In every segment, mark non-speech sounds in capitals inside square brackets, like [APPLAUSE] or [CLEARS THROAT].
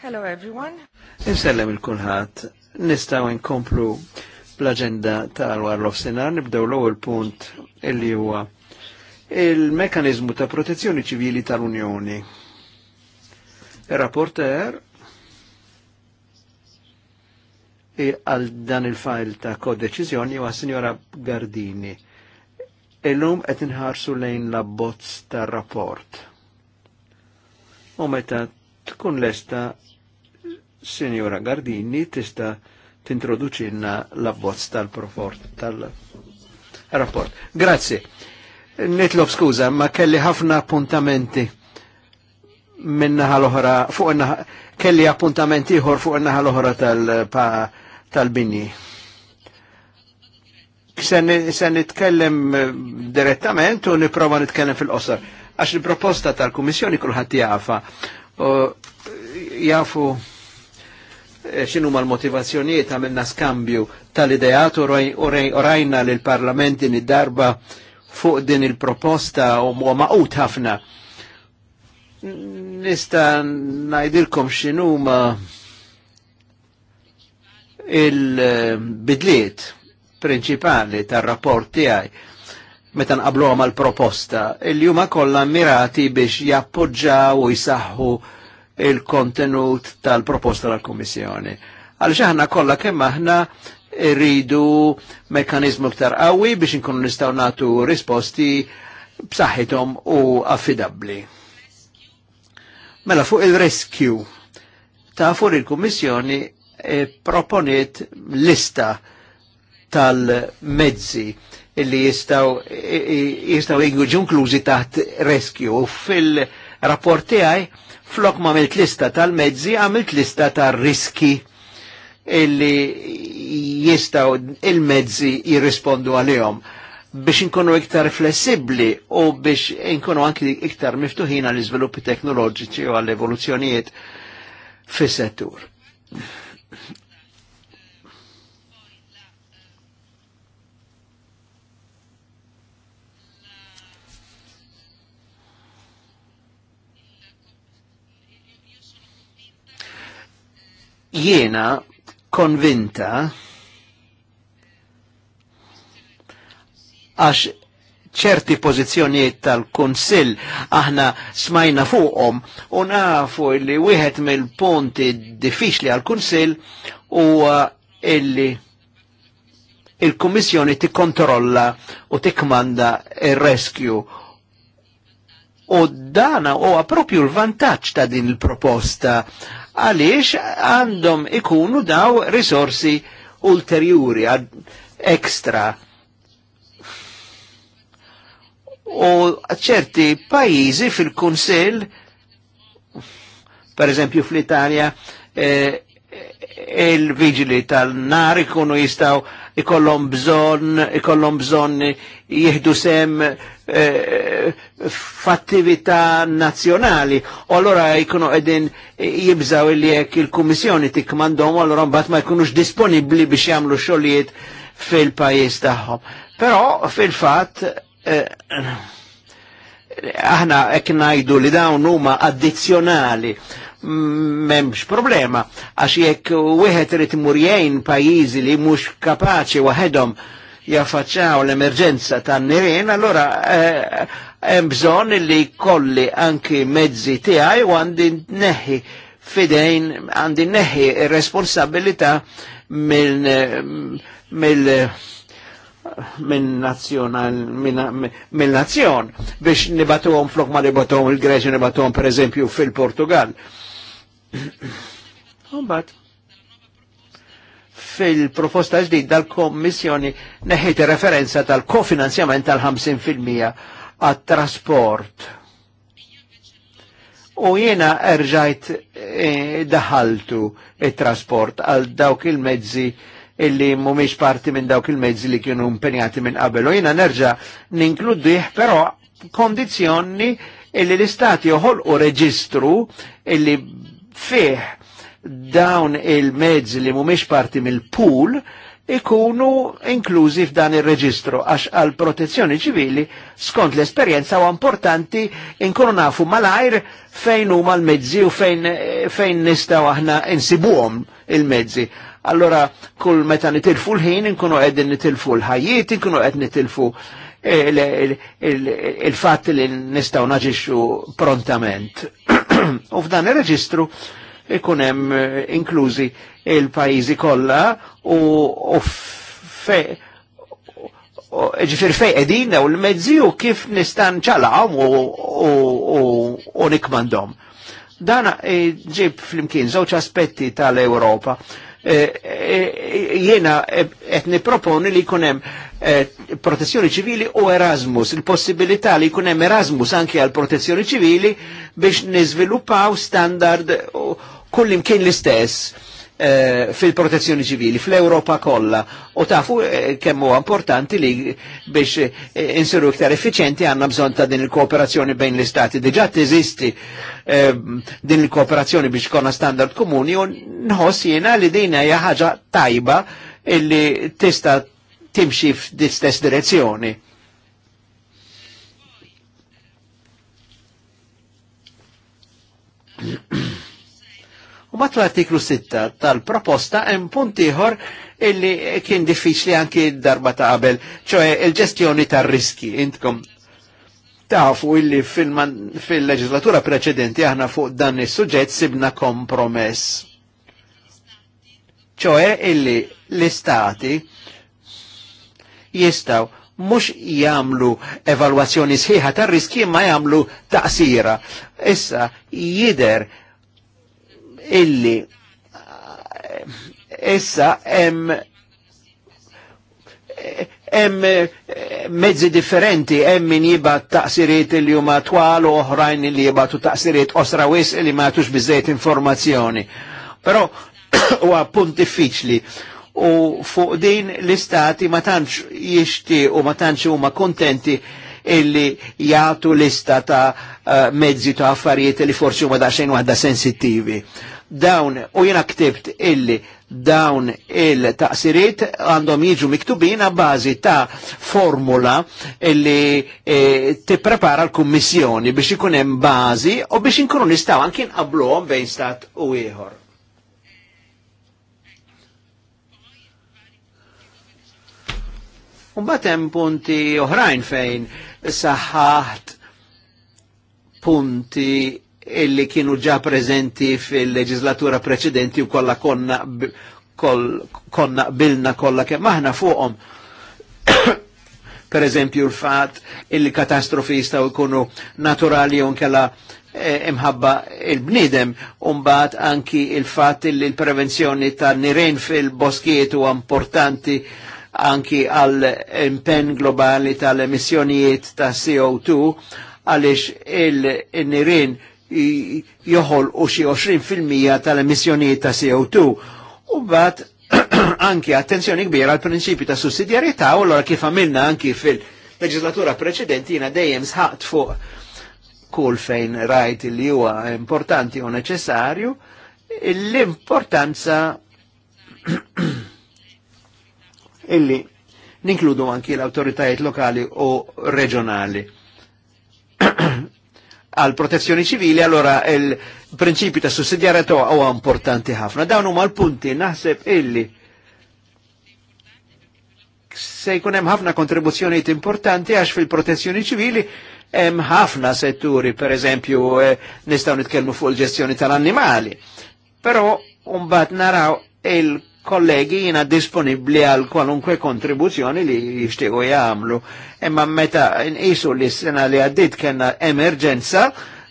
Hello everyone. Insellem il-kulħat. Nistaw inkomplu bl-agenda tal-war l-ofsenar. Nibdew l-ewwel punt illi huwa il-mekanizmu ta' protezzjoni ċivili tal-Unjoni. Il-rapporter għal dan il-fajl ta' kodeċizjoni għas Sinjora Gardini. Illum qed inħarsu lejn la bozz tar-rapport. U meta tkun lesta Signora Gardini tista tintroduċinna l-abbozz tal proport Tal -rapport. Grazie. Nitlob skuza, ma kelli ħafna appuntamenti minnaħa l-oħra, fuq kelli appuntamenti ieħor fuq naħa l-oħra tal-bini. Tal Se nitkellem eh, direttament u niprofa nitkellem fil-qosor. Għax il-proposta tal-Kummissjoni kulħadd jafa. Eh, jafu. Uh, Eh, xinu l motivazzjonijiet għamilna skambju tal ideat u rajna l-parlament din id-darba fuq din il-proposta u um maqut ħafna. Nista najdilkom xinu il-bidliet prinċipali tal-rapport għaj meta nqablu għal proposta il-juma kollha mirati biex jappoġġaw u jisaħħu il-kontenut tal-proposta tal-Kommissjoni. Għal xaħna kollha kemm aħna rridu mekanizmu ktar qawwi biex inkunu nistgħu nagħtu risposti b'saħħithom u affidabbli. Mela fuq il-rescue ta' fuq il-Kummissjoni e eh, proponiet lista tal-mezzi illi jistaw eh, eh, jinkluzi inklużi taħt rescue fil-rapport tiegħi flok ma għamilt lista tal-mezzi għamilt lista tal-riski illi jistaw il-mezzi jirrispondu għalihom biex inkunu iktar flessibli u biex inkunu anki iktar miftuħin għall-iżviluppi teknoloġiċi u għall-evoluzzjonijiet fis-settur. Jiena konvinta għax ċerti pozizjoniet tal konsil aħna smajna fuqhom u nafu li wieħed mill-punti diffiċli għal-Konsill huwa illi il-Kummissjoni tikkontrolla u tikkmanda ir-reskju. U dana huwa propju l-vantaġġ ta' din il-proposta għaliex għandhom ikunu daw risorsi ulterjuri ekstra. U ċerti pajizi fil kunsel per eżempju fl-Italja, eh, il-vigili tal-nar ikunu jistaw ikollhom bżonn ikollhom bżonn jieħdu sem eh, f'attività nazzjonali. U allora jkunu qegħdin jibżaw li jekk il-Kummissjoni tikmandhom allura mbagħad ma jkunux disponibbli biex jagħmlu xogħlijiet fil-pajjiż tagħhom. Però fil-fatt eh, aħna hekk ngħidu li dawn huma addizzjonali memx problema, għax jekk wieħed rrit murjejn pajjiżi li mhux kapaċi waħedhom jaffaċċaw l-emerġenza tan-nirien, allora eh, hemm eh, bżonn li kolli anki mezzi tiegħi u għandi neħi fidejn għandi neħi responsabilità minn mill min nazjonal minn nazzjon biex nibatuhom flok ma nibatuhom il greċi nibatuhom per eżempju fil-Portugal. [COUGHS] Umbat, fil-proposta ġdid dal kommissjoni neħit referenza tal-kofinanzjament tal-50% għat-trasport. U jiena erġajt e, daħaltu il-trasport għal dawk il-mezzi illi mumiex parti minn dawk il-mezzi li kienu impenjati minn qabel. U jiena nerġa ninkluddiħ però kondizjoni illi l-istati joħolqu reġistru illi fih dawn il-mezzi li mumiex parti mill-pool ikunu inklużi f'dan il-reġistru għax għal protezzjoni ċivili skont l-esperjenza u importanti inkunu nafu mal-ajr fejn huma l-mezzi u fejn, fejn nistaw aħna insibuhom il-mezzi. Allora kull meta nitilfu l-ħin inkunu qegħdin nitilfu l ħajiet inkunu qed nitilfu il-fatt li nistaw naġixxu prontament. [CLEARS THROAT] U f'dan ir-reġistru ikunem hemm eh, inklużi il-pajjiżi kollha u ġifir fej edina u l-mezzi u kif nistan ċalaħom u nikmandom. Dana eh, ġib fl-imkien żewġ aspetti tal-Europa. Eh, Jena qed niproponi li jkun hemm protezzjoni ċivili u Erasmus, il-possibilità li jkun hemm Erasmus anke għal protezzjoni ċivili biex niżviluppaw standard kullim kien l-istess eh, fil-protezzjoni ċivili fl-Europa kollha u tafu kemmu eh, kemm huwa importanti li biex eh, insiru iktar effiċenti għandna bżonn ta' din il-kooperazzjoni bejn l-istati. t teżisti din il-kooperazzjoni biex konna standard komuni u nħos jena li dina hija ħaġa tajba illi tista' timxi f'istess direzzjoni U mat l-artiklu 6 tal-proposta hemm punt ieħor illi kien diffiċli anki darba ta' qabel, ċoe il-ġestjoni tar-riski. Intkom tafu illi fil-leġislatura preċedenti aħna fuq dan is-suġġett sibna kompromess. ċoe illi l-istati jistaw mhux jagħmlu evalwazzjoni sħiħa tar-riski ma jagħmlu taqsira. Issa jider illi eh, issa hemm eh, em eh, mezzi differenti, hemm min jibat taqsiriet li huma twal u oħrajn li jibatu taqsiriet osra wis li ma tux biżejjed informazzjoni. Però [COUGHS] huwa punt diffiċli u fuq din l-istati ma tantx jixti u ma tantx huma kontenti illi jgħatu lista ta' eh, mezzi ta' affarijiet li forsi huma daqsxejn waħda sensittivi. Dawn u jiena ktibt illi dawn il-taqsiriet għandhom jiġu miktubin bażi ta' formula li e, eh, tipprepara l-Kummissjoni biex ikun hemm bażi u biex inkunu nistgħu anke nqabluhom bejn stat u ieħor. Un hemm punti oħrajn fejn saħħaħt punti illi kienu ġa prezenti fil-leġislatura preċedenti u kolla konna, kol, konna bilna kolla kemm aħna fuqhom. [COUGHS] per eżempju l-fat illi katastrofi jistaw ikunu naturali u nkella eh, imħabba il-bnidem, umbat anki il-fat illi l-prevenzjoni ta' nirin fil-boskiet u importanti anki għal impenn globali tal-emissjonijiet ta' CO2 għalix il-nirin joħol u xi 20% tal-emissjonijiet ta' CO2. U bat [CLEARS THROAT] anki attenzjoni kbira għal prinċipi ta' sussidjarità u l kif għamilna anki fil-leġislatura preċedenti jina dejjem sħat fuq kull fejn rajt li huwa importanti u neċessarju l-importanza [CLEARS THROAT] illi ninkludu anki l-autoritajiet lokali u reġjonali. [CLEARS THROAT] għal protezzjoni ċivili, allora il-prinċipju ta' sussidjarjetà huwa importanti ħafna. Dawn huma l-punti naħseb illi se jkun hemm ħafna kontribuzzjonijiet importanti għax fil-protezzjoni ċivili hemm ħafna setturi, per eżempju, eh, nistgħu nitkellmu fuq il-ġestjoni tal-annimali. Però mbagħad naraw il kollegi jina disponibli għal kwalunkwe kontribuzzjoni li jishtiqu jgħamlu. Imma meta jisu li s-sena li għaddit kena emerġenza,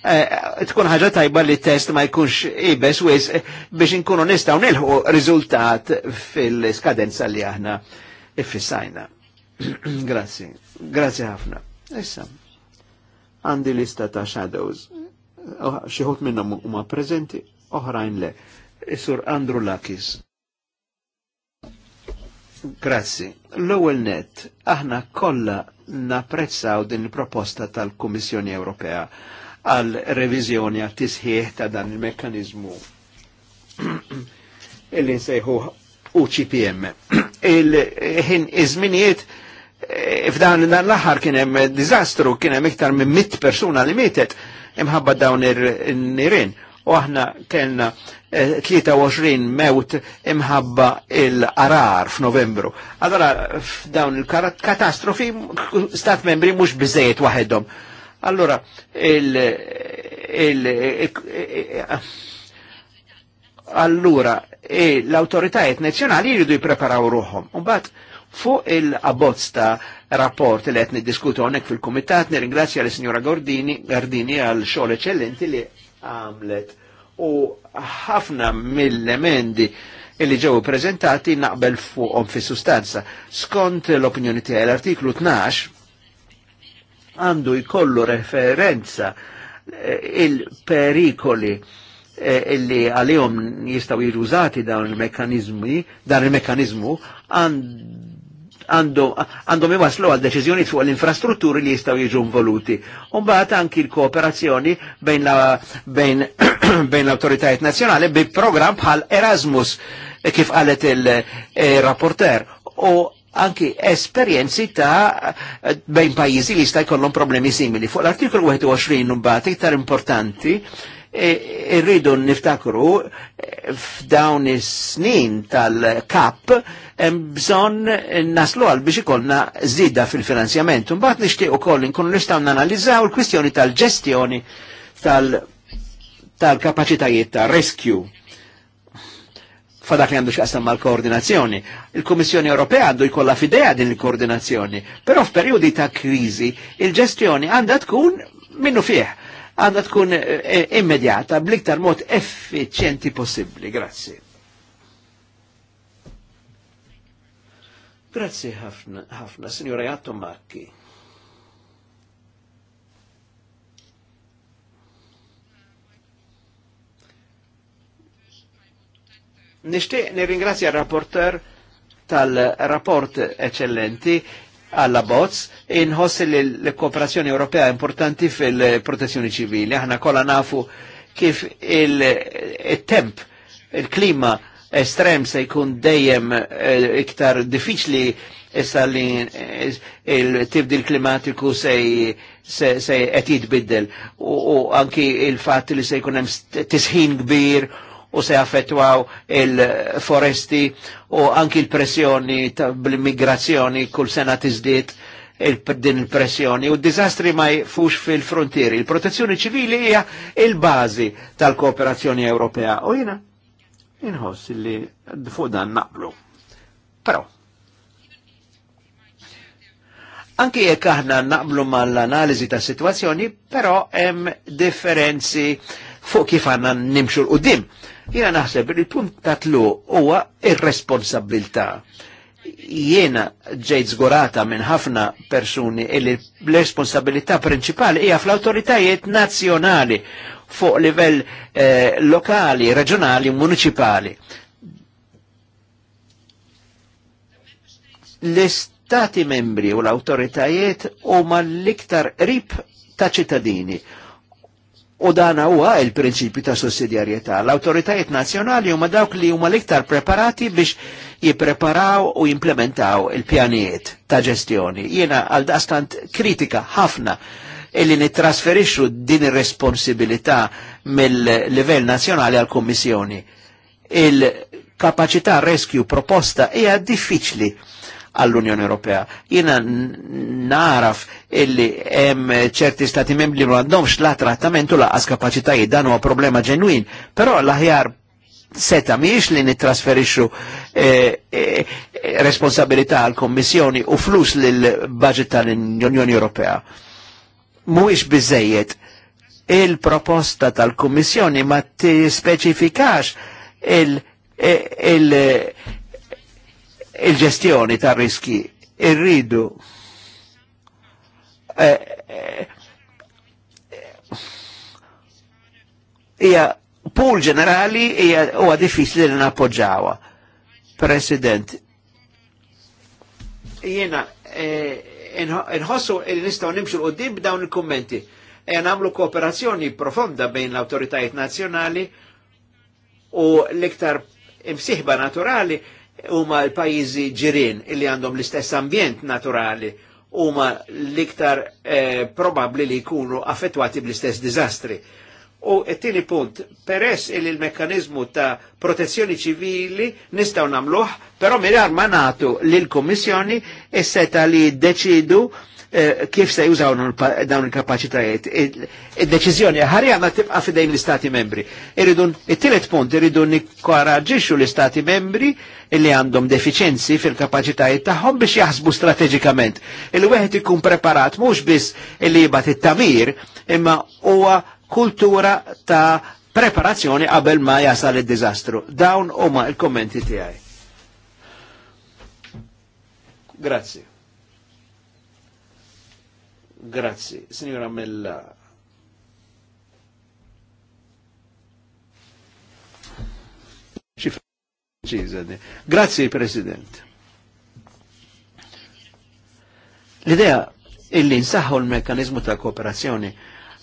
eh, tkun ħaġa tajba li test ma jkunx ibes wis eh, biex nkunu nistaw nilħu rizultat fil-skadenza li aħna fissajna. Grazie, [CLEARS THROAT] grazie ħafna. Issa, għandi lista ta' shadows. Oh, Xieħut minnom huma prezenti, oħrajn le. Isur Andru Lakis. Grazzi. L-ewwel net, aħna kollha napprezzaw din il-proposta tal-Kummissjoni Ewropea għal reviżjoni għat tisħieħ ta' dan il mekkaniżmu [CLEARS THROAT] illi nsejħu UCPM. [CLEARS THROAT] Il-ħin iżminijiet eh, f'dan dan l-aħħar kien hemm diżastru, kien hemm iktar minn mit persuna li mietet imħabba dawn ir-nirien. ir nirien u aħna kellna 23 eh, mewt imħabba il-arar f'Novembru. Allora f'dawn il-katastrofi stat membri mhux biżejjed waħedhom. Allora il, il, il, allura e l-autoritajiet nazzjonali jridu jippreparaw ruħhom. Mbagħad fuq il-abbozz ta' rapport li qed niddiskutu hawnhekk fil-kumitat nirringrazzja l-Sinjora Gordini Gardini għal xogħol eċċellenti li għamlet u ħafna mill-emendi illi ġew prezentati naqbel fuqhom fi sustanza. Skont l-opinjoni tiegħi l-artiklu 12 għandu jkollu referenza eh, il-perikoli eh, illi għalihom jistgħu jiżużati dawn il mekkaniżmi dan il-mekkanizmu għand għandhom imaslu għal deċizjoni fuq l-infrastrutturi li jistaw jiġu involuti. Umbagħad anki l-kooperazzjoni bejn l-awtoritajiet [CLEARS THROAT] nazjonali bi program bħal Erasmus e kif għalet il-rapporter e, u anki esperienzi ta' bejn pajizi li jistaj kollon problemi simili. Fuq l-artikolu 21 mbagħad iktar importanti e, irridu niftakru f'dawn is-snin tal-kap hemm bżonn naslu għal biex ikollna zida fil-finanzjament. Mbagħad nixtieq ukoll inkunu nistgħu nanalizzaw il-kwistjoni tal-ġestjoni tal-kapaċitajiet tal ġestjoni tal kapaċitajiet tal tar rescue fadak li għandu xaqsam mal koordinazzjoni Il-Kommissjoni Ewropea għandu jkollha fidea din il-koordinazzjoni, però f'perjodi ta' kriżi il-ġestjoni għandha tkun minnu fih, għandha tkun eh, immedjata bliktar mod effiċjenti possibbli. Grazie. Grazie ħafna, ħafna, Signora Jatto Marki. Nishtiq nirringrazzja rapporter tal-rapport eccellenti għalla bozz inħoss li le kooperazzjoni europea importanti fil-protezzjoni civili. Aħna kolla nafu kif il-temp, il-klima il temp il klima estrem se jkun dejjem eh, iktar diffiċli issa li eh, il-tibdil klimatiku se qed jitbiddel u anki il-fatt li se jkun hemm tisħin kbir u se affettwaw il-foresti u anki l-pressjoni bl-immigrazzjoni kull sena tiżdied din il-pressjoni u d-dizastri ma jfux fil-frontieri. Il-protezzjoni ċivili hija il-bażi tal-kooperazzjoni Ewropea. U jina inħoss li fuq dan naqblu. Però, anki jekk aħna naqblu mal-analiżi ta' situazzjoni, però hemm differenzi fuq kif għanna nimxu l qoddim Jena naħseb li l-punt ta' tlu huwa ir-responsabilità jiena ġejt zgurata minn ħafna persuni illi l-responsabilità principali hija fl-autoritajiet nazzjonali fuq livell eh, lokali, regionali, municipali. L-istati membri u l-autoritajiet huma l-iktar rib ta' ċittadini U dana huwa il-prinċipju ta' sussidjarjetà. L-awtoritajiet nazzjonali huma dawk li huma l-iktar preparati biex jippreparaw u jimplementaw il-pjanijiet ta' ġestjoni. Jiena għal dastant kritika ħafna illi nittrasferixxu din ir-responsibilità mill-livell nazzjonali għal kummissjoni Il-kapacità rescue proposta hija diffiċli għall-Unjoni Ewropea. Jiena naraf illi hemm ċerti stati membri li m'għandhomx la trattamentu laqas kapaċitajiet dan huwa problema ġenwin, però l-aħjar seta miex li nittrasferixxu eh, eh, responsabilità għal kommissjoni u flus lil budget tal-Unjoni Ewropea. Mhuwiex biżejjed il-proposta tal-Kummissjoni ma tispeċifikax il- eh, il- il-ġestjoni ta' riski irridu eh, eh, ija pool ġenerali ija u għadifis li nappoġġawha. President, jena eh, nħossu li nistgħu nimxu u dib dawn il kommenti E nagħmlu kooperazzjoni profonda bejn l-awtoritajiet nazjonali u l-iktar imsiħba naturali huma l-pajjiżi ġirin illi għandhom l-istess ambjent naturali huma l-iktar eh, probabbli li jkunu affettwati bl-istess diżastri. U t-tieni punt, peress illi l-mekkanizmu ta' protezzjoni ċivili nistaw namluħ, però mirar ma natu l komissjoni is-seta li deċidu Eh, kif se jużaw dawn il-kapacitajiet. Id-deċizjoni ħarja ma tibqa fidejn l-Istati membri. Iridun, it-tielet punt, iridu nikkoraġġixxu l-Istati membri li għandhom deficienzi fil-kapacitajiet tagħhom biex jaħsbu strateġikament. Il-wieħed ikun preparat mhux biss li jibgħat it-tamir, imma huwa kultura ta' preparazzjoni qabel ma jasal id-diżastru. Dawn huma il-kommenti tiegħi. Grazie. Grazzi, signora Mella. Grazie Presidente. L'idea L-idea il meccanismo della cooperazione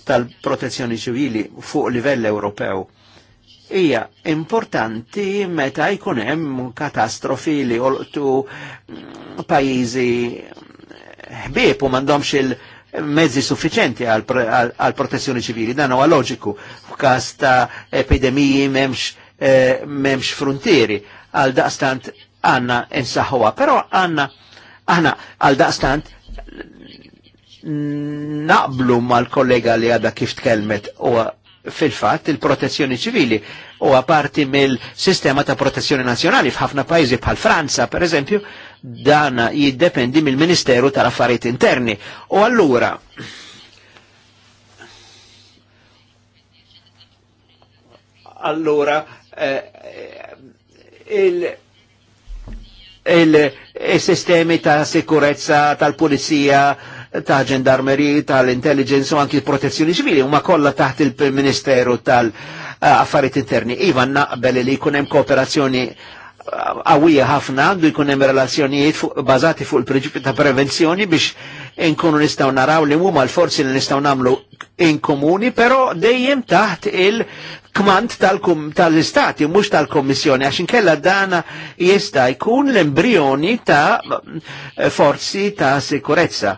ta' kooperazzjoni tal fu a fuq europeo e è importante meta jkun hemm li jolqtu mm, paesi ħbieb u m'għandhomx il- mezzi suffiċenti għal protezzjoni ċivili. Dan huwa loġiku f'każ ta' epidemiji memx, eh, frontieri għal daqstant għanna insaħħuha, però għanna aħna għal daqstant naqblu mal-kollega li għada kif tkellmet u fil-fat il-protezzjoni ċivili u għaparti mill-sistema ta' protezzjoni nazjonali f'ħafna pajzi bħal Franza, per eżempju, dana jiddependi mill-Ministeru tal-Affarijiet Interni. U allura allura eh, il il-sistemi ta' sikurezza, tal-pulizija, ta' ġendarmeri, tal-intelligence u anki protezzjoni ċivili, huma kollha taħt il-Ministeru tal-Affarijiet Interni. Ivan naqbel li jkun hemm kooperazzjoni għawija ħafna, għandu jkun hemm relazzjonijiet bażati fuq il-prinċipju ta' prevenzjoni biex inkunu nistgħu naraw li huma l-forzi li nistgħu nagħmlu inkomuni, però dejjem taħt il-kmant tal-istati, tal mhux tal-Kommissjoni, għax inkella dana jista' jkun l-embrioni ta' forzi ta' sikurezza.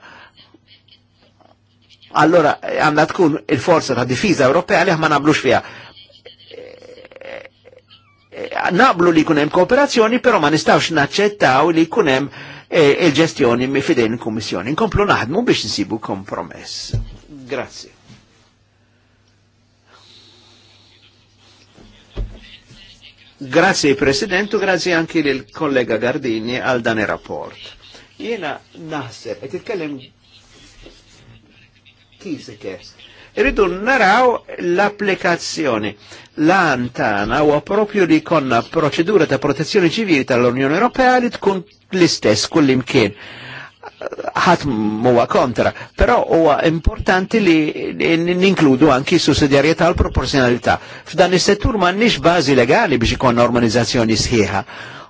Allora għandha tkun il-forza ta' difiża Ewropea li ma nagħmlux fiha Eh, naqblu li kunem kooperazzjoni, pero ma nistawx naċċettaw li kunem eh, il-ġestjoni mi fidejn il-Kommissjoni. Nkomplu naħdmu biex nsibu kompromess. Grazie. Grazie Presidentu, grazie anche il kollega Gardini għal dan rapport Jena naħseb, et titkellem kiseke Irridu naraw l-applikazzjoni. L-Antana huwa propju li konna proċedura ta' protezzjoni ċivili tal-Unjoni Ewropea li tkun l-istess kullimkien Ħadd huwa kontra, però huwa importanti li ninkludu anki sussidjarjetà u proporzjonalità. F'dan is-settur m'għandniex bażi legali biex ikonna organizzazzjoni sħiħa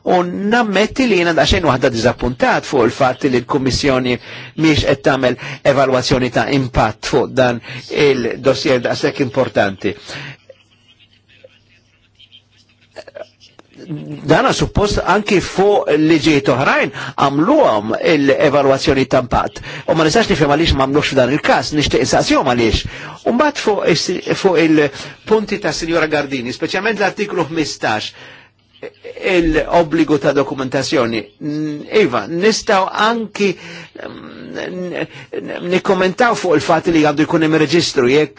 u nammetti li jena daċen wahda dizappuntat fuq il-fat li l-Kommissjoni miex qed tagħmel evalwazzjoni ta' impatt fuq dan il-dossier da' sekk importanti. Dana suppost anki fuq liġijiet oħrajn għamluhom l-evalwazzjoni ta' impatt. U ma nistax nifhem għaliex m'għamlux f'dan il-każ, nixtieq insaqsihom għaliex. Umbagħad fuq il-punti ta' Sinjora Gardini, speċjalment l-artiklu 15 il-obbligu ta' dokumentazzjoni. Iva, nistaw anki mm, nikkommentaw fuq il-fat li għandu jkun hemm reġistru jekk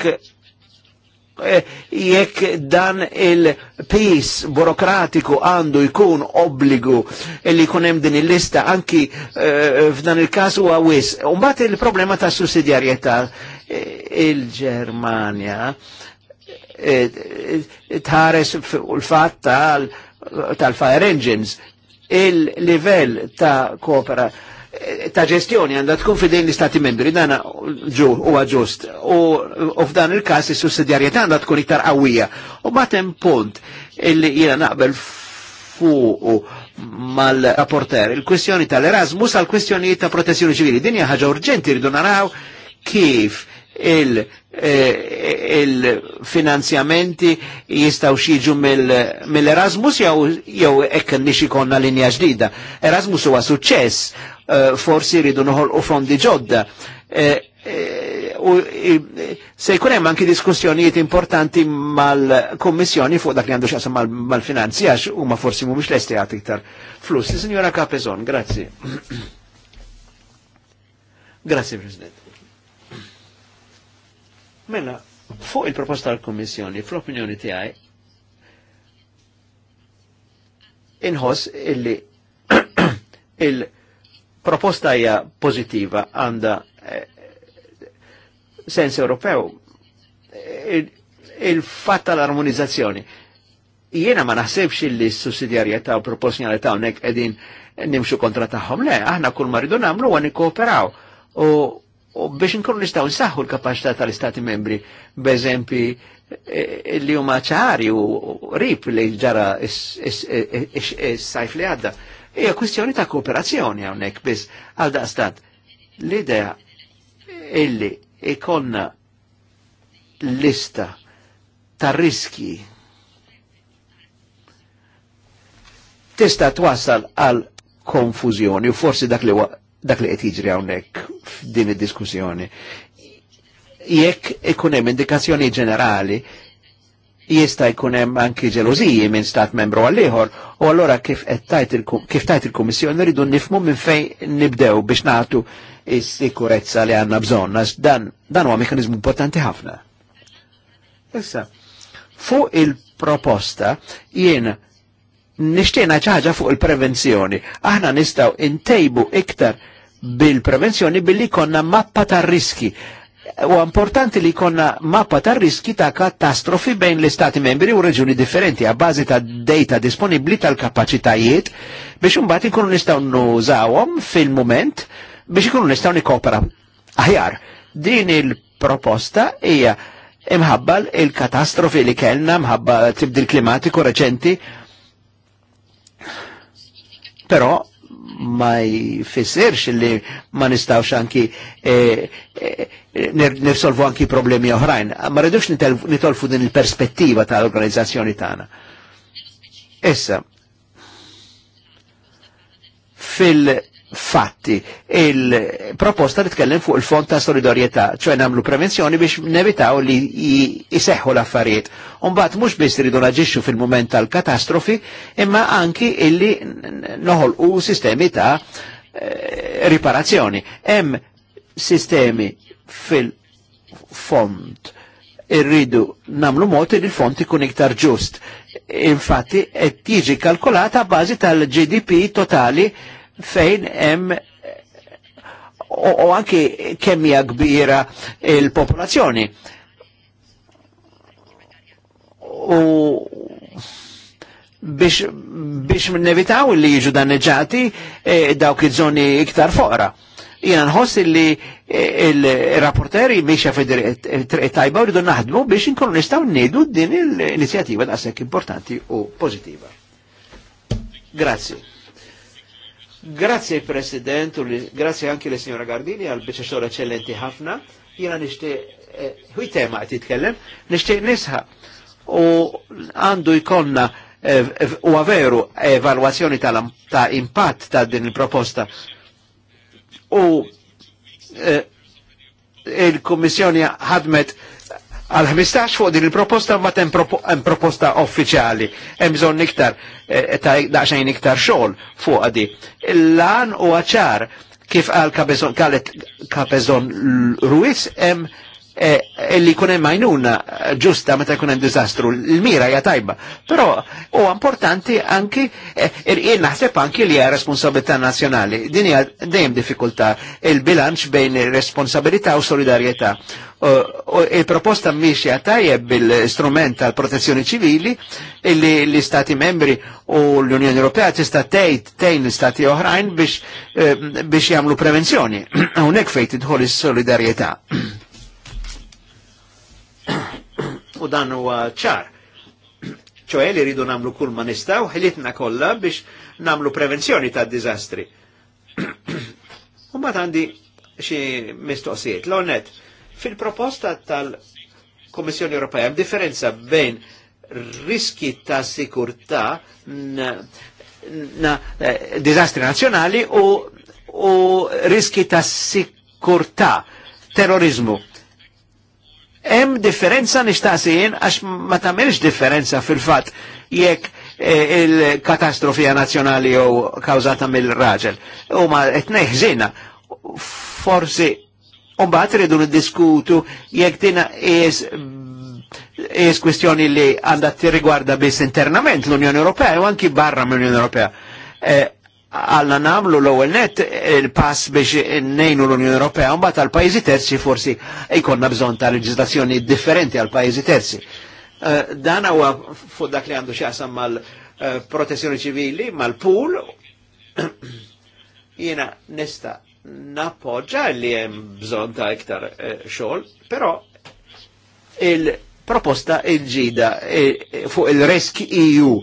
eh, jekk dan il-pis burokratiku għandu jkun obbligu li jkun hemm din il-lista anki eh, f'dan il-każ huwa wis. Umbagħad il-problema ta' sussidjarjetà eh, il-Ġermanja tħares u l-fatt tal tal-fire engines. Il-livell ta' koopera ta' ġestjoni għandha tkun fidejn l-Istati membri, dana ġu u ġust. U f'dan il-każ is-sussidjarjetà għandha tkun iktar qawwija. U matem punt illi jiena naqbel fuq mal-rapporter il-kwestjoni tal-Erasmus għal kwestjoni ta' protezzjoni ċivili. Din hija ħaġa urġenti rridu naraw kif il-finanzjamenti eh, jistaw xieġu mill-Erasmus jew ekk nixi konna linja ġdida. Erasmus huwa suċċess, eh, forsi rridu noħol u fondi ġodda. Eh, se jkun hemm anki diskussjonijiet importanti mal-Kommissjoni fuq dak li għandu x'għasam mal-finanzi għax huma forsi mhumiex lesti għad iktar flus. Signora Capezon, grazzi. [COUGHS] Grazie President. Mela, fuq il-proposta tal-Kommissjoni, fl-opinjoni tiegħi, inħoss illi [CLEARS THROAT] il-proposta hija pożittiva għandha eh, sens Ewropew il-fatta il fatta tal l armonizzazzjoni Jiena ma naħsebx illi s-sussidjarjetà u proporzjonalità hawnhekk qegħdin nimxu kontra tagħhom. Le, aħna kull ma rridu nagħmlu huwa nikkooperaw. U u biex nkunu nistaw nsaħħu l-kapacità tal-Istati membri, b'eżempi e, e, li huma ċari u rip li ġara s-sajf li għadda. Ija kwistjoni ta' kooperazzjoni hawnhekk biss għal stat L-idea illi ikonna lista ta' riski tista' twassal għal konfuzjoni u forsi dak li dak li qed jiġri hawnhekk f'din id-diskussjoni. Jekk ikun hemm indikazzjoni ġenerali jista' jkun hemm anki ġelużiji minn stat membru għal ieħor u allura kif tajt il-Kummissjoni rridu nifmu minn fejn nibdew biex nagħtu is-sikurezza li għandna bżonn għax dan dan huwa mekanizmu importanti ħafna. Issa, fuq il-proposta jien nishtiena ċaħġa fuq il-prevenzjoni. Aħna nistaw intejbu iktar bil-prevenzjoni billi konna mappa ta' riski. U importanti li konna mappa ta' riski ta' katastrofi bejn l-istati membri u reġuni differenti a bazi ta' data disponibli tal-kapacitajiet biex mbagħad ikunu nistgħu nużawhom fil-mument biex ikunu nistgħu nikopra aħjar. Din il-proposta hija imħabbal il-katastrofi li kellna mħabba tibdil klimatiku reċenti Però ma jfissirx li ma nistawx anki eh, eh nirsolvu anki problemi oħrajn. Ma rridux nitolfu din il-perspettiva tal-organizzazzjoni tagħna. Issa, fil- fatti. Il-proposta li tkellem fuq il-fond ta' solidarjetà, ċoj namlu prevenzjoni biex nevitaw li jiseħħu l-affarijiet. Umbat mux biex ridu naġiċu fil-moment tal-katastrofi, imma anki illi noħol u sistemi ta' eh, riparazzjoni. Em sistemi fil-fond irridu namlu mod li l-fond ikun iktar ġust. Infatti, qed jiġi kalkolata bazi tal-GDP totali fejn hemm u anki kemmija kbira il-popolazzjoni. U biex, biex nevitaw li jiġu danneġati e, eh, dawk iż-żoni iktar foqra jina nħoss li eh, il-rapporteri biex jafidir tajba rridu naħdmu biex nkunu nistaw nidu din l-inizjativa da' sekk importanti u pozitiva. Grazie. Grazie President, grazie anche le signora Gardini al biċa xor eccellenti ħafna. Jena nishti, eh, hui eh, tema għet jitkellem, nishti nisħa u għandu jkonna eh, u għaveru evalwazzjoni ta', ta impatt ta' din il-proposta. U eh, il-Kommissjoni ħadmet eh, għal 15 fuq din il-proposta ma tem proposta uffiċjali, hemm bżonn iktar eh, ta' daqsxejn iktar xogħol fuq di. Il-lan u għaċar kif għal kabeżon kalet kabeżon Ruiz hemm Eh, li kunem majnuna ġusta meta kunem dizastru, l-mira hija tajba. Però u importanti anki, eh, jien naħseb anki li hija responsabilità nazzjonali. Din hija dejjem diffikultà il-bilanċ bejn responsabilità u solidarjetà. Eh, il-proposta mhix hija tajjeb bil-istrument tal-protezzjoni ċivili li l-Istati membri u l-Unjoni Ewropea tista' tgħid tgħin l-Istati oħrajn biex biex jagħmlu prevenzjoni. [CLEARS THROAT] Hawnhekk fejn tidħol is-solidarjetà. [CLEARS THROAT] u dan huwa ċar. ċoħe li rridu namlu kull ma nistaw, ħilitna kollha biex namlu prevenzjoni ta' dizastri. Umbat għandi xie mistoqsijiet. L-onet, fil-proposta tal-Komissjoni Ewropea, differenza bejn riski ta' sikurta na, eh, dizastri nazjonali u, u riski ta' sikurta, terrorizmu. Hemm differenza nixtaqsijin għax ma tagħmilx differenza fil-fatt jekk eh, il-katastrofija nazzjonali jew kawżata mill-raġel. Huma qed neħżina forsi mbagħad iridu niddiskutu jekk din is kwistjoni li għandha tirrigwarda biss internament l-Unjoni Ewropea u anki barra mill-Unjoni Ewropea. Eh, għalla namlu l-ewwel net il-pass biex nejnu l-Unjoni Ewropea mbagħad għal pajjiżi terzi forsi jkollna bżonn ta' leġislazzjoni differenti għal pajjiżi terzi. Eh, dan huwa fuq dak li għandu x'jaqsam mal-protezzjoni eh, ċivili, mal-pool, [CLEARS THROAT] jiena nista' nappoġġa li hemm bżonn ta' iktar eh, xogħol, però il-proposta il-ġida fuq il-Resk EU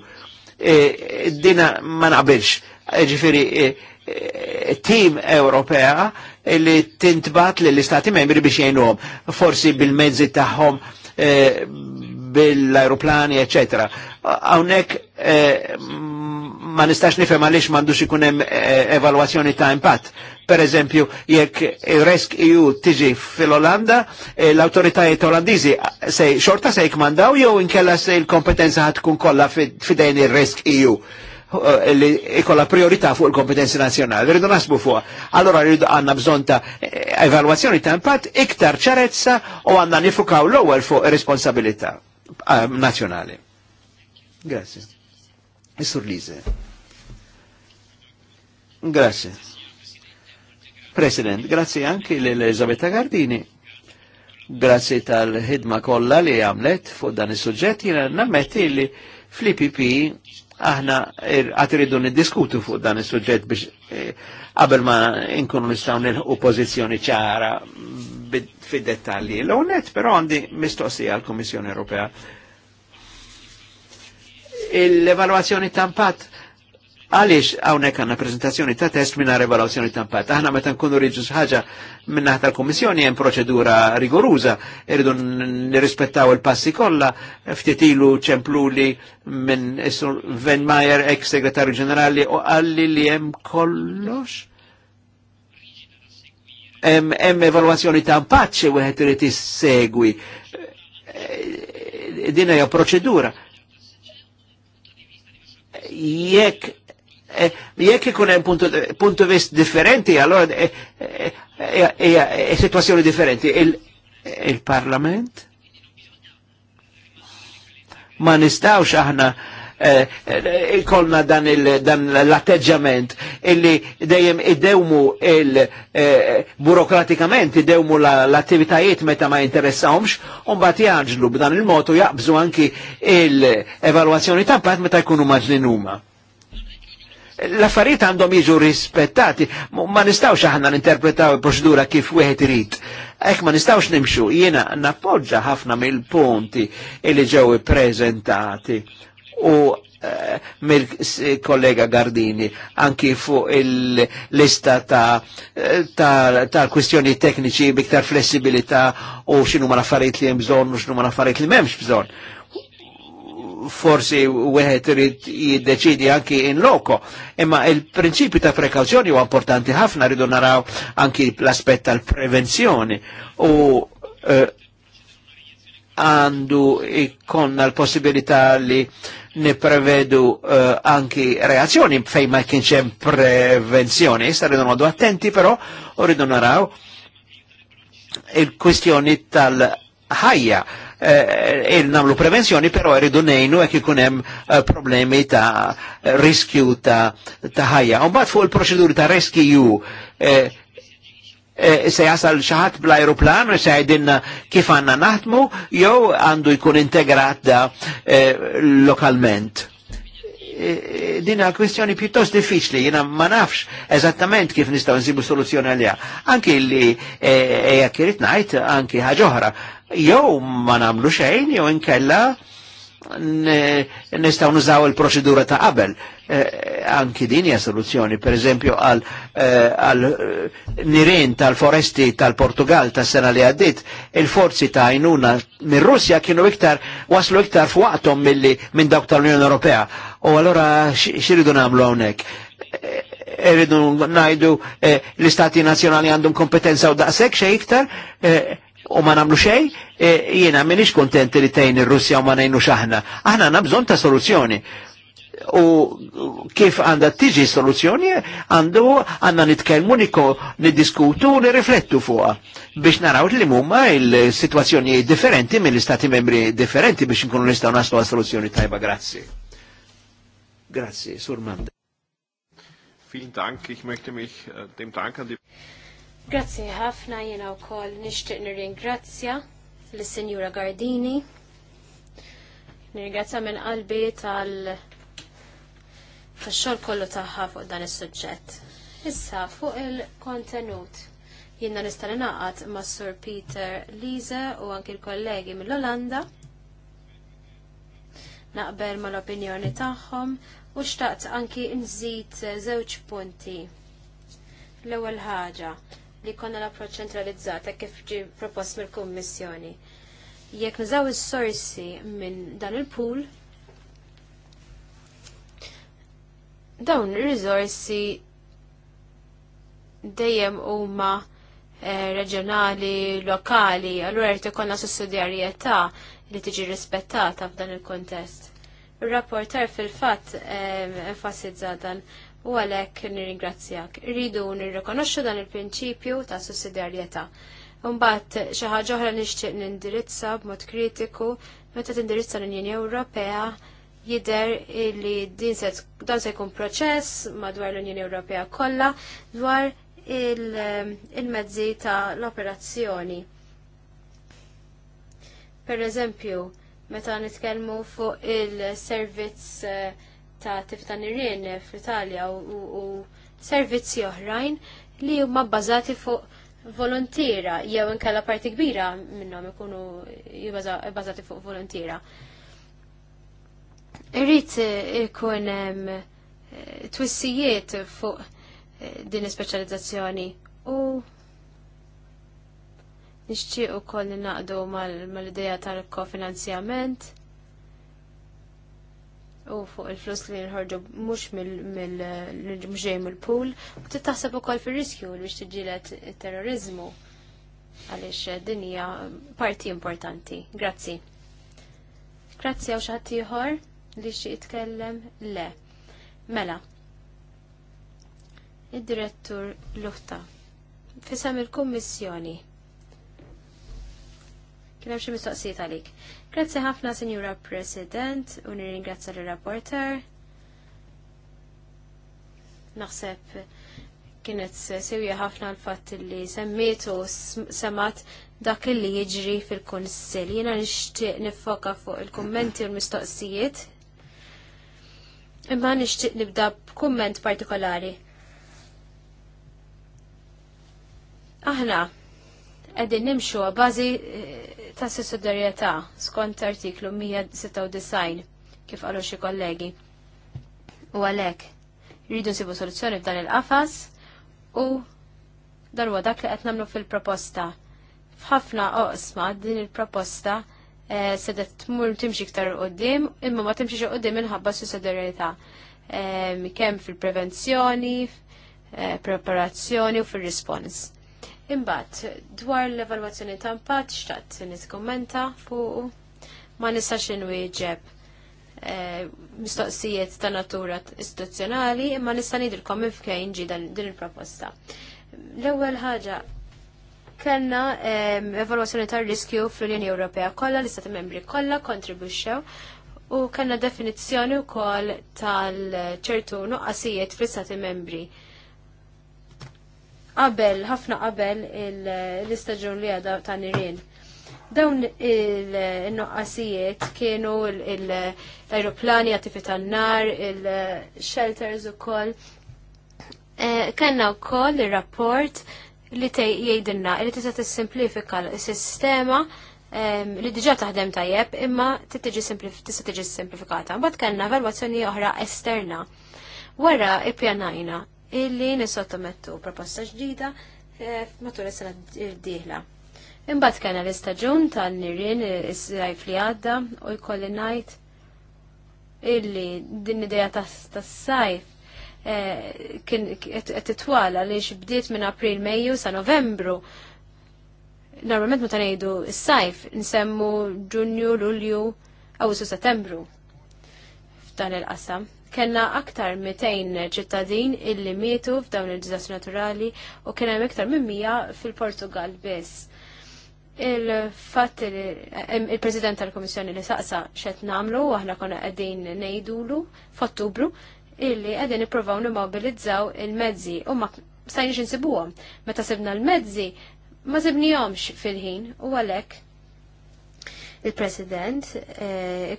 dina ma naqbilx ġifiri e, e, tim Ewropea li tintbat li l-istati membri biex jgħinuhom, forsi bil-mezzi taħħom e, bil-aeroplani, eccetera. Hawnhekk ma nistax nifhem għaliex m'għandux ikun hemm evalwazzjoni ta' impatt. Per eżempju, jekk Resk EU tiġi fil-Olanda, l-autoritajiet Olandiżi xorta se jkmandaw jew inkella se l-kompetenza ħad tkun kollha fidejn ir-Resk EU. Eh, li ikolla priorità fuq il-kompetenzi nazjonali. Rridu nasbu fuq. Allora rridu għanna bżon ta' eh, evaluazzjoni ta' impatt iktar ċarezza u għanna nifukaw l-ewwel fuq responsabilità eh, nazjonali. Grazie. Mr. Lise. Grazie. President, grazie anche l-Elisabetta Gardini Grazie tal-ħidma kollha li għamlet fuq dan il suġġett jiena nammetti li fl-IPP aħna għatridu niddiskutu fuq dan is-suġġett biex eh, qabel ma inkunu nistaw nilħu pozizjoni ċara fid dettalji l net, però għandi mistoqsija għal-Komissjoni Ewropea. l-evaluazzjoni tampat Għalix, għawnek għanna prezentazzjoni ta' test minna evaluazzjoni ta' impatt. Aħna meta nkunu riġu ħaġa minna naħta l-Kummissjoni hemm proċedura rigoruża, irridu nirrispettaw il-passi kollha, ftit ilu ċempluli minn Sven Mayer, ex segretarju ġenerali, u għalli li hemm kollox hemm evalwazzjoni ta' impatt xi wieħed irid issegwi. Din hija proċedura. Jekk Eh, jekk ikun hemm punt vist differenti, allora hija eh, eh, sitwazzjoni differenti. Il-Parlament ma nistgħux aħna ikolna dan l-atteġġament illi dejjem idewmu burokratikament idewmu l-attivitajiet meta ma jinteressawmx un bat jaġlu b'dan il-motu jaqbżu anki l-evaluazzjoni ta' meta jkunu maġlinuma l-affarijiet għandhom jiġu rispettati, ma nistawx aħna ninterpretaw il-proċedura kif wieħed irid. Ek ma nistawx nimxu, jiena nappoġġa ħafna mill-punti li ġew prezentati u eh, mill-kollega Gardini anki fuq il-lista eh, tal-kwistjoni ta, ta tekniċi biktar flessibilità u xinu ma l li hemm bżonn u xinu ma l li m'hemmx bżonn forsi weħet rrit jiddeċidi anki in loko. Imma il prinċipi ta' prekawzjoni u importanti ħafna rridu naraw anki l aspet tal-prevenzjoni u eh, għandu uh, ikonna l-possibilità li niprevedu uh, anki reazzjoni fej ma kienx hemm prevenzjoni, issa rridu għadu attenti però u rridu naraw il-kwistjoni tal-ħajja Uh, il eh, e namlu prevenzjoni, però eridu nejnu ekki kunem eh, problemi ta' eh, riskju ta' ħajja. Un bat fuq il-proċeduri ta' rescue se jasal xaħat bl-aeroplan, se għajdinna kif għanna naħtmu, jew għandu jkun integrat da lokalment. E, Dina kwestjoni pjuttost diffiċli, jina ma nafx eżattament kif nistaw nżibu soluzjoni għalija. Anki li jgħak irrit najt, anki ħagħoħra, jew ma namlu xejn jew inkella nistaw nużaw il-proċedura ta' qabel. Eh, anki din hija soluzzjoni, per eżempju għal eh, eh, nirin tal-foresti tal-Portugal ta' sena li għaddit, il-forzi ta' jnuna minn Russja kienu iktar waslu iktar fuqatom milli minn dawk tal-Unjoni Ewropea. U allora xiridu namlu hawnhekk? Eridu najdu l-istati nazjonali għandhom kompetenza u daqshekk xe iktar? u ma namlu xej, e, jiena minix kontent li tejn ir-Russja u ma nejnu xaħna. Aħna għandna bżon ta' soluzzjoni. U kif għandha tiġi soluzzjoni, għandu għanna nitkelmu, niddiskutu u nirriflettu fuqa. biex naraw li mumma il-situazzjoni differenti mill-istati membri differenti biex nkunu nistaw naslu għal soluzzjoni tajba, grazzi. Grazzi, Sur Manda. Vielen Dank, ich möchte mich äh, dem Dank an die Grazzi ħafna jiena wkoll nixtieq nirringrazzja lis sinjura Gardini. Nirringrazzja minn qalbi tal tax-xogħol kollu tagħha fuq dan is-suġġett. Issa fuq il-kontenut. Jiena nista' naqgħad mas-Sur Peter Lise u anki l-kollegi mill-Olanda naqbel mal-opinjoni tagħhom u xtaqt anki nżid żewġ punti. L-ewwel ħaġa, li konna l-approċ ċentralizzata kif ġi propost mill-Kummissjoni. Jekk nżaw is-sorsi minn dan il-pool, dawn ir rizorsi dejjem huma eh, reġjonali, lokali, allura jrid ikollna sussidjarjetà li tiġi rispettata f'dan il-kontest. ir rapportar fil-fatt eh, enfasizza dan u għalhekk nirringrazzjak. Rridu nirrikonoxxu dan il-prinċipju ta' sussidjarjetà. Imbagħad xi ħaġa oħra nixtieq nindirizza b'mod kritiku meta tindirizza l-Unjoni Ewropea jider li din se dan se jkun proċess madwar l-Unjoni Ewropea kollha dwar il-mezzi il ta' l-operazzjoni. Per eżempju, meta nitkellmu fuq il-servizz eh, ta' tiftanirien fl-Italja u servizzi oħrajn li huma bbażati fuq volontira jew inkella parti kbira minnhom ikunu bbażati fuq volontira. Irrid eh, ikun hemm eh, twissijiet fuq eh, din ispeċjalizzazzjoni u nixtieq ukoll naqdu mal-idea tal-kofinanzjament u fuq il-flus li nħorġu mux mill-ġej mill-pool, u titaħseb u kol fil-riskju li biex tġilet terrorizmu għalix dinja parti importanti. Grazzi. Grazzi għaw xaħtiħor li xie jitkellem le. Mela. Id-direttur Lufta. Fisam il-kommissjoni. Kienem xie mistoqsijiet għalik. Grazzi ħafna, Signora President, u nirringrazzja l-rapporter. Naħseb kienet sewja ħafna l-fatt li semmiet u semat dak li jiġri fil-Konsil. Jena nixtieq nifoka fuq il-kommenti u l-mistoqsijiet. Imma nixtieq nibda b'komment partikolari. Aħna qegħdin nimxu bażi eh, ta' sussidjarjetà skont artiklu 196 kif qalu xi kollegi. U għalhekk rridu nsibu soluzzjoni f'dan il-qafas u darwa dak li qed nagħmlu fil-proposta. F'ħafna oqsma din il-proposta eh, sedet tmur timxi ktar qoddim, imma ma timxi qoddim minħabba sussidjarjetà. Eh, kemm fil-prevenzjoni, eh, preparazzjoni u fil response Imbagħad dwar l-evalwazzjoni ta' impatt xtaqt nitkommenta fuq ma nistax inwieġeb eh, mistoqsijiet ta' natura istituzzjonali imma nista' ngħidilkom minn fejn ġi din il-proposta. L-ewwel ħaġa kellna evalwazzjoni tar-riskju fl-Unjoni Ewropea kollha l-Istati Membri kollha kontribwixxew u kellna definizzjoni wkoll tal-ċertu nuqqasijiet fl-Istati Membri qabel, ħafna qabel l-istaġun li għada ta' nirin. Dawn il-noqqasijiet kienu l-aeroplani għatifi tal-nar, il-shelters u koll. Eh, Kenna u koll il-rapport li jgħidilna li tista' tissimplifika l-sistema li diġa taħdem tajjeb imma tista' tiġi simplifikata. Mbagħad kellna evalwazzjoni oħra esterna. Wara ippjanajna illi nisottomettu proposta ġdida eh, matul is-sena d-dieħla. Imbagħad kena l-istaġun tal-nirien is-sajf li għadda u jkolli ngħid illi din idea tas-sajf eh, kien qed titwala li bdiet minn April Mejju sa Novembru. Normalment meta ngħidu s-sajf nsemmu Ġunju, Lulju, Awwissu Settembru f'dan il-qasam. Kenna aktar 200 ċittadin illi mietu f'dawn il-dizastri naturali u kien hemm iktar minn 100 fil-Portugal biss. Il-fatt il-President tal-Komissjoni li saqsa xet namlu u aħna konna qegħdin ngħidulu f'Ottubru illi qegħdin n nimmobilizzaw il-mezzi u ma stajniex insibuhom. Meta sibna l-mezzi ma sibnihomx fil-ħin u għalhekk il-President eh,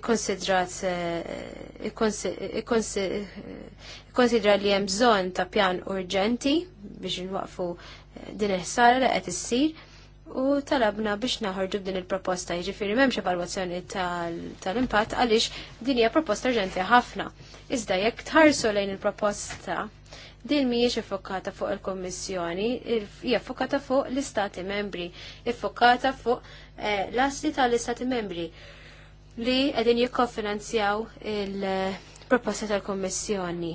eh, ikkonsidra li hemm bżonn ta' pjan urġenti biex nwaqfu eh, din il-ħsara li qed issir u talabna biex naħorġu din il-proposta jiġifieri m'hemmx evalwazzjoni tal-impatt għaliex din hija proposta urġenti ħafna. Iżda jekk tħarsu lejn il-proposta din mhijiex iffokata fuq il-Kommissjoni, hija fokata fuq l-Istati membri, iffokata fuq Eh, l-asli tal-istati membri li għedin jikkofinanzjaw il-proposta tal-Kommissjoni.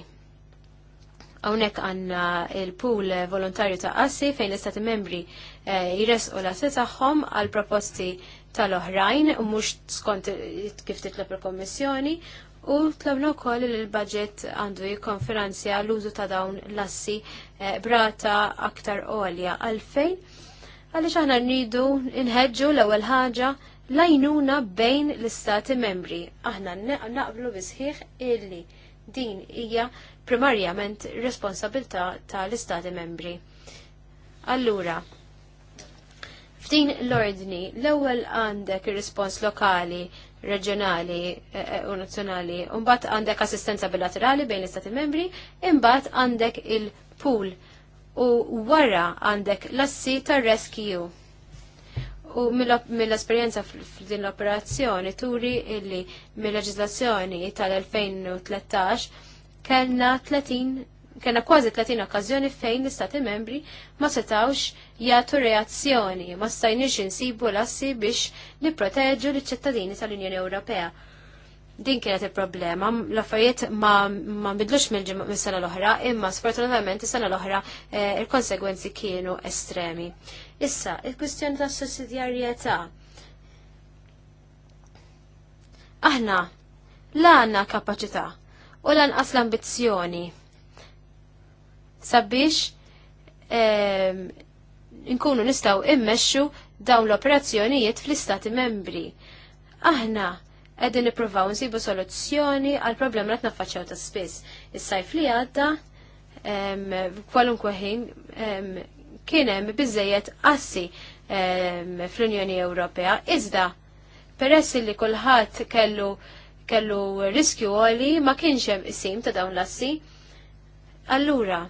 Għonek għanna il-pool volontarju ta' assi fejn l-istati membri eh, u l-assi tagħhom għal proposti tal-oħrajn u mux skont kif titlob il-Kommissjoni u tlabna wkoll li l-budget għandu jikkonferanzja l-użu ta' dawn l-assi eh, brata aktar għolja għalfejn Għaliex aħna rridu nħeġġu l-ewwel ħaġa lajnuna bejn l-istati membri. Aħna naqblu bisħiħ illi din hija primarjament responsabilta tal-istati membri. Allura, f'din l-ordni, l-ewwel għandek ir-rispons lokali, reġjonali e, e, u nazzjonali, u mbagħad għandek assistenza bilaterali bejn l-istati membri, imbagħad għandek il-pool u wara għandek l-assi tar rescue U mill-esperienza f'din l-operazzjoni turi illi mill-leġislazzjoni tal-2013 kellna 30 kena kważi 30 okkażjoni fejn l-istati membri ma setawx jagħtu reazzjoni, ma stajniex insibu l-assi biex nipproteġu l-ċittadini tal-Unjoni Ewropea. Din kienet il-problema, l-affarijiet ma, ma bidlux mill-sena l-oħra, imma sfortunatament is-sena l-oħra eh, il-konsegwenzi kienu estremi. Issa, il-kwistjoni ta' sussidjarjetà. Aħna, la għanna kapacità u lanqas l-ambizzjoni sabiex ehm, nkunu nistaw immexxu dawn l-operazzjonijiet fl-istati membri. Aħna, qegħdin nippruvaw nsibu soluzzjoni għal problem li qed ta' spiss. Is-sajf li għadda kwalunkwe ħin kien hemm biżejjed assi fl-Unjoni Ewropea. Iżda peress li kulħadd kellu kellu riskju għali ma kienx hemm isim ta' dawn l-assi. Allura,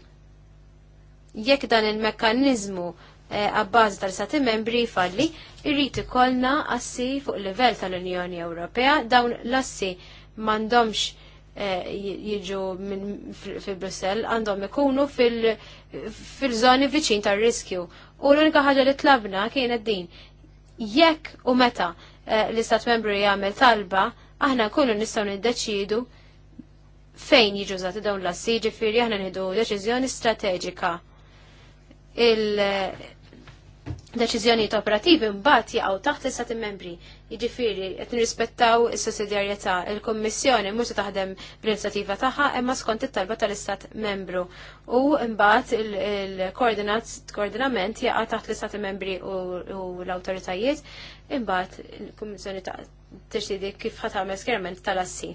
jekk dan il-mekkanizmu eh, għabbaż tal-sati membri falli, irrid ikollna assi fuq livell tal-Unjoni Ewropea dawn l-assi m'għandhomx eh, jiġu fi Brussell għandhom ikunu fil-żoni viċin tar-riskju. U l-unika ħaġa li tlabna kienet din. Jekk u meta eh, l-istat membru jagħmel talba, aħna nkunu nistgħu niddeċidu fejn jiġu żati dawn l-assi, ġifieri aħna nħidu deċiżjoni strateġika deċiżjonijiet operativi mbagħad jaqgħu taħt l-istati membri. Jiġifieri qed nirrispettaw is-sussidjarjetà. Il-Kummissjoni mhux se taħdem bl-inizjattiva tagħha imma skont it-talba tal-istat membru. U mbagħad il-koordinament jaqa' taħt l-istati membri u l-awtoritajiet imbagħad il-Kummissjoni tixtidi kif ħat għamel skerment tal-assi.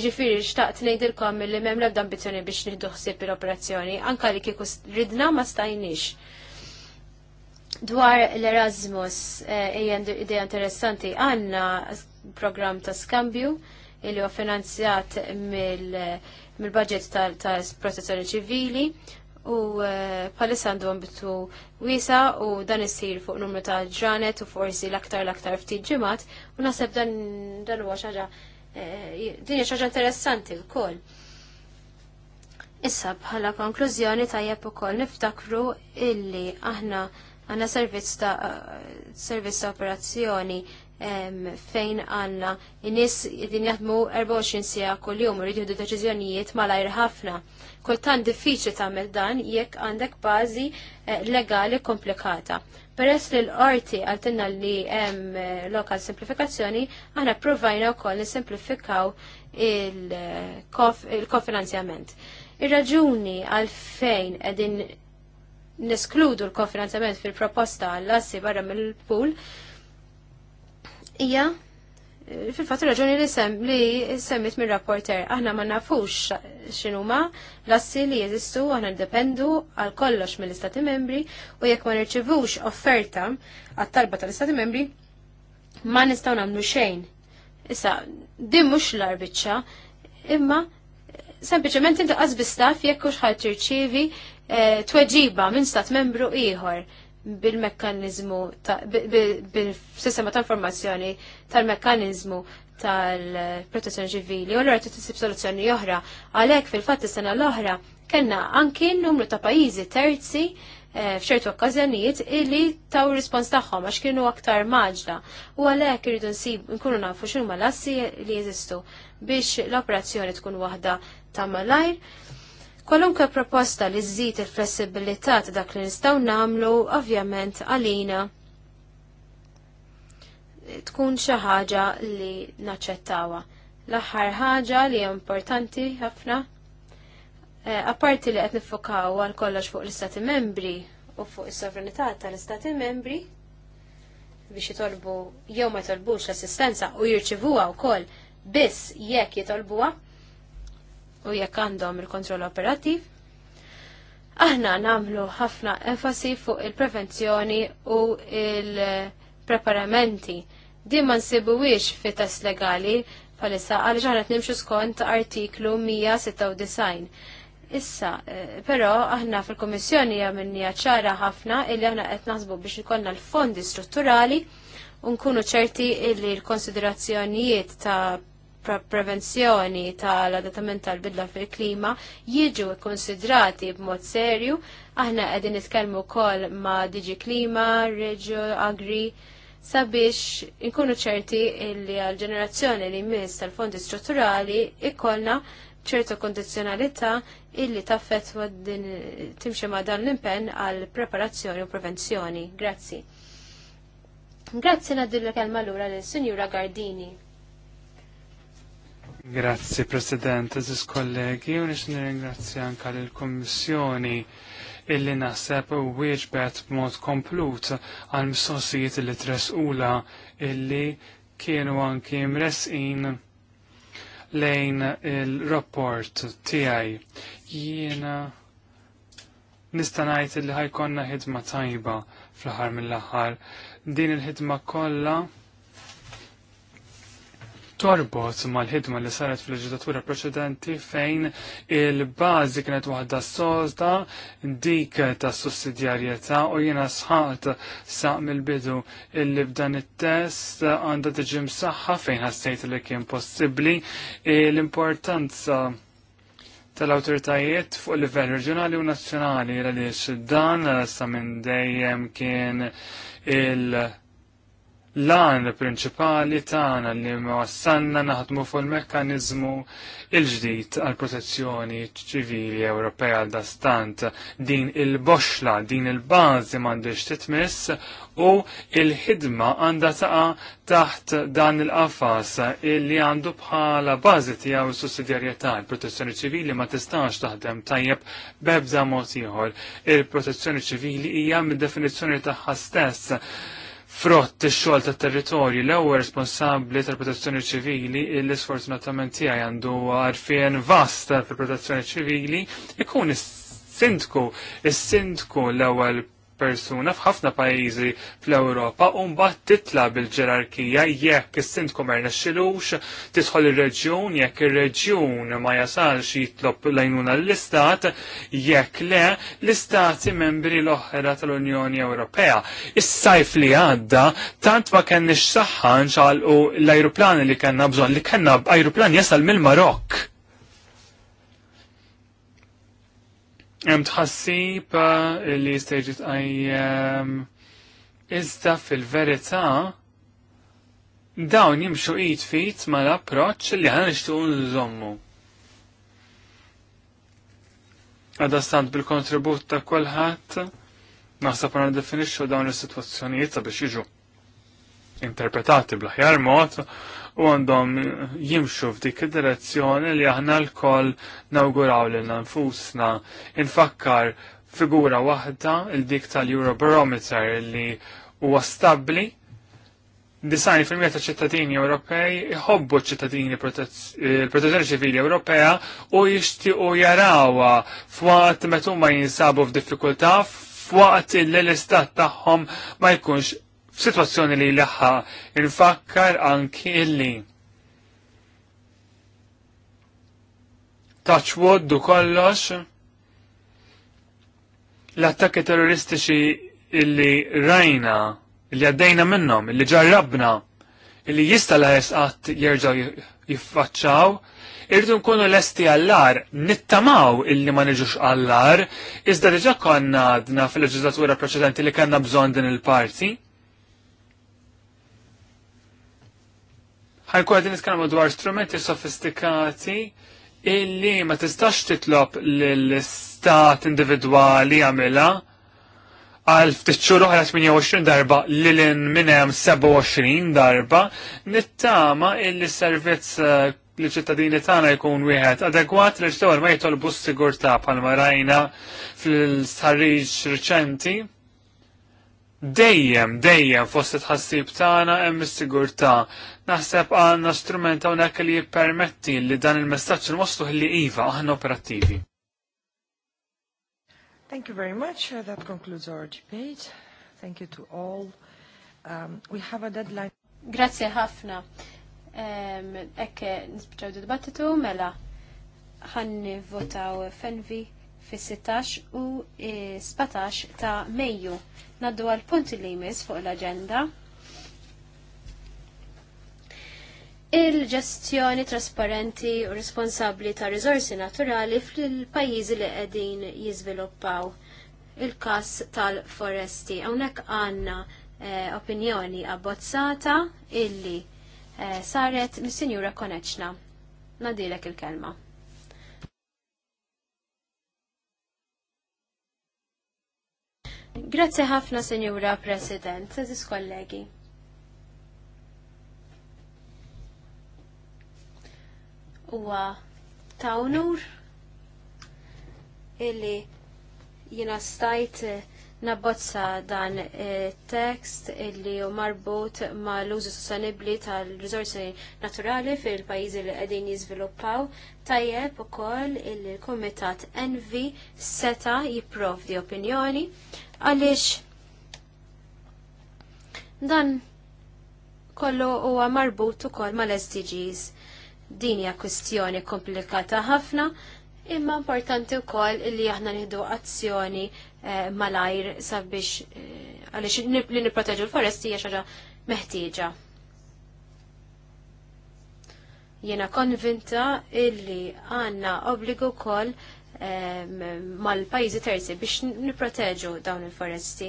Iġifiri, xtaqt nejdilkom li memla b'dambizjoni biex nħiddu ħsib operazzjoni anka li kikus ridna ma stajnix Dwar l-Erasmus, eh, hija idea interessanti, għanna program ta' skambju illi huwa finanzjat mill-budget ta' protezzjoni ċivili u eh, palissa għandhom bitu wisa u dan issir fuq numru ta' ġranet u forsi l-aktar l-aktar ftit ġimat u nasib dan dan huwa xaġa eh, din hija xaġa interessanti wkoll. Issa bħala konklużjoni tajjeb ukoll niftakru illi aħna Għanna servizz ta' eh, servizz ta' operazzjoni fejn għanna in-nies din jaħdmu 24 sija kuljum jum u jridu deċiżjonijiet malajr ħafna. Kultant diffiċli tagħmel dan jekk għandek bażi eh, legali komplikata. Peress li l-qorti għaltinna li hemm lokal simplifikazzjoni, aħna provajna wkoll nisimplifikaw eh, il-kofinanzjament. Il-raġuni għalfejn qegħdin neskludu l kofinanzament fil-proposta għall-assi barra mill-pool hija eh, fil-fatt raġuni li sem li semmit mir rapporter aħna ma nafux x'inhuma l-assi li jeżistu aħna ndependu għal kollox mill-Istati Membri u jekk ma nirċivux offerta għat-talba tal-Istati Membri ma nistgħu nagħmlu xejn. Issa, din mhux l-arbiċċa, imma sempliċement inti qas bistaf jekk hux ħadd tirċievi Eh, tweġiba minn stat membru ieħor bil-mekkanizmu bil-sistema ta' informazzjoni tal-mekkanizmu tal-protezzjoni ċivili u l t tisib soluzzjoni oħra għalhekk fil-fatt is-sena l-oħra kellna anki numru ta' pajjiżi terzi eh, f'ċertu okkażjonijiet illi taw rispons tagħhom għax kienu aktar maġla u għalhekk irridu nsib nkunu nafu x'huma malassi li jeżistu biex l-operazzjoni tkun waħda ta' malajr Kwalunka proposta li żżid il-flessibilità ta' dak li nistgħu nagħmlu ovvjament għalina tkun xi ħaġa li naċċettawha. L-aħħar ħaġa li hija importanti ħafna eh, apparti li qed nifokaw għal kollox fuq l-Istati Membri u fuq is-sovranità tal-Istati Membri biex jitolbu jew ma jitolbux l-assistenza u jirċivuha wkoll biss jekk jitolbuha u jekk għandhom il-kontroll operattiv. Aħna namlu ħafna enfasi fuq il-prevenzjoni u il-preparamenti. Din ma nsibuwix fitas legali palissa għal ġanet nimxu skont artiklu 196. Issa, eh, però aħna fil-Komissjoni għamilni ċara ħafna illi aħna qed naħsbu biex ikollna l-fondi strutturali unkunu ċerti illi l-konsiderazzjonijiet ta' prevenzjoni tal-adattament tal-bidla fil-klima jiġu konsidrati b'mod serju. Aħna qegħdin nitkellmu wkoll ma' Digi Klima, Regio, Agri, sabiex inkunu ċerti li għal-ġenerazzjoni li jmiss tal-fondi strutturali ikkolna ċertu kondizjonalità illi taffetwa din timxi ma' dan l-impenn għal preparazzjoni u prevenzjoni. Grazzi. Grazzi naddillu kelma l-ura l-Sinjura Gardini. Grazzi President, eżis kollegi, u nix nirringrazzja anka l-Kommissjoni illi naħseb u wieġbet mod komplut għal mistoqsijiet li tresqula illi kienu anki mresqin lejn il-rapport tiegħi. Jiena nista' illi li ħajkonna ħidma tajba fl-aħħar mill-aħħar. Din il-ħidma kollha torbot mal-ħidma li saret fil-leġislatura preċedenti fejn il-bażi kienet waħda sozda dik ta' sussidjarjetà u jiena sħat saq mill-bidu illi b'dan it-test għandha ġim saħħa fejn ħassejt li kien possibbli e, l-importanza tal-autoritajiet fuq livell reġjonali u nazzjonali għaliex dan sa minn dejjem kien il- l-għan prinċipali tagħna li ma wassanna naħdmu fuq il-mekkaniżmu il-ġdid għal protezzjoni ċivili Ewropea għal dastant din il-boxla, din il-bażi m'għandix titmiss u il-ħidma għandha taqa taħt dan il-qafas illi għandu bħala bażi tiegħu s-sussidjarjetà il-protezzjoni ċivili ma tistax taħdem tajjeb bebda mod ieħor. Il-protezzjoni ċivili hija mid-definizzjoni tagħha stess frott ix-xogħol tat-territorju l-ewwel responsabbli tal-protezzjoni ċivili illi sfortunatament tiegħi għandu għarfien vast tal-protezzjoni ċivili ikun is-sindku, is-sindku l-ewwel persuna f'ħafna pajjiżi fl-Ewropa u mbagħad titla bil-ġerarkija jekk is sint ma x'ilux tidħol ir-reġjun jekk ir-reġjun ma jasalx jitlob lajnuna l-istat jekk le l-istati membri l-oħra tal-Unjoni Ewropea. Is-sajf li għadda tant ma kenniex saħħa nxalqu l-ajruplani li kellna bżonn li kellna ajruplan jasal mill-Marokk Hemm tħassib eh, li jistgħu jitqajjem iżda fil-verità dawn jimxu id fit mal-approċċ li ħan nixtiequ nżommu. Għada stant bil-kontribut ta' kulħadd naħseb għana definixxu dawn is-sitwazzjonijiet sabiex jiġu interpretati bl-aħjar mod u għandhom jimxu f'dik id-direzzjoni li aħna l-koll nawguraw l nfusna. Infakkar figura waħda il-dik tal-Eurobarometer li huwa stabbli 90% ta' ċittadini Ewropej jħobbu ċittadini eh, protezzjoni ċivili Ewropea u jixtiequ jarawa f'waqt meta huma jinsabu f'diffikultà f'waqt il l-istat tagħhom ma jkunx f'sitwazzjoni li laħħa il-fakkar anki illi taċwoddu kollox l-attakki terroristiċi illi rajna, illi għaddejna minnom, illi ġarrabna, illi jista laħes għat jirġaw jiffacċaw, irridu nkunu lesti għallar, nittamaw illi ma nġux għallar, iżda diġa konna għadna fil-leġislatura preċedenti li kanna bżon din il-parti, ħajkun għadin nitkellmu dwar strumenti sofistikati illi ma tistax titlob lill-istat individwali għamilha għal ftit xhur oħra 28 darba lilin minn hemm 27 darba nittama illi servizz eh, li ċittadini tagħna jkun wieħed adegwat li ġdewel ma jitolbu s sigurta bħalma rajna fil-sarriġ riċenti dejjem, dejjem fost it-ħassib tagħna hemm is-sigurtà. Naħseb għandna strument hawnhekk li jippermetti li dan il-messaġġ nwassluh li iva aħna operattivi. Thank you very much. Uh, that concludes our debate. Thank you to all. Um, we have a deadline. Grazie ħafna. Ekke Ekke d dibattitu mela ħanni votaw fenvi fis-16 u 17 eh, ta' Mejju. Naddu għal punti li jmiss fuq l-agenda. Il-ġestjoni trasparenti u responsabli ta' riżorsi naturali fil-pajjiżi li qegħdin jiżviluppaw il-kas tal-foresti. Hawnhekk għandna eh, opinjoni abbozzata illi eh, saret mis-Sinjura Koneċna. Nadilek il-kelma. Grazzi ħafna, Signora President, Sazis kollegi. Uwa ta' unur illi jina stajt nabbozza dan eh, tekst illi u marbut ma l-użu sostenibli tal-rizorsi naturali fil-pajizi li għedin jizviluppaw tajjeb u koll il-Komitat NV seta jiprovdi opinjoni għaliex dan kollu huwa marbut ukoll mal-SDGs. Din hija kwistjoni komplikata ħafna, imma importanti wkoll li aħna nieħdu azzjoni eh, malajr sabiex eh, għaliex li nipproteġu l-foresti hija xi ħaġa meħtieġa Jiena konvinta illi għanna obbligu wkoll mal-pajjiżi terzi biex niproteġu dawn il-foresti.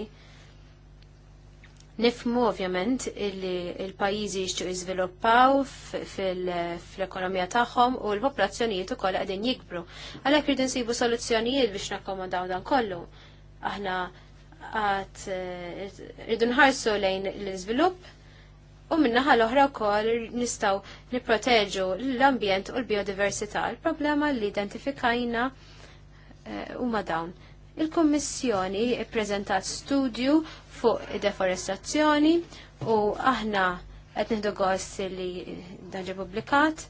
Nifmu ovvjament li l-pajjiżi jixtu jizviluppaw fil-ekonomija tagħhom u l-popolazzjonijiet ukoll qegħdin jikbru. Għalhekk rridu nsibu soluzzjonijiet biex nakkomodaw dan kollu. Aħna għat eh, rridu nħarsu lejn l-iżvilupp u minnaħa l-oħra wkoll nistaw niprotegġu l-ambjent u l-biodiversità. Il-problema li identifikajna Eh, huma dawn. Il-Kommissjoni ppreżentat studju fuq deforestazzjoni u aħna qed nieħdu gost li dan ġie pubblikat.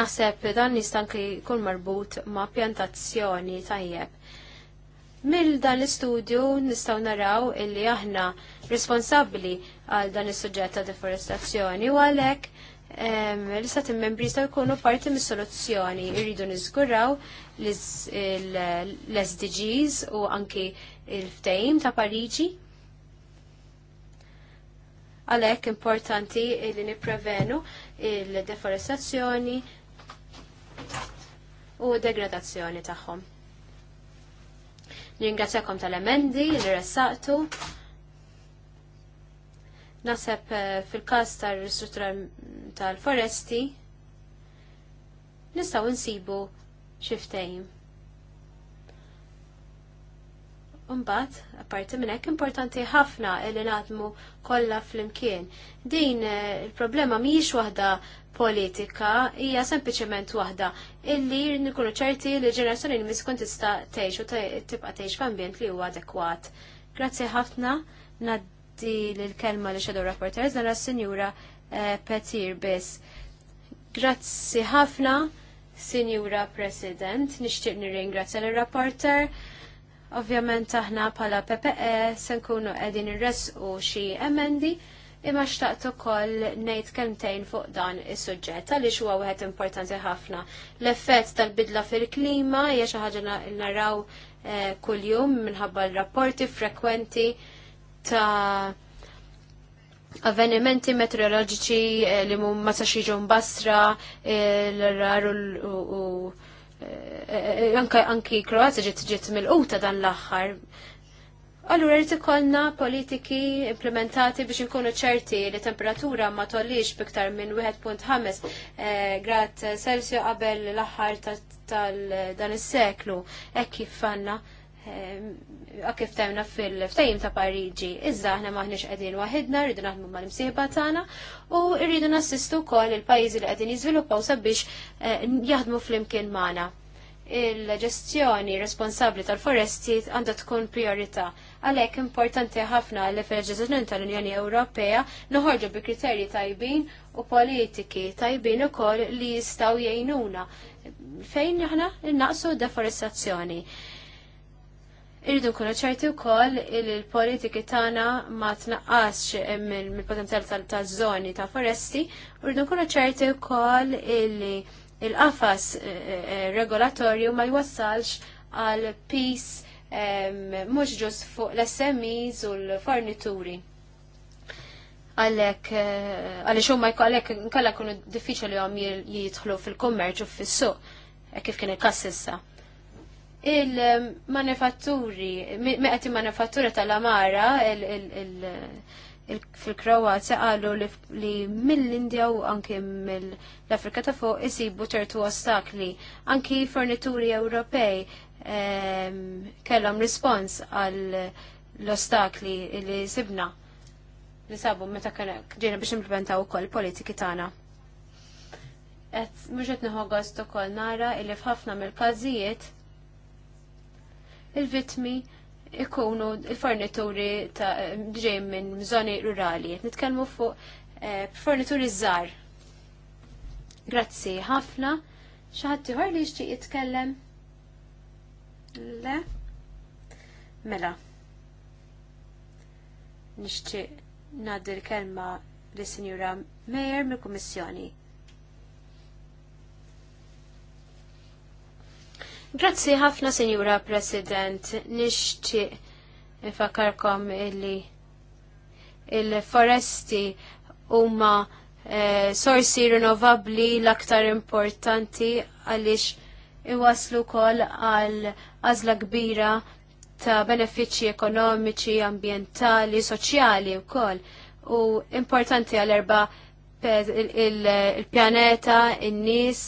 Naħseb dan anke jkun marbut ma' pjantazzjoni tajjeb. Mill dan l-istudju nistgħu naraw illi aħna responsabbli għal dan is-suġġett ta' deforestazzjoni u għalhekk l-istati membri jistaw jkunu parti mis soluzzjoni irridu nizguraw l-SDGs u anki il-ftejim ta' Pariġi. Għalhekk importanti li nipprevenu il-deforestazzjoni u degradazzjoni tagħhom. Ringrazzjakom tal-emendi li ressaqtu Naseb eh, fil-kas tal-ristrutturar tal-foresti nistaw nsibu xiftejn. Umbat, apparti minn hekk importanti ħafna li naħdmu kollha flimkien. Din eh, il-problema mhijiex waħda politika, hija sempliċement waħda illi nikunu ċerti li ġenerazzjoni li miskun tista' tgħix u tibqa' tgħix f'ambjent li huwa adekwat. Grazzi ħafna nad ħaddi l-kelma li xedu rapporter dan s-Sinjura eh, Petir Bis. Grazzi ħafna, Sinjura President, nixtieq nirringrazzja l-rapporter. Ovvjament aħna bħala PPE se nkunu qegħdin irresqu xi emendi imma xtaqt ukoll ngħid kemmtejn fuq dan is-suġġett għaliex huwa wieħed importanti ħafna. L-effett tal-bidla fil-klima hija xi ħaġa naraw eh, kuljum minħabba l-rapporti frekwenti ta' avvenimenti meteoroloġiċi eh, li mu ma sa xiġu basra eh, l-rar u eh, anki Kroazja ġiet ġiet mill-quta dan l-aħħar. Allura rrid ikollna politiki implementati biex inkunu ċerti li temperatura ma tollix biktar minn 1.5 grad Celsius qabel l-aħħar tal dan is-seklu. Hekk kif fanna Ehm, kif tajna fil-ftajim ta' Pariġi, izza ħna maħniex qegħdin waħedna, rridu naħdmu mal imsieba tagħna u rridu nassistu wkoll il-pajjiżi li qegħdin jiżviluppaw sabiex eh, jaħdmu flimkien magħna. Il-ġestjoni responsabbli tal-foresti għandha tkun priorita. Għalhekk importanti ħafna li fil-ġestjoni tal-Unjoni Ewropea noħorġu bi kriterji tajbin u politiki tajbin ukoll li jistgħu jgħinuna fejn aħna innaqsu deforestazzjoni. Irridu nkunu ċerti wkoll li l-politiki tagħna ma tnaqqas mill-potenzjal tal-żoni ta' foresti, irridu nkunu ċerti wkoll li il-qafas eh, eh, eh, regolatorju ma jwassalx għal peace mhux ġus fuq l-SMEs u l-fornituri. Għalek, għalek, huma għalek għalek, għalek, għalek, għalek, jidħlu fil-kummerċ u fis-suq, kif kien il-kass issa il-manifatturi, meqet il manifatturi tal-Amara fil-Kroazja għallu li mill-Indja u anki mill-Afrika ta' fuq isibu ċertu ostakli. Anki fornituri Ewropej kellhom rispons għal l-ostakli li sibna li sabu meta kena ġejna biex implementaw ukoll politiki tagħna. Et muġet qed nħoggos koll nara li f'ħafna mill kazijiet il-vitmi ikunu il-fornituri ta' ġej minn zoni rurali. Nitkellmu fuq eh, fornituri żgħar. Grazzi ħafna. Xi ħadd ieħor li jixtieq jitkellem? Le? Mela. Nixtieq ngħaddi l-kelma lis-Sinjura Mejer mill-Kummissjoni. Grazzi ħafna, Sinjura President. Nixtieq nifakarkom illi il-foresti huma eh, sorsi rinnovabbli l-aktar importanti għaliex iwaslu kol għal għażla kbira ta' benefiċċji ekonomiċi, ambientali, soċjali wkoll. U importanti għal erba il-pjaneta, il nis il il il nies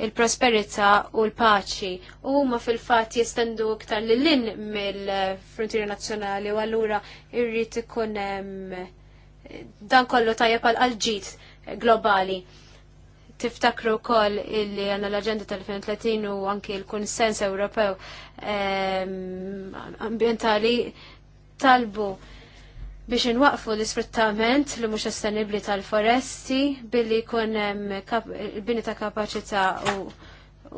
il-prosperità u l-paċi. U ma fil-fat jistendu iktar l in mill-frontiera nazjonali u għallura irrit ikun eh, dan kollu tajjeb għal-ġit globali. Tiftakru kol illi għanna l-agenda tal-2030 u anki l-konsens Ewropew ambientali talbu biex inwaqfu l-isfruttament li mhux sostenibbli tal-foresti billi jkun hemm bini ta' kapaċità u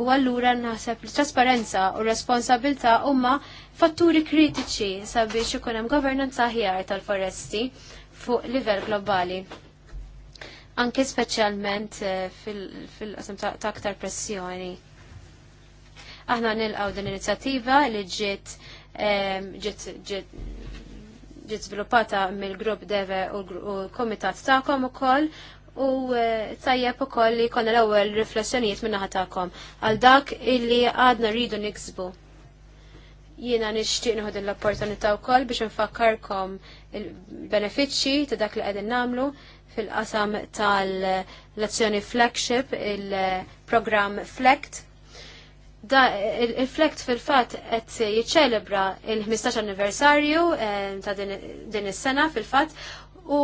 u allura naħseb l-trasparenza u responsabilta huma fatturi kritiċi sabiex ikun hemm governanza aħjar tal-foresti fuq livell globali. Anke speċjalment eh, fil-qasam ta' aktar pressjoni. Aħna nilqgħu din l-inizjattiva li ġiet eh, ġiet żviluppata mill-grupp Deve u l-komitat tagħkom ukoll u eh, tajjeb ukoll li konna l-ewwel riflessjonijiet min-naħa tagħkom għal dak illi għadna rridu niksbu. Jiena nixtieq nħod l-opportunità wkoll biex nfakkarkom il-benefiċċji ta' dak li qegħdin nagħmlu fil-qasam tal lezzjoni flagship, il-programm FLECT, da il-flekt fil-fat qed jiċċelebra il-15 anniversarju eh, ta' din is-sena fil-fat u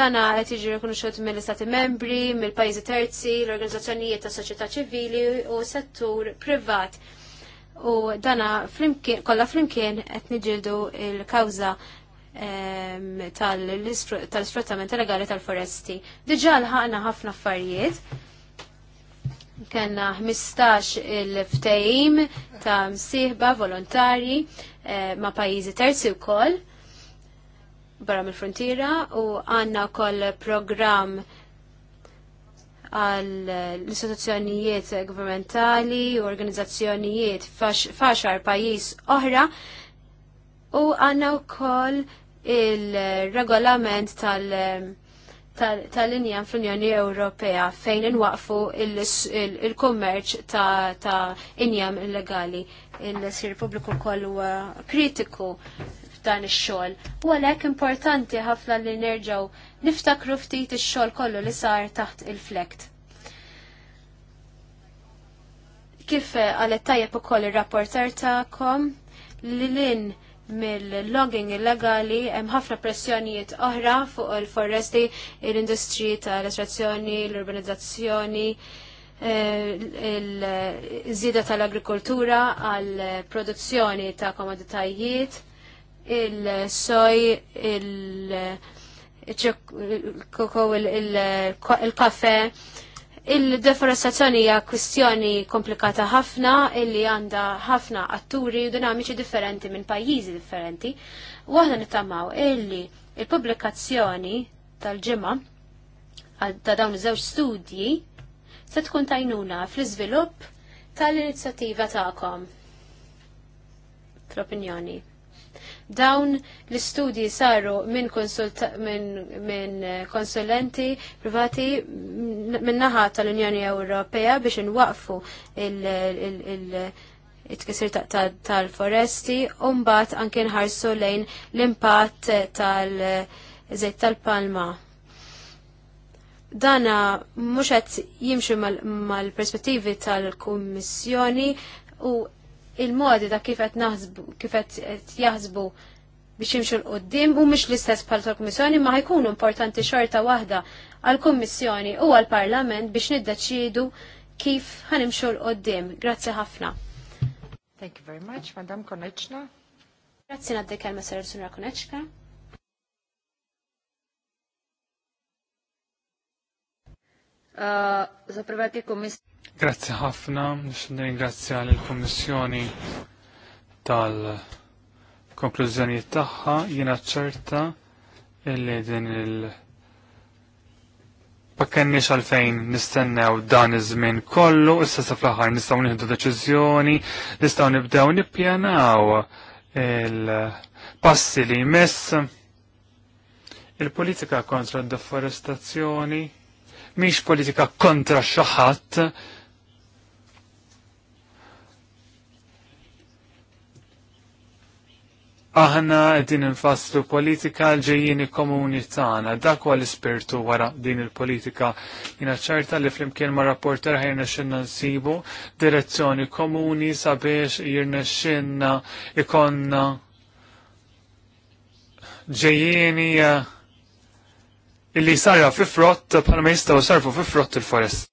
dana qed jiġi rikonoxxut mill-Istati Membri, mill-pajjiżi terzi, l-organizzazzjonijiet ta' soċjetà ċivili u settur privat. U dana flimkien, kollha flimkien qed niġildu il-kawża tal-sfruttament legali tal-foresti. Diġà l ħafna affarijiet kena 15 il ftajim ta' msiħba volontari eh, ma' pajizi terzi u kol barra mill frontiera u għanna kol program għal l-istituzzjonijiet governmentali u organizzazzjonijiet faxar pajis oħra u għanna u il-regolament tal- tal-linja fl-Unjoni Ewropea fejn inwaqfu il-kummerċ ta' injam illegali. Il-Sir Pubbliku kollu kritiku f'dan ix-xogħol. U għalhekk importanti ħafna li nerġgħu niftakru ftit ix-xogħol kollu li sar taħt il-flekt. Kif għalet tajjeb ukoll ir-rapporter tagħkom li lin mill-logging illegali hemm ħafna pressjonijiet oħra fuq il-foresti, l-industri tal-estrazzjoni, l-urbanizzazzjoni, il-żida tal-agrikoltura għall produzzjoni ta' komoditajiet, il-soj, il-koko, il-kafe, il Il-deforestazzjoni hija kwistjoni komplikata ħafna illi għandha ħafna atturi u dinamiċi differenti minn pajjiżi differenti. U aħna nittamaw illi il-pubblikazzjoni tal-ġimgħa ta' dawn iż-żewġ studji se tkun tajnuna fl-iżvilupp tal-inizjattiva tagħkom. Tropinjoni. opinjoni Dawn l-istudji saru minn min, eh, konsulenti privati minn naħa tal-Unjoni Ewropea biex nwaqfu il-tkisir tal-foresti u mbagħad anke nħarsu lejn l-impatt tal-żejt tal-palma dana mhux qed jimxi mal-perspettivi mal tal kummissjoni u il-modi ta' kif qed naħsbu kif qed jaħsbu biex jimxu l-qoddim u mhux l-istess bħal tal-Kummissjoni ma ħajkunu importanti xorta waħda għall-Kummissjoni u għall-Parlament biex niddeċidu kif ħanimxu l-qoddim. Grazzi ħafna. Thank you very much, Madam Koneczna. Grazzi ngħaddi kelma sar sunra Koneczka. Uh, Zaprivati Grazzi ħafna, ringrazzja l-Kommissjoni tal-konklużjoni tagħha jina ċerta illi din il- Pakkenni għalfejn nistennew dan iż-żmien kollu, issa sa fl-aħħar nistgħu nieħdu deċiżjoni, nistgħu nibdew nippjanaw il-passi li jmiss. Il-politika kontra d-deforestazzjoni mhix politika kontra xi ħadd, Aħna din infaslu politika l-ġejjini komuni tagħna, dak huwa l-ispirtu wara din il-politika. Jina ċerta li flimkien ma' rapporter ħajna xinna nsibu direzzjoni komuni sabiex jirna xinna ikonna ġejjini eh, illi sarja fi frott ma jistgħu sarfu fi frott il-forest.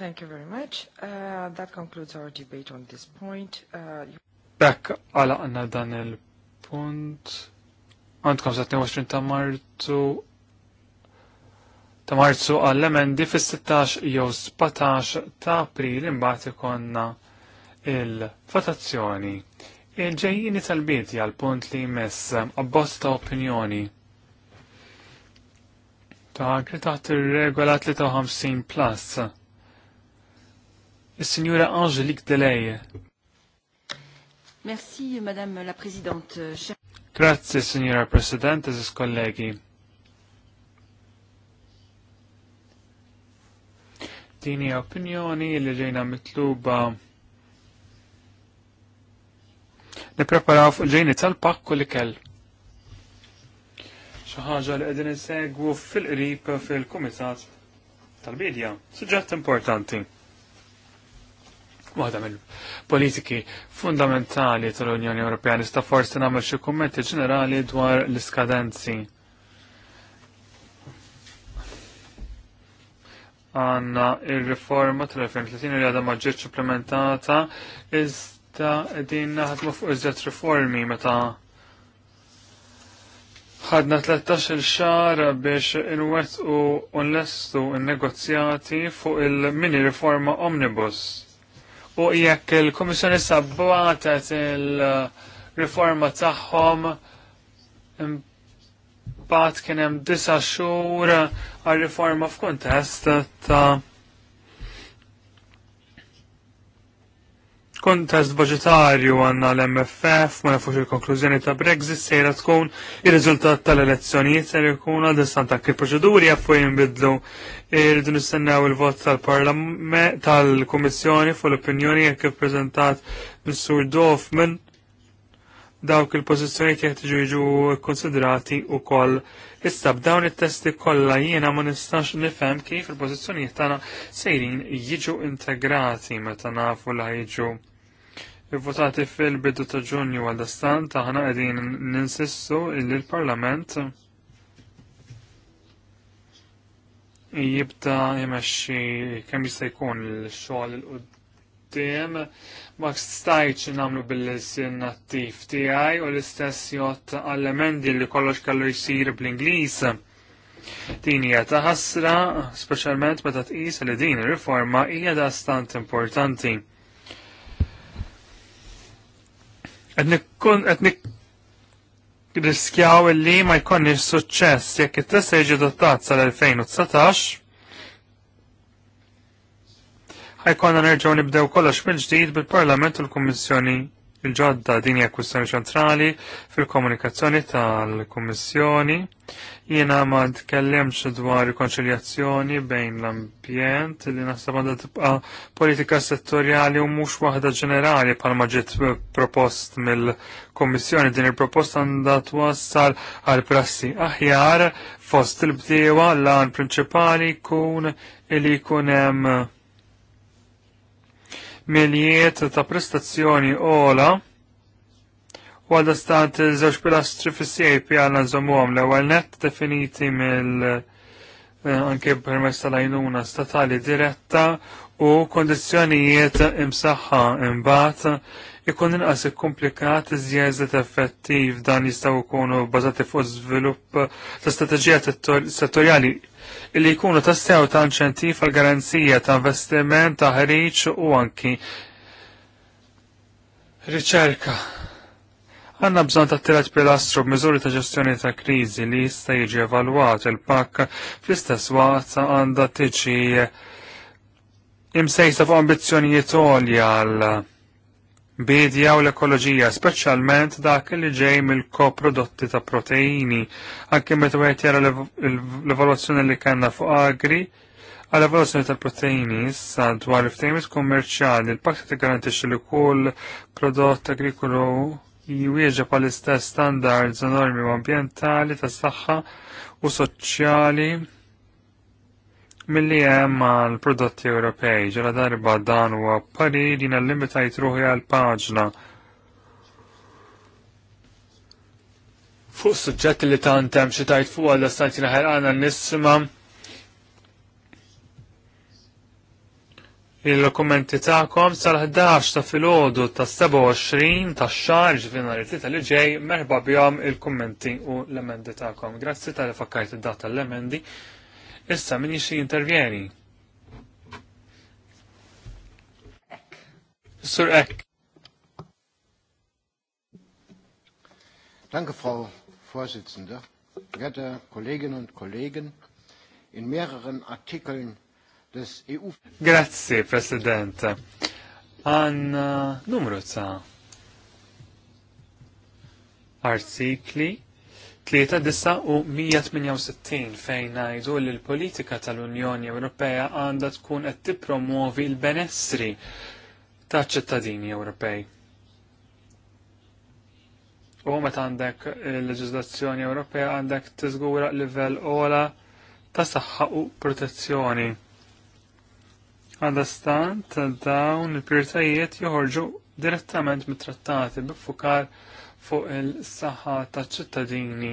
Thank you very much. Uh, that concludes our debate on this point. Uh, Bekk għanna dan il- punt għandkom sa' 22 ta' marzu ta' marzu għall-emendi fis-16 jew 17 ta' april imbagħad ikonna il-votazzjoni. Il-ġejjini tal-bidja għal-punt li jmiss abbozz ta' opinjoni. Ta' taħt ir-regola 53 plus. Is-Sinjura Angelique Delej. Merci, Madame la Presidente. Grazie, Signora Presidente, sis kollegi. Dini opinjoni li ġejna mitluba nipreparaw fuq ġejni tal-pakku li kell. ħaġa li qegħdin insegwu fil-qrib fil-Kumitat tal-Bidja, suġġett importanti waħda mill-politiki fundamentali tal-Unjoni Ewropea nista' forsi nagħmel xi kummenti ġenerali dwar l-iskadenzi. Għanna il-riforma tal-2030 li għadha ma ġietx implementata iżda din naħdmu fuq iżjed riformi meta ħadna 13 xar biex inwettqu u nlestu n-negozjati fuq il-mini riforma omnibus u jekk il-Komissjoni sabbatet il-riforma tagħhom imbagħad kien hemm disa' xhur għal-riforma f'kuntest ta' Kontest budgetarju għanna l-MFF ma nafux il-konklużjoni ta' Brexit sejra tkun ir-riżultat tal-elezzjonijiet ser jkun għal distant anki proċeduri għafu jinbidlu irridu nistennew il-vot tal-Parlament tal-Kummissjoni fuq l-opinjoni jekk il mis-Sur Dorfman dawk il-pożizzjoni jeħtieġu jiġu u koll. Issa b'dawn it-testi kollha jiena ma nistax nifhem kif il-pożizzjonijiet tagħna sejrin jiġu integrati meta nafu li jiġu Il-votati fil-bidu ta' ġunju għal-dastan taħna għedin ninsissu illi l-Parlament jibda jimaxi kemm jista' jkun l-xogħol il-qudiem ma stajċ namlu bil-sin nattiv tiegħi u l-istess jgħod għall-emendi li kollox kellu jsir bl-Ingliż. Din hija ta' ħasra, speċjalment meta tqis li din ir-riforma hija da stant importanti Għetnik riskjaw li ma jkonni suċċess jekk it tessa jiġi dottat sal-2019 ħajkonna nerġaw nibdew kollox mill-ġdid bil-Parlament u l-Kummissjoni il-ġodda din hija kwistjoni ċentrali fil-komunikazzjoni tal-Kummissjoni. Jiena ma tkellemx dwar rikonċiljazzjoni bejn l-ambjent li naħseb għandha tibqa' politika settorjali u mhux waħda ġenerali palma ġiet propost mill-Kummissjoni din il-proposta għandha twassal għal prassi aħjar fost il-bdiewa l-għan prinċipali kun li jkun hemm miliet ta' prestazzjoni ola u għadda stant żewġ pilastri fis-CAP għandna nżommuhom l-ewwel net definiti mill eh, anke permess tal-għajnuna statali diretta u kondizzjonijiet imsaħħa imbagħad ikun inqas ikkomplikat iżjeżet effettiv dan jistgħu jkunu bbażati fuq żvilupp ta' strateġija settorjali li jkunu tassew ta' inċentiv għal garanzija ta' investiment, ta' ħriġ u anki riċerka. Għanna bżon ta' tirat pilastru b'miżuri ta' ġestjoni ta' kriżi li jista' jiġi evalwat il-pakka fl-istess waqt għandha tiġi imsejsa fuq ambizzjonijiet għolja għal bidja u l-ekoloġija, speċjalment dak li ġej mill-koprodotti ta' proteini. Anke meta wieħed jara l-evalwazzjoni li kellna fuq agri, għal evalwazzjoni tal-proteini issa dwar il-ftehimiet kummerċjali, il-pakta tiggarantixxi li kull prodott agrikolu jwieġeb għall istess standards normi u ambjentali tas-saħħa u soċjali Milli hemm għall-prodotti Ewropej ġala darba dan huwa pari jina limitajt ruħi għal paġna. Fuq suġġett li tantem xi tajt fuq għal stanti naħer għana nisma il-dokumenti tagħkom sal-11 ta' filgħodu ta' 27 ta' xahar ġifieri tlieta li ġej merħba bihom il-kummenti u l-emendi tagħkom. Grazzi tal-fakkajt id-data l-emendi. Issa minni xie intervjeni. Sur Eck. Danke, Frau Vorsitzende. Werte Kolleginnen und Kollegen, in mehreren Artikeln des EU... Grazie, President. An uh, numru ta' artikli 3 u 168 fejn ngħidu li l-politika tal-Unjoni Ewropea għandha tkun qed tippromovi l-benessri taċ ċittadini Ewropej. U meta għandek il-leġiżlazzjoni Ewropea għandek tiżgura livell ola ta' saħħa u protezzjoni. stant dawn il-pirtajiet joħorġu direttament mit-trattati bifukar fuq il-saħħa taċ ċittadini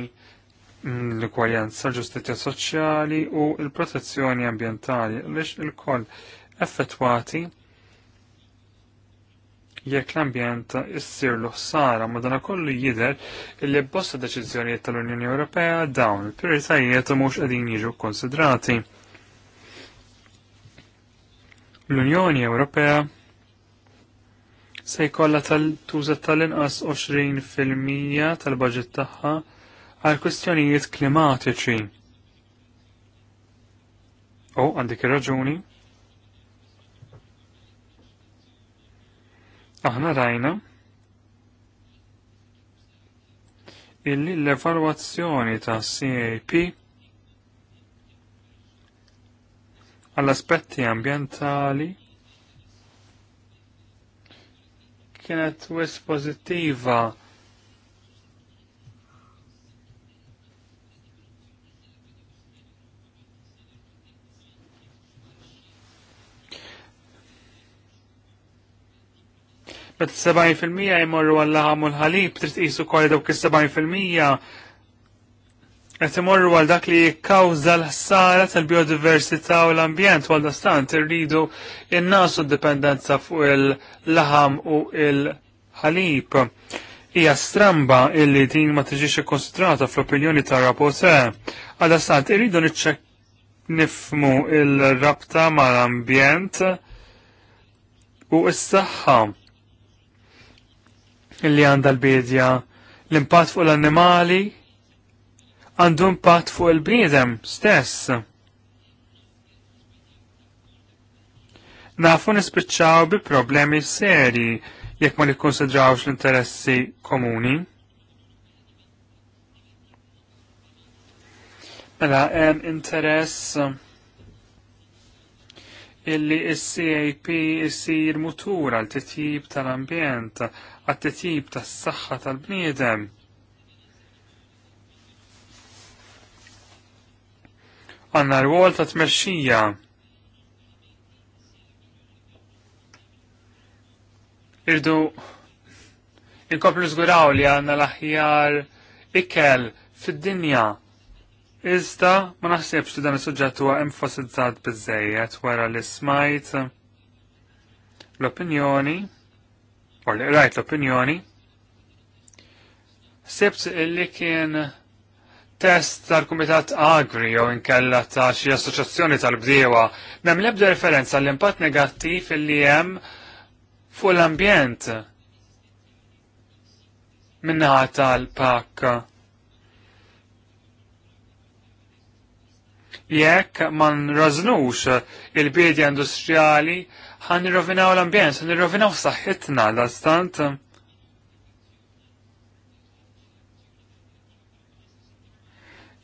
l l ġustizja soċjali u l-protezzjoni ambjentali għaliex il-koll effettwati jekk l-ambjent issir l-ħsara madanakollu jidher li bosta deċiżjonijiet tal-Unjoni Ewropea dawn il-prioritajiet mhux qegħdin jiġu konsidrati. L-Unjoni Ewropea se jkollha tal tuża tal-inqas 20% fil-mija tal-baġit tagħha għal kwistjonijiet klimatiċi. U għandik ir-raġuni. Aħna rajna illi l-evalwazzjoni ta' CAP għall-aspetti ambientali kienet wis pozittiva. Bet 70% jmorru għallaħamu l-ħalib, trit jisu kolli dawk is-70% Qed imorru għal dak li jikkawża l-ħsara tal-biodiversità u l-ambjent għal dastant irridu il d-dipendenza fuq il-laħam u il-ħalib. Hija stramba illi din ma tiġix konsidrata fl-opinjoni tar rapote. Għal dastant irridu niċċekk nifmu il-rabta mal-ambjent u s-saħħa illi għanda l-bidja l-impatt fuq l-annimali għandu impatt fuq il-bniedem stess. Nafu nispiċċaw bi problemi seri jekk ma nikkonsidrawx l-interessi komuni. Mela, hemm interess illi s-CAP jisir mutur għal titjib tal-ambjent, għal titjib tas-saħħa tal-bniedem. għanna rwol ta' tmexxija. Irdu inkoplu żguraw li għanna l-aħjar ikel fid-dinja. Iżda ma naħsibx li dan is-suġġett huwa enfasizzat biżejjed wara li smajt l-opinjoni u li rajt l-opinjoni sibt li kien test tal-Kumitat Agri jew inkella ta' xi assoċjazzjoni tal-bdiewa m'hemm l-ebda referenza l impatt negattiv li hemm fuq l-ambjent minnaħa tal-pak. Jekk ma nrażnux il-bidja industrijali ħan nirrovinaw l-ambjent, nirrovinaw saħħitna l-astant.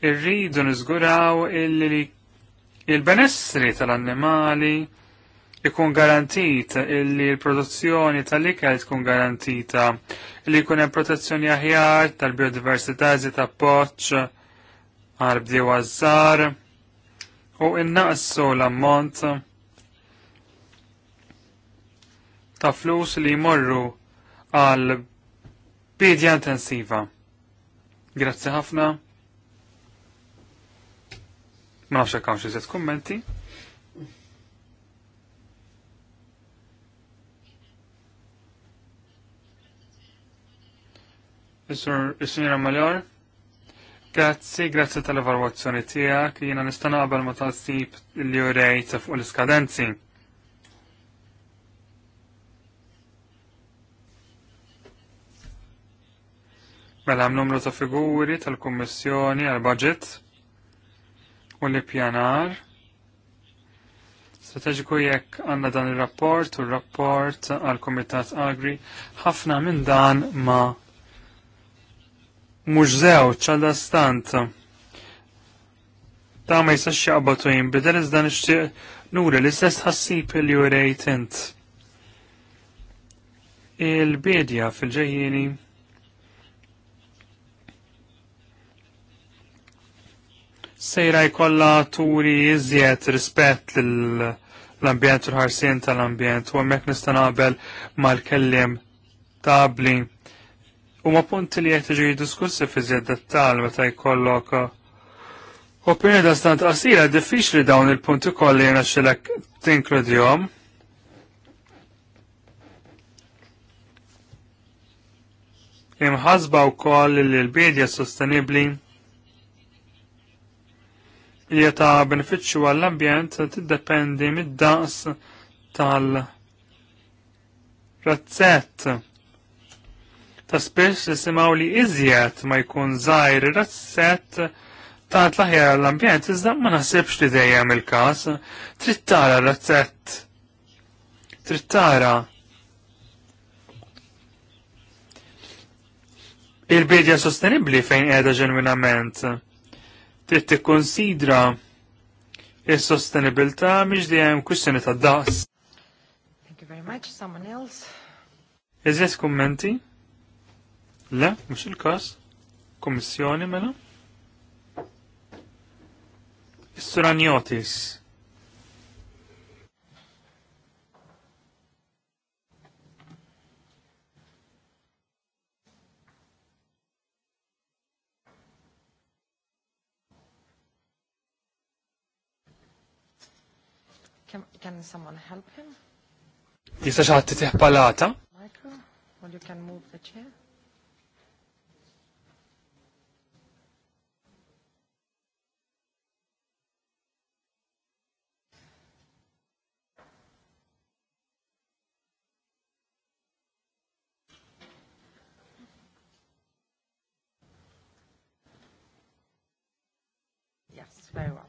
irridu niżguraw il-benessri tal-annimali ikun garantit illi l-produzzjoni tal-ikel tkun garantita li jkun hemm protezzjoni aħjar tal-biodiversità ta' appoġġ għal bdiew żgħar u innaqsu l-ammont ta' flus li jmorru għal bidja intensiva. Grazzi ħafna. Ma nafx hekk hawn xi kummenti. Is-Sinjora Maljar, grazzi, grazzi tal-evalwazzjoni tiegħek, jiena nista' naqbel ma taħsib li jurejt fuq l-iskadenzi. Mela hemm numru ta' figuri tal-Kummissjoni għall budget u l-pjanar. Strategiku jekk għanna dan il-rapport u l-rapport għal Komitat Agri, ħafna minn dan ma mux zewċ għal stant. Ta' ma jistax jaqbatu jinbidel dan ixtieq nuri l-istess ħassib li jurejt int. Il-bedja fil-ġejjini sejra jkollha turi iżjed rispett l-ambjent u l-ħarsien tal-ambjent u hemmhekk nista' naqbel mal-kelliem tabli. Huma punti li qed iġi diskussi fi żjed dettal meta jkollok uh, Opinja da stant qasira diffiċli dawn il-punti kolli jena xilek tinkludjom. Imħasba u koll li l-bidja sostenibli li ta' beneficju għall-ambjent tiddependi mid-daqs tal-razzett. Ta' spess nisimaw li iżjed ma jkun zaħir razzett ta' tlaħjar għall ambjent iżda ma naħsibx li dejjem il-kas, Trittara razzett. Trittara il-bidja sostenibli fejn qiegħda ġenwinament trid tikkonsidra is-sostenibilità mhix dejjem kwistjoni ta' daqs. Thank you very much. Someone else? Eżess kummenti? Le, mhux il-każ. Kommissjoni mela? Is-Suranjotis. Can someone help him? Jista xaħat titiħ palata? Michael, well you can move the chair. Yes, very well.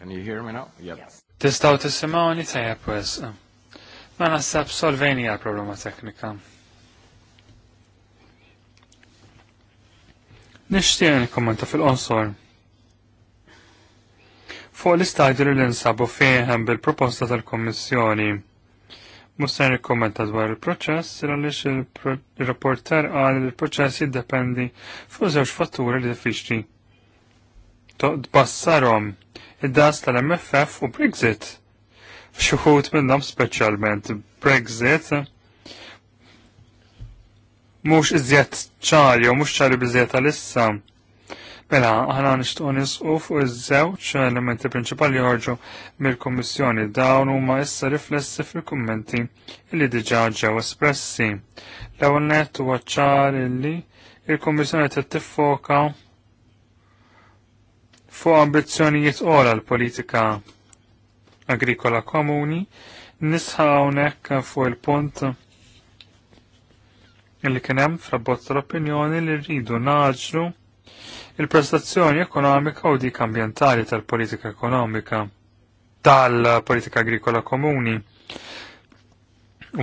Can you hear me now? Yep. Yes. Tistaw tisimawni tajab wes. Ma nasab solvejni għal problema teknika. Nishtiq kommenta fil-qonsor. Fuq l-istadju li l-insabu fieħem bil-proposta tal-Kommissjoni. Musser kommenta dwar il-proċess, għaliex il-rapporter għal il-proċess jiddependi fuq żewġ fatturi li diffiċli tbassarhom id-das tal-MFF u Brexit. Xuħut minnhom speċjalment Brexit mhux iżjed ċari u mhux ċari biżjed tal-issa. Mela, aħna nixtuq nisqu fuq iż-żewġ elementi prinċipali joħorġu mill-Kummissjoni dawn huma issa riflessi fil-kummenti li diġà ġew espressi. L-ewwel nett huwa ċar li il kummissjoni qed tiffoka fuq ambizzjonijiet ora l-politika agrikola komuni, nisħa hawnhekk fuq il-punt li kien hemm frabbozz tal-opinjoni li rridu naġlu il-prestazzjoni ekonomika u dik ambjentali tal-politika ekonomika tal-politika agrikola komuni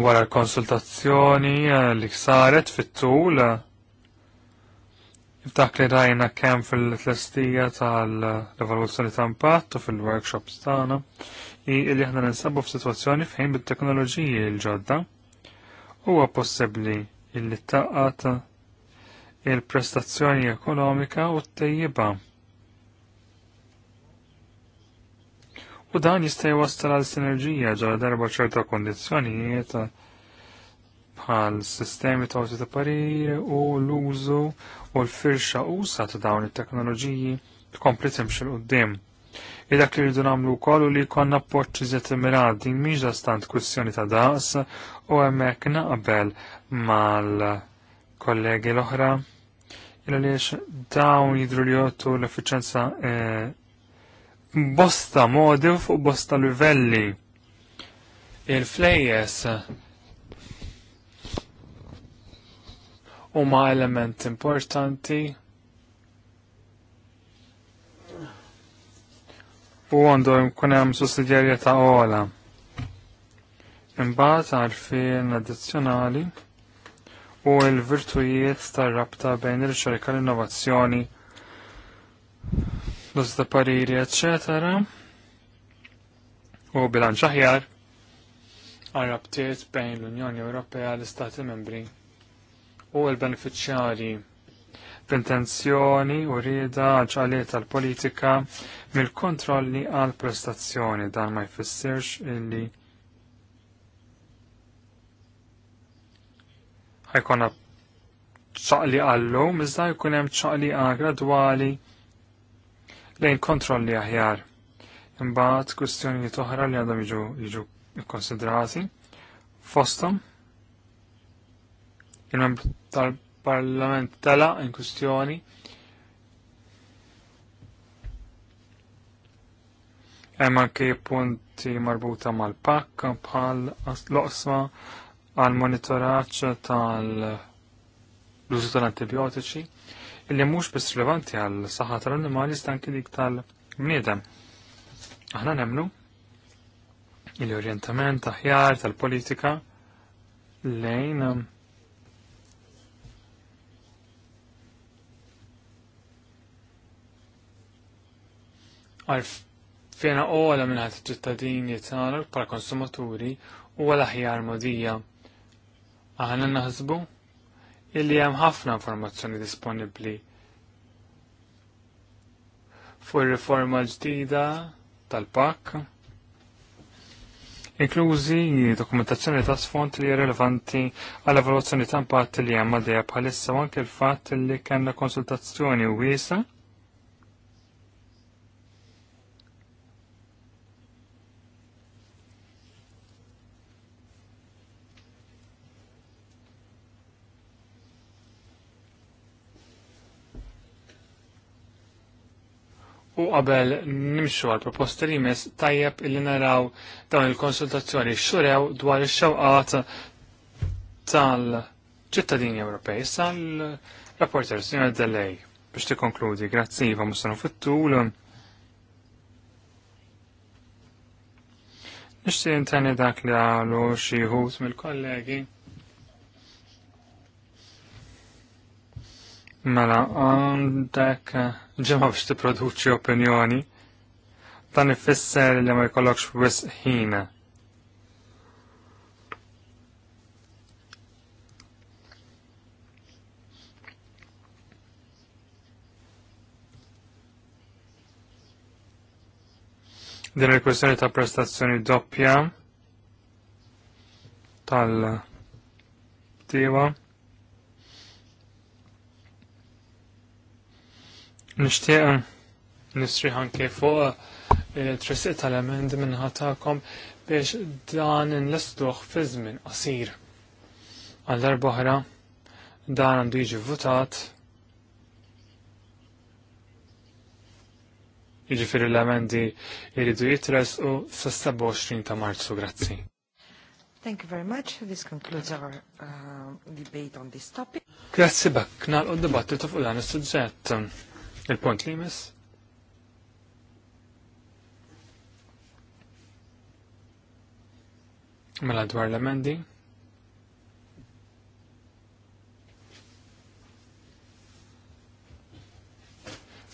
wara l-konsultazzjoni li saret fit-tul F'dak li rajna kemm fil-tlestija tal evoluzzjoni ta' impatt u fil-workshops tagħna hi li aħna ninsabu f'sitwazzjoni fejn bit-teknoloġiji l-ġodda huwa possibbli illi taqat il-prestazzjoni ekonomika u t-tejjiba. U dan jista' jwassal għal sinerġija ġara darba ċerta kondizzjonijiet bħal sistemi ta' ta' parir u l-użu u l-firxa usa ta' dawn it-teknoloġiji tkompli timxil qoddim. Id-dak li rridu nagħmlu wkoll li jkollna appoġġ iżjed immirati miġa stant kwistjoni ta' daqs u hemmhekk naqbel mal-kollegi l-oħra il għaliex dawn jidru li jottu l-efficienza eh, bosta modi u bosta livelli. Il-flejjes huma element importanti u għandu jkun hemm sussidjarjetà ola. Imbagħad għarfien addizzjonali u l-virtujiet tar-rabta bejn ir-riċerka l-innovazzjoni l-uż pariri, eccetera. U bilanċ aħjar għal rabtiet bejn l-Unjoni Ewropea l-Istati Membri u l-beneficjari b'intenzjoni u rida ġaliet tal-politika mill-kontrolli għal prestazzjoni dan ma jfissirx illi ħajkun ċaqli għallu, mizda jkun hemm ċaqli gradwali lejn kontrolli aħjar. Imbagħad kwistjonijiet oħra li għandhom jiġu jiġu ikkonsidrati fosthom il-membru tal-Parlament tala in kustjoni. Hemm ke punti marbuta mal-pakka bħal l osma għal monitoraġġ tal-użu tal-antibiotiċi illi mhux biss rilevanti għal saħħa tal-annimali iżda anke dik tal-bniedem. Aħna nemmnu l-orientament aħjar tal-politika lejn għarf u għala minn t ċittadini tagħna bħala konsumaturi u għala aħjar modija. Aħna naħsbu illi hemm ħafna informazzjoni disponibbli fuq ir-riforma ġdida tal pak inklużi dokumentazzjoni ta' sfond li rilevanti għall evoluzzjoni ta' impatt li hemm għaddejja bħalissa u anke l-fatt li kellna konsultazzjoni wiesa' U qabel nimxu għal proposta li mis tajjeb illi naraw dawn il-konsultazzjoni xurew dwar ix-xewqat tal-ċittadini Ewropej sal-rapporter Signor Delej biex tikkonkludi. Grazzi, Iva, mustanu fit-tul. Nixtieq intani dak li għalu xi mill-kollegi Mela, għandek ġemma biex tipproduċi opinjoni, dan ifisser li ma jkollokx wisq ħina. Din il-kwestjoni ta' prestazzjoni doppja tal tiva Nishtiqa nisriħan kifu fuq eh, trisiq tal-emend minnħatakom biex dan nlestuħ fi żmien qasir. Għal darba dan għandu jiġi votat Jiġifieri l-emendi iridu jitres u s-27 ta' Marzu, grazzi. Thank you very much. This concludes our uh, debate on this topic. Grazzi bekk, nal u dibattitu fuq dan is-suġġett. Il-punt li jmiss. Mela dwar l-emendi.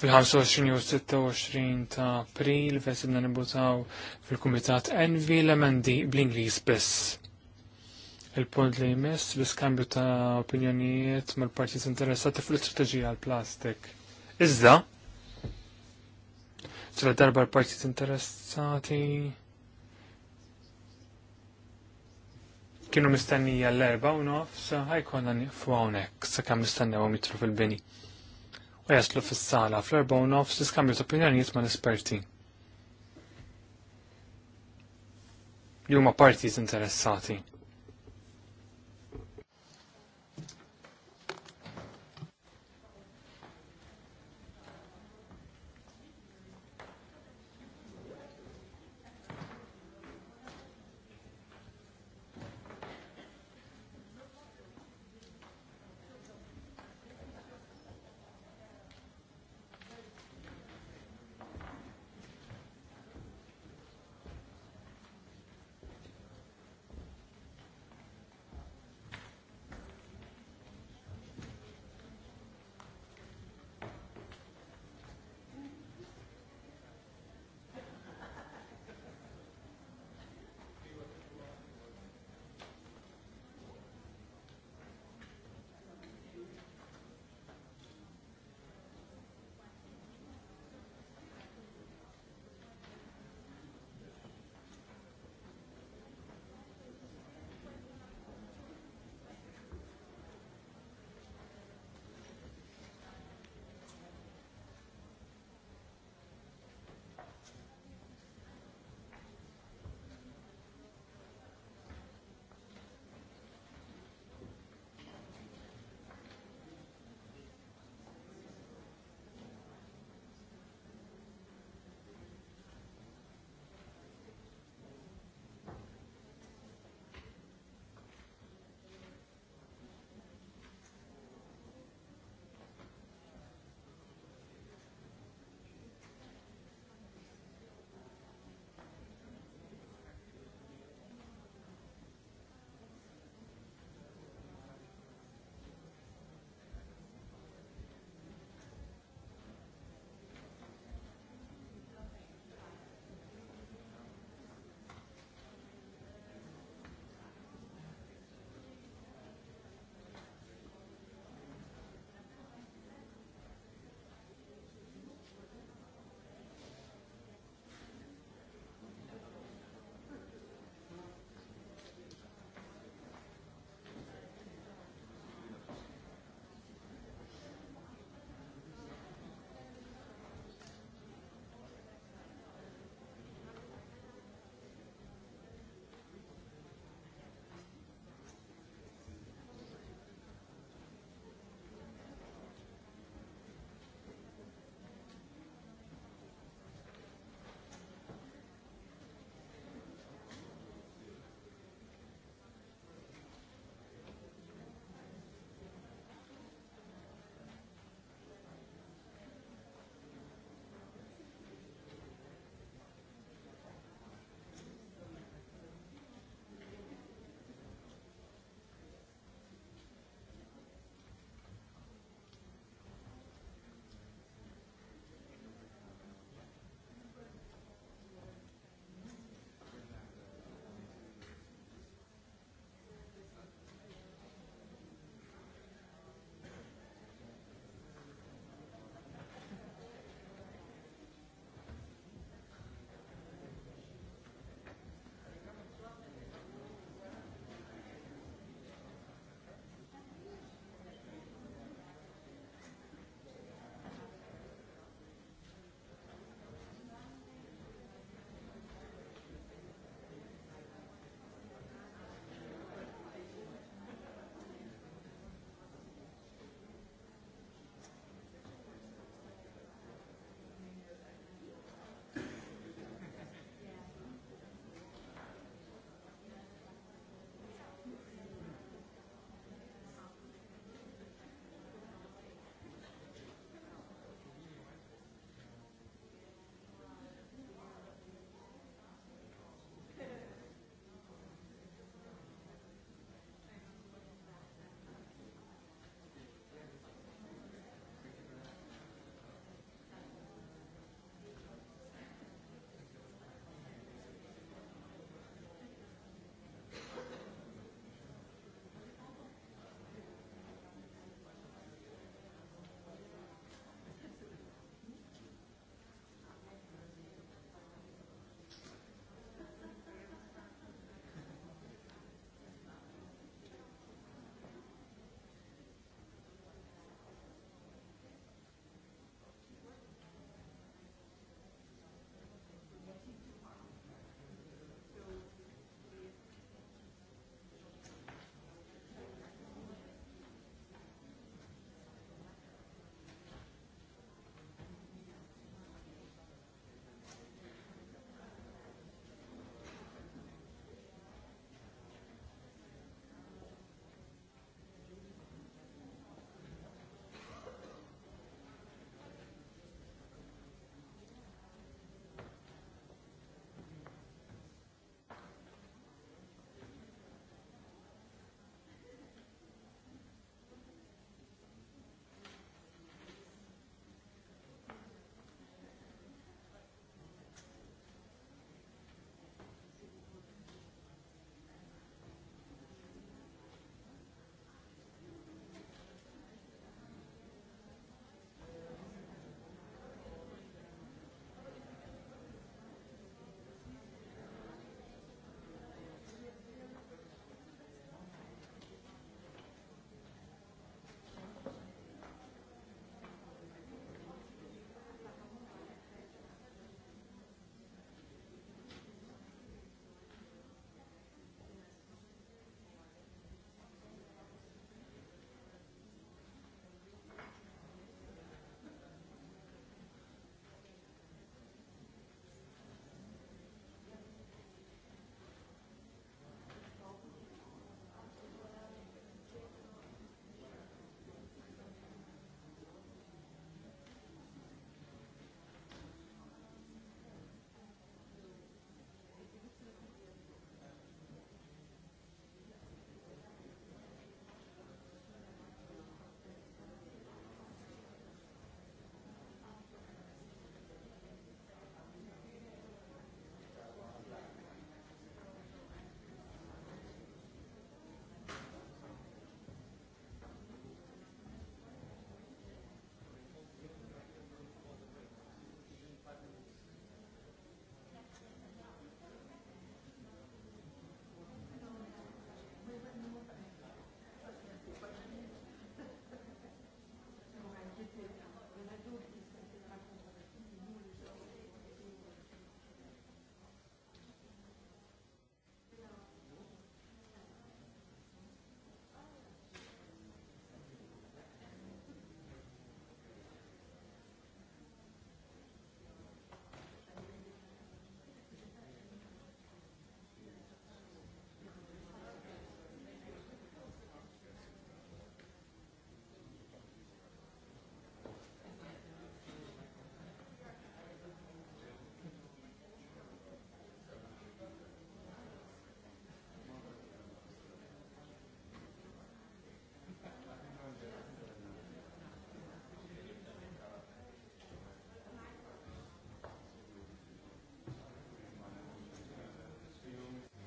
fil-25 u 26 ta' april fesibna nibutaw fil-Kumitat Envi l-emendi bl-Inglis biss. Il-punt li jmiss l-iskambju ta' opinjonijiet mal-partijiet interessati fil-istrateġija għal-plastik. Iżda, ċela darba l-partit interessati kienu mistennija l-erba u nofs ħajkonna nifu kam sakemm mistennewhom jitru fil-bini. U jaslu fis-sala fl-erba u nofs iskambju opinjonijiet mal-esperti. Juma partijiet interessati.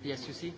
Yes, you see?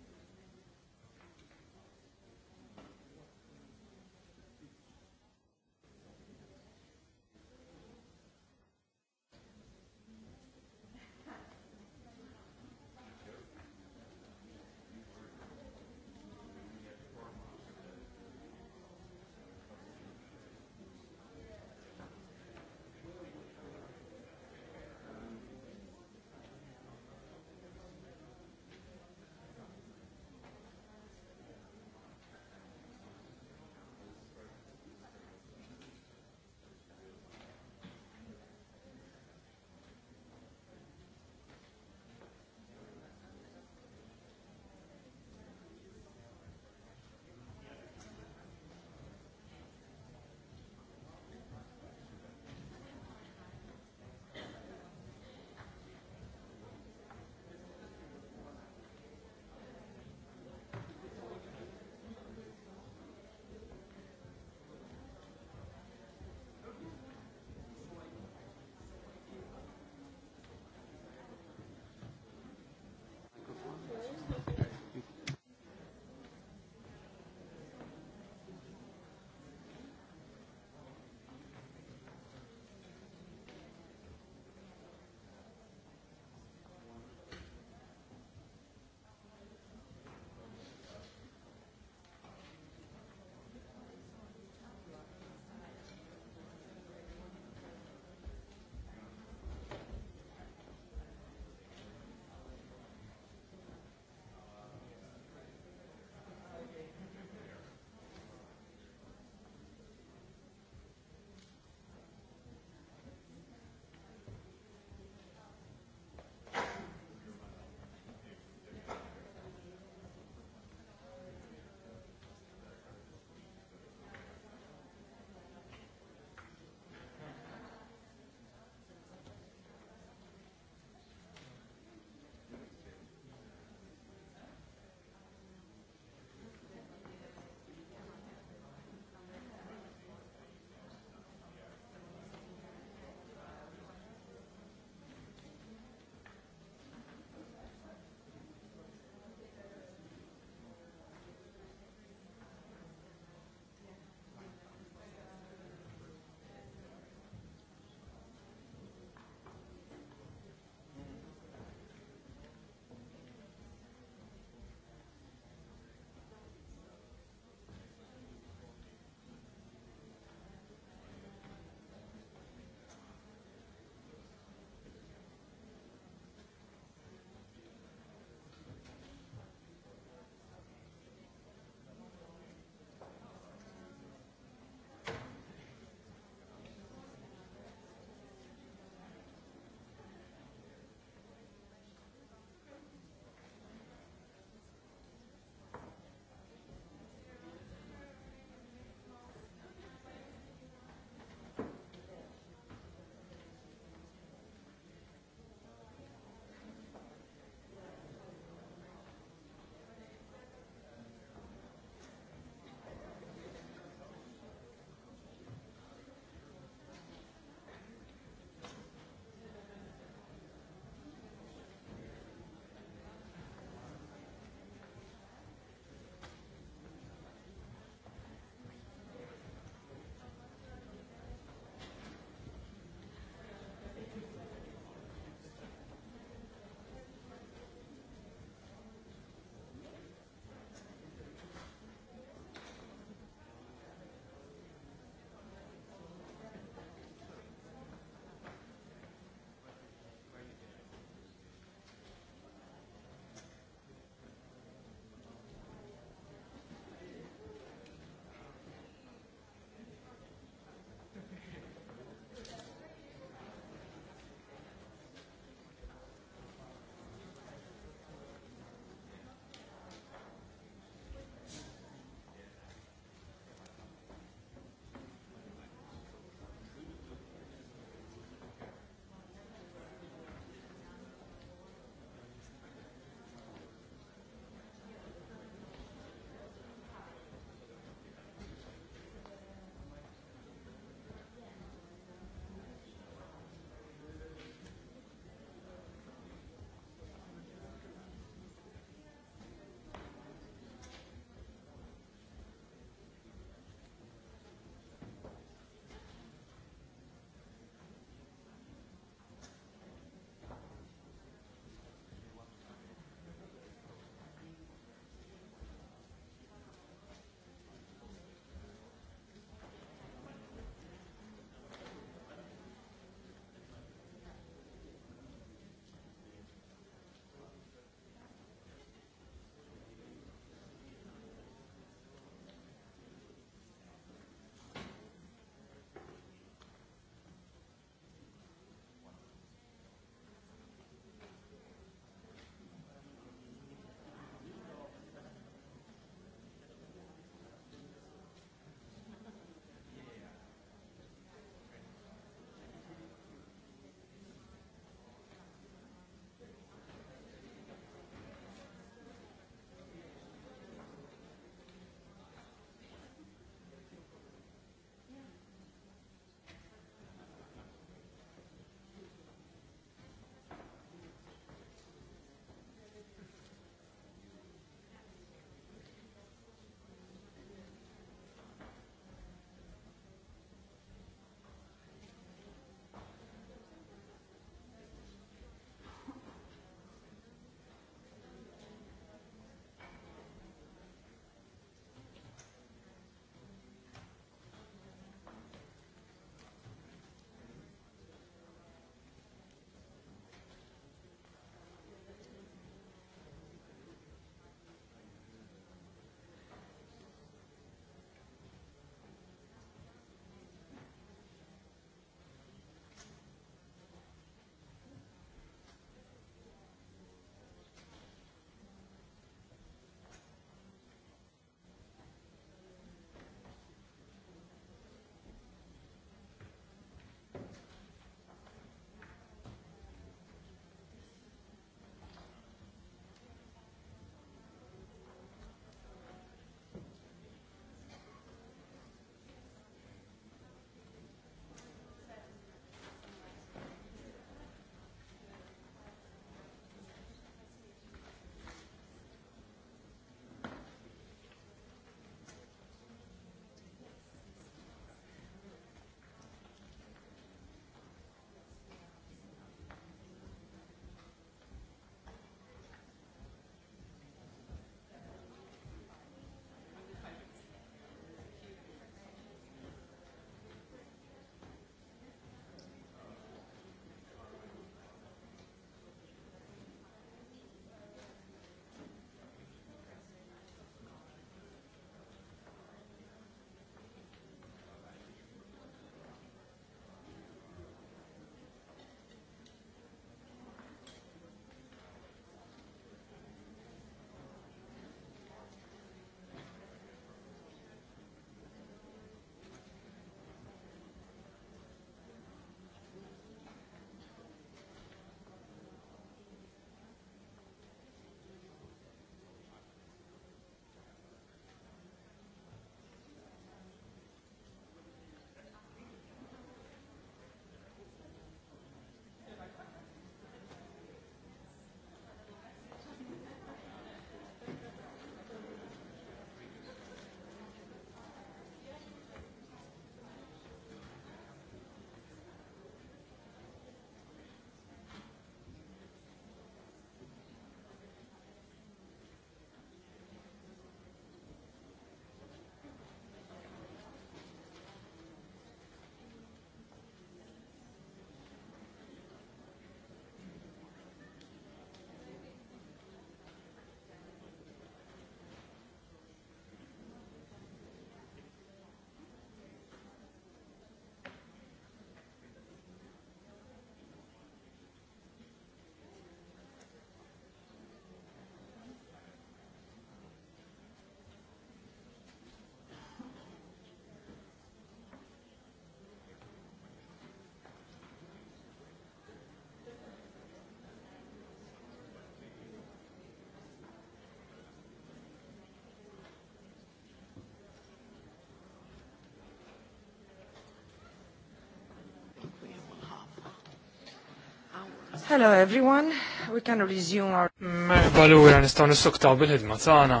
Hello everyone, we can resume our... Merba l-ura nistaw nissuktaw bil-ħidma tagħna.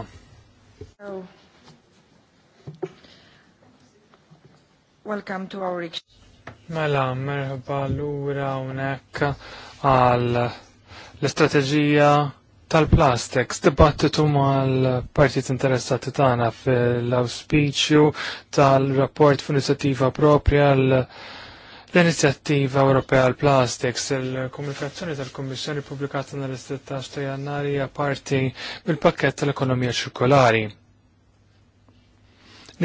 Welcome to our... Mela, merba l-ura unek għal l strategija tal-plastics, dibattitu mal-partit interessati tagħna fil-auspiċju tal-rapport f'inizjattiva propria l-, -l L-inizjattiva Ewropea għal Plastics, il-komunikazzjoni tal-Kommissjoni pubblikata nel-16 ta' jannar hija parti mill-pakket tal-ekonomija ċirkolari.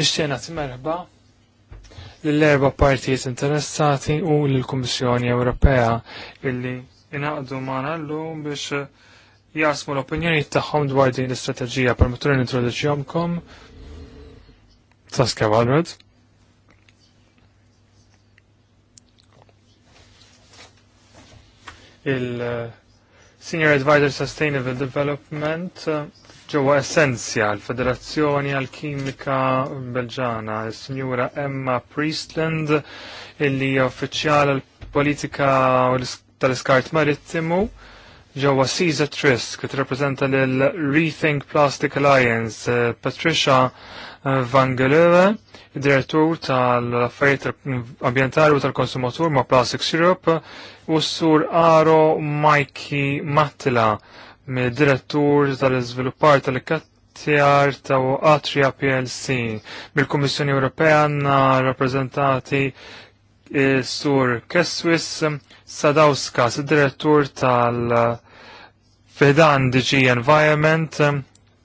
Nixtiena nagħti merħba lill-erba' partijiet interessati u lill-Kummissjoni Ewropea illi inaqdu magħna llum biex jasmu l-opinjoni tagħhom dwar din l-istrateġija per li nintroduċjomkom Saskia Walrod il-Senior Advisor Sustainable Development uh, ġewwa essenzja l-Federazzjoni għal-Kimika Belġana, il-Sinjura Emma Priestland, illi uffiċjal l-politika tal-iskart marittimu ġewwa Siza Trisk tirrappreżenta lil Rethink Plastic Alliance eh, Patricia eh, Vangeleve, direttur tal-affarijiet ambientali u tal-konsumatur ma' Plastics Europe, u s-sur Aro Mikey Mattila, direttur tal-iżviluppar tal-kattjar ta' Atria PLC. Mill-Kummissjoni Ewropea għandna rappresentati eh, sur Keswis Sadawska, direttur tal- fidan diġi Environment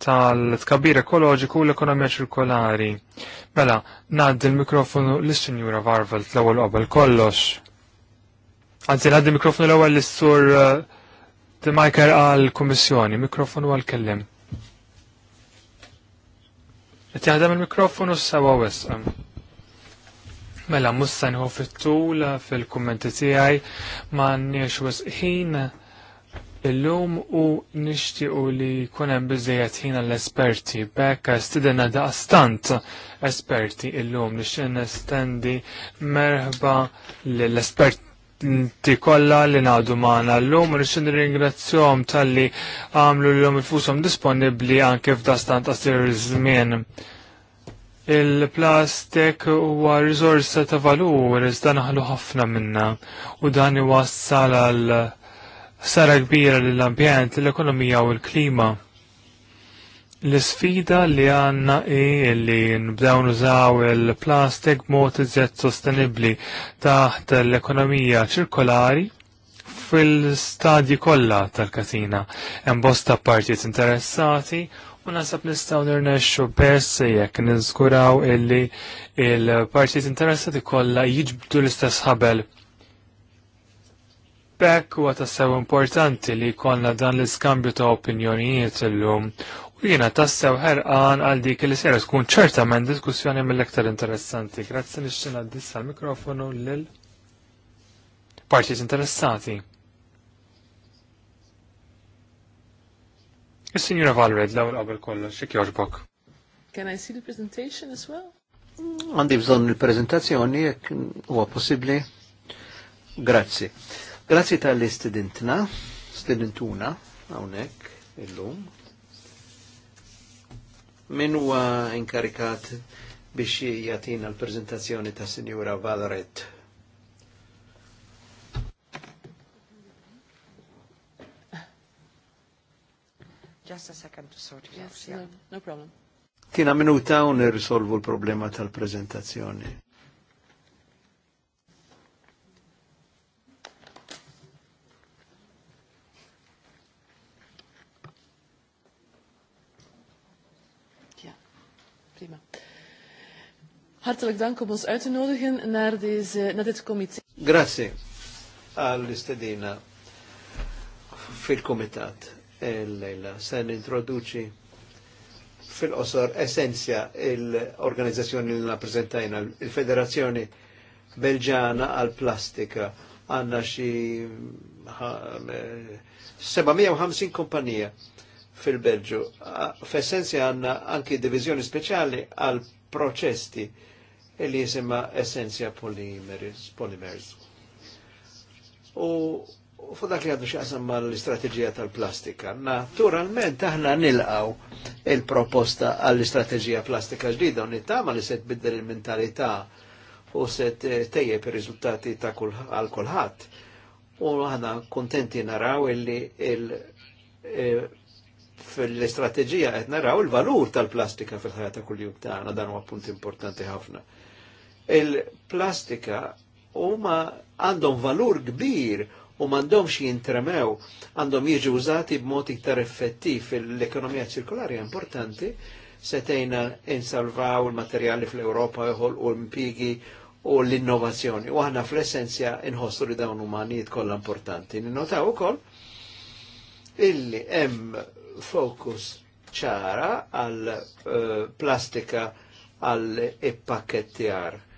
tal-tkabir ekoloġiku u l-ekonomija ċirkolari. Mela, nad l-mikrofonu l-Sinjura Varvel l-ewwel qabel kollox. Anzi, nad l-mikrofonu l-ewwel l-Sur Timajker eh, għal-Kummissjoni, mikrofonu għal-kellim. Qed jaħdem il-mikrofonu s sewa wisq. Mela, mussa nħu fit-tul eh, fil-kummenti tiegħi ma nniex wisq ħin illum u nixtiequ li jkun hemm ħina l-esperti bekk stidena daqstant esperti illum nixtieq nestendi merħba l-esperti kolla li naqdu maħna l-lum, rixin ringrazzjom tal-li għamlu l-lum il-fusom disponibli anke f'dastan ta' sir żmien. Il-plastik huwa rizorsa ta' valur iżda naħlu ħafna minna u dan iwassal għal Sara kbira lill-ambjent, l-ekonomija u l-klima. L-sfida li għanna i li nbdaw nużaw il-plastik mod iżjed sostenibli taħt l-ekonomija ċirkolari fil-stadji kollha tal-katina. Hemm bosta partijiet interessati u nasab nistgħu nirnexxu perss jekk niżguraw illi il-partijiet interessati kollha jiġbdu l-istess ħabel feedback huwa tassew importanti li jkollna dan l-iskambju ta' opinjonijiet illum u jiena tassew ħerqan għal dik li sejra tkun ċertament diskussjoni mill-iktar interessanti. Grazzi nixtina dissa l-mikrofonu lil partijiet interessati. Is-Sinjura Valred, l-ewwel qabel kollox, xi jogħġbok. Can I see the presentation as well? Għandi bżonn il-preżentazzjoni jekk huwa possibbli. Grazzi. Grazzi tal-istudentna, studentuna, għawnek, illum. Min huwa inkarikat biex jatina l-prezentazzjoni ta' Sinjura Valret Just a second to sort it yes, out. Yeah. No, no problem. Tina minuta u nirrisolvu l-problema tal-prezentazzjoni. Hartelijk dank om ons uit te nodigen naar, deze, naar dit comité. Grazie All'istedina. istedina fil-komitat e Leila, se introduci fil-qosor essenzja l-organizzazzjoni li rappresentajna il-Federazzjoni Belġana għal-Plastika għanna xi 750 kompanija fil-Belġu. F'essenzja għanna anki divizjoni speċjali għal proċesti li jisima essenzja polymers. polymers. U fu dak li għaddu xaqsam ma l-istrateġija tal-plastika. Naturalment aħna nilqaw il-proposta għall-istrateġija plastika ġdida u nittama li set biddel il-mentalità u set tejje per riżultati ta' għal kulħadd. U aħna kontenti naraw illi il, e, fil-istrateġija qed naraw il-valur tal-plastika fil-ħajja ta' kuljum tagħna dan huwa punt importanti ħafna il-plastika huma għandhom valur kbir u xie jintremew, għandhom jiġu użati b'mod iktar effettiv l ekonomija ċirkolari importanti, setejna insalvaw il-materjali fl-Europa jħol u l-impigi u l-innovazzjoni. U għana fl-essenzja inħossu li dawn umanijiet kollha importanti. Ninnotaw ukoll illi hemm fokus ċara għal eh, plastika għal ippakettjar. E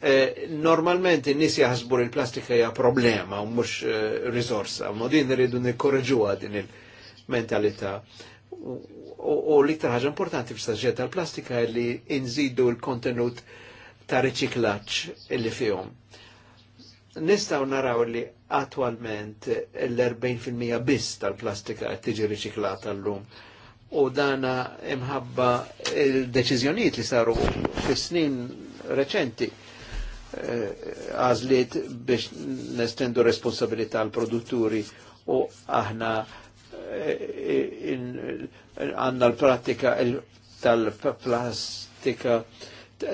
Eh, normalment in-nies jaħsbu l plastika hija problema u mhux eh, risorsa, ma din irridu nikkoreġuha din il-mentalità. U l-iktar ħaġa importanti fis tal-plastika li inżidu l-kontenut ta' riċiklaġġ illi fihom. Nistgħu naraw li attwalment l-40% biss tal-plastika qed tiġi riċiklata llum u dana imħabba il-deċiżjonijiet li saru fis-snin reċenti Eh, għazliet biex nestendu responsabilità għal produtturi u aħna eh, eh, għanna l-pratika tal-plastika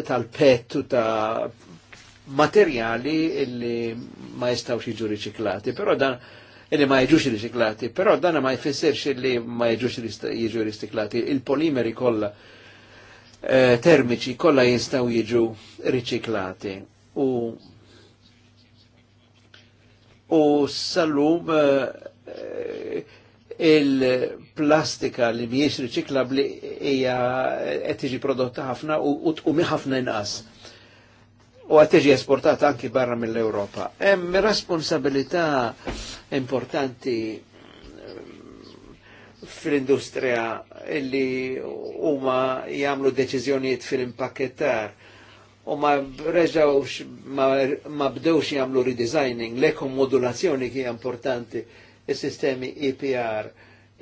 tal-pettu ta' materjali illi ma jistawx jiġu riċiklati, però dan illi ma jiġux riċiklati, però dan ma jfessirx illi ma jiġux jiġu riċiklati, il-polimeri kollha termiċi kollha jistgħu jiġu riċiklati u u sallum uh, il-plastika li miex riċiklabbli hija eh, qed tiġi prodotta ħafna u tqumi ħafna inqas. U qed tiġi esportata anki barra mill europa Hemm responsabilità importanti eh, fl-industrija illi huma jagħmlu deċiżjonijiet fil-impakettar u ma reġawx, ma, ma bdewx jamlu redesigning, l modulazzjoni ki importanti, il-sistemi EPR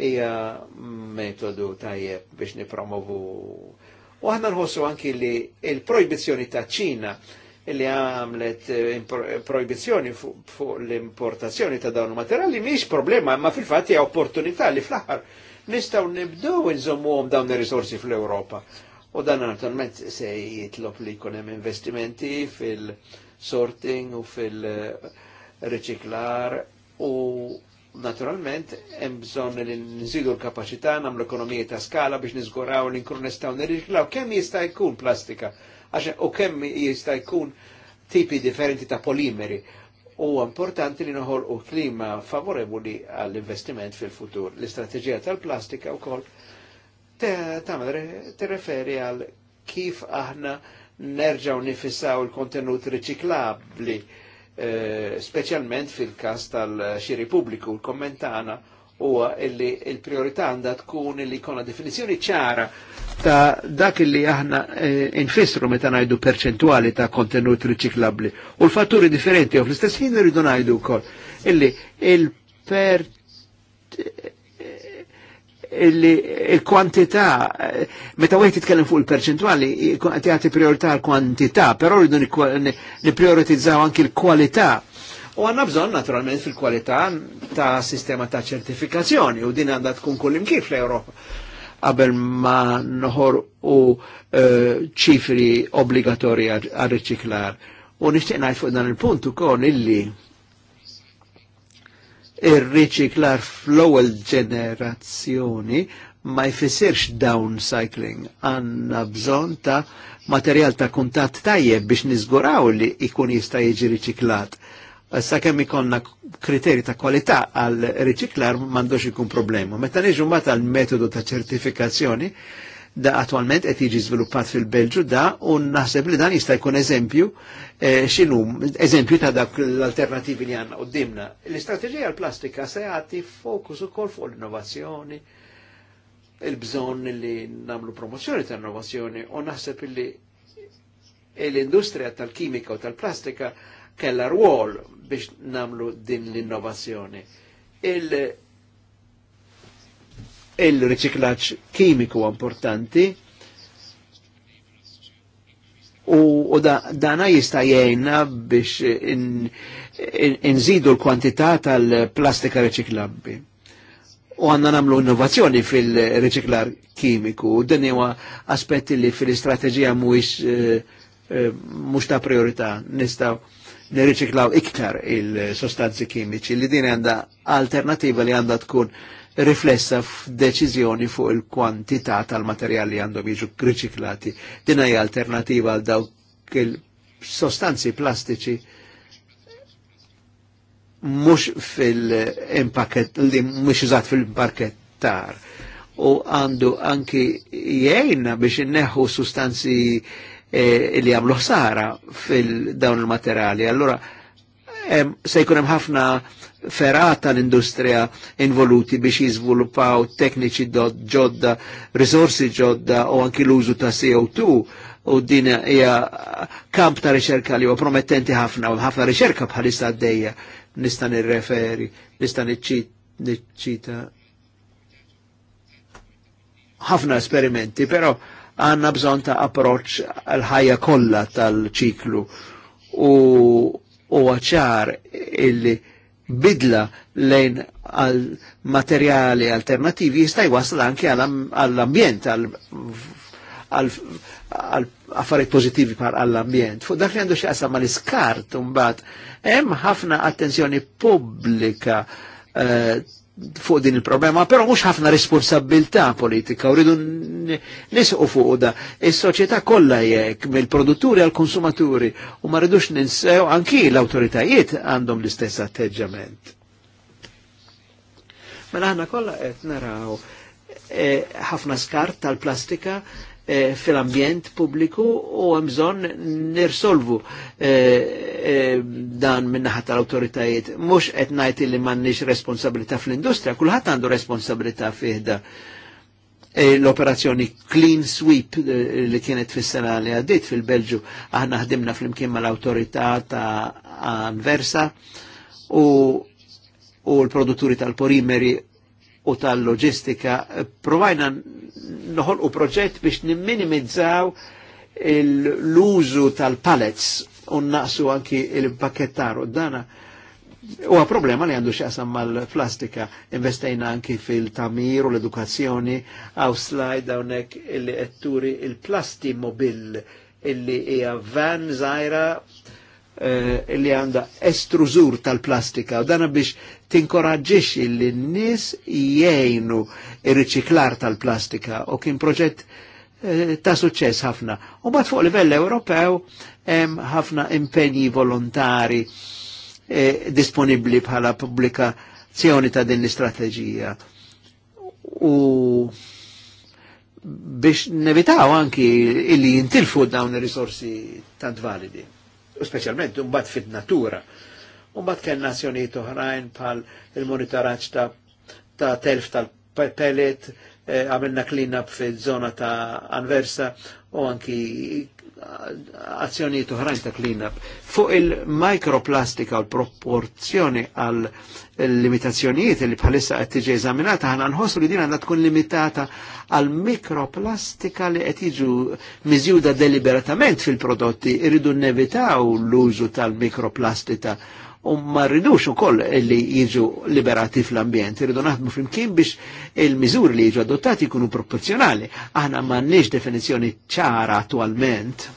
ija metodu tajjeb biex nipromovu. U aħna nħossu anki li il-projbizjoni ta' ċina li għamlet eh, projbizjoni fuq fu l-importazzjoni ta' dawn materjali miex problema, ma fil fatti hija opportunità li fl-aħħar nistgħu nibdew għom dawn il risorsi fl europa U dan naturalment se jitlob li jkun hemm investimenti fil-sorting u fil-riċiklar u naturalment hemm bżonn li nżidu l-kapaċità nagħmlu ekonomija ta' skala biex niżguraw li nkunu nistgħu nirriklaw kemm jista' jkun plastika u kemm jista' jkun tipi differenti ta' polimeri. U importanti li noħol u klima favorevoli għall-investiment fil-futur. L-istrateġija tal-plastika u koll t-referi għal kif aħna nerġaw nifissaw il-kontenut riċiklabli, eh, specialment fil-kas tal-xiri pubbliku, l-kommentana u illi il-priorità għanda tkun illi kona definizjoni ċara ta' dak illi aħna eh, infissru meta najdu perċentwali ta' kontenut riċiklabbli. U l-fatturi differenti u fl-istess ħin rridu najdu kol illi il-per il-kwantità, eh, meta wieħed jitkellem fuq il-perċentwali, qed jagħti priorità l-kwantità, però rridu nipprioritizzaw anki l-kwalità. U għanna bżon naturalment fil-kwalità ta' sistema ta' ċertifikazzjoni u din għandha tkun kullim kif l europa qabel ma noħor u eh, ċifri obbligatorji għal riċiklar U nixtieq ngħid fuq dan il-punt ukoll illi irriċiklar riċiklar fl-ewwel ġenerazzjoni ma jfissirx downcycling. Għanna bżon ta' materjal ta' kuntat tajjeb biex nizguraw li ikun jista' jiġi riċiklat. Sa' kemm ikonna kriteri ta' kwalità għal riċiklar m'għandux ikun problema. Meta niġu mbagħad għal metodu ta' ċertifikazzjoni, da attualment qed jiġi żviluppat fil-Belġu da u naħseb li dan jista' jkun eżempju eh, eżempju ta' dak l-alternativi li għandna qudiemna. L-istrateġija l-plastika se jagħti fokus ukoll fuq l-innovazzjoni, il-bżonn li nagħmlu promozzjoni ta' innovazzjoni u naħseb li l-industrija tal-kimika u tal-plastika kella rwol biex namlu din l-innovazzjoni il-riċiklaġġ kimiku importanti u, da, dana jista' jgħinna biex inżidu l-kwantità tal-plastika riċiklabbli. U għanna namlu innovazzjoni fil-riċiklar kimiku, dan huwa aspetti li fil-istrateġija mhuwiex eh, eh, mhux ta' priorità nistgħu nirriċiklaw iktar il-sostanzi kimiċi li din għanda alternativa li għanda tkun riflessa f'deċiżjoni fuq il-kwantità tal-materjali għandhom jiġu riċiklati. Din hija alternativa għal dawk il-sostanzi plastiċi mhux fil-impakket li mhux iżat fil tar u għandu anki jgħinna biex inneħu sustanzi eh, li għamlu ħsara fil-dawn il-materjali. Allora, se jkun hemm ħafna ferata l-industrija involuti biex jizvolupaw tekniċi ġodda, risorsi ġodda u anki l-użu ta' CO2 u din hija kamp ta' riċerka li huwa promettenti ħafna u ħafna riċerka bħalissa għaddejja nista' nirreferi, nista' niċċita ħafna esperimenti, però għanna bżon ta' approċċ għal-ħajja kollha tal-ċiklu u u ċar illi bidla lejn għal materjali alternativi jista' wasl anke għall-ambjent, għal affarijiet pozitivi par għall-ambjent. Fuq dak li għandu xaqsam mal iskart mbagħad hemm ħafna attenzjoni pubblika eh, fuq din il-problema, però mhux ħafna responsabilità politika, u rridu nisqu fuq da. il soċjetà kollha jekk mill-produtturi għal konsumaturi u ma rridux ninsew anki l-awtoritajiet għandhom l-istess atteġġament. Mela aħna kollha qed naraw eh, ħafna skart tal-plastika Eh, fil-ambjent pubbliku u hemm bżonn nirsolvu eh, eh, dan minnaħa tal-awtoritajiet. Mhux qed ngħid li m'għandniex responsabilità fl-industrija, kulħadd għandu responsabilità fiħda l-operazzjoni Clean Sweep li kienet fis-sena li għaddit fil-Belġu aħna ħdimna flimkien imkien mal-awtorità ta' Anversa u, l-produtturi tal-porimeri u tal-loġistika provajna noħol u proġett biex nimminimizzaw l-użu tal palets un naqsu anki il-pakettaru. pakettar Dana u għa problema li għandu xaqsam mal-plastika. Investejna anki fil-tamir u l-edukazzjoni, għaw slajd għonek il-etturi il-plasti mobil illi hija van zaħira Eh, li għanda estrużur tal-plastika u dana biex tinkoraġġix li n-nis jgħinu ir-riċiklar tal-plastika u kien proġett eh, ta' suċċess ħafna. U bat fuq livell Ewropew hemm ħafna impenji volontari eh, disponibbli disponibli bħala pubblikazzjoni ta' din l-istrateġija. U biex nevitaw anki illi jintilfu dawn ir-risorsi tant validi u specialment umbat fit-natura. Umbat kien nazzjonijiet oħrajn pal il-monitoraġġ ta', ta telf tal-pellet, eh, għamilna clean-up fi zona ta' Anversa u anki azzjonijiet uħrajn ta' cleanup. Fuq il-mikroplastika u l-proporzjoni għal limitazzjonijiet li bħalissa qed tiġi eżaminata ħana nħossu li din għandha tkun limitata għal mikroplastika li qed jiġu miżjuda deliberatament fil-prodotti irridu nevitaw l-użu tal-mikroplastika u ma u koll li jiġu liberati fl-ambjent, irridu naħdmu flimkien biex il-miżuri li jiġu adottati kunu proporzjonali. Aħna m'għandniex definizjoni ċara attualment.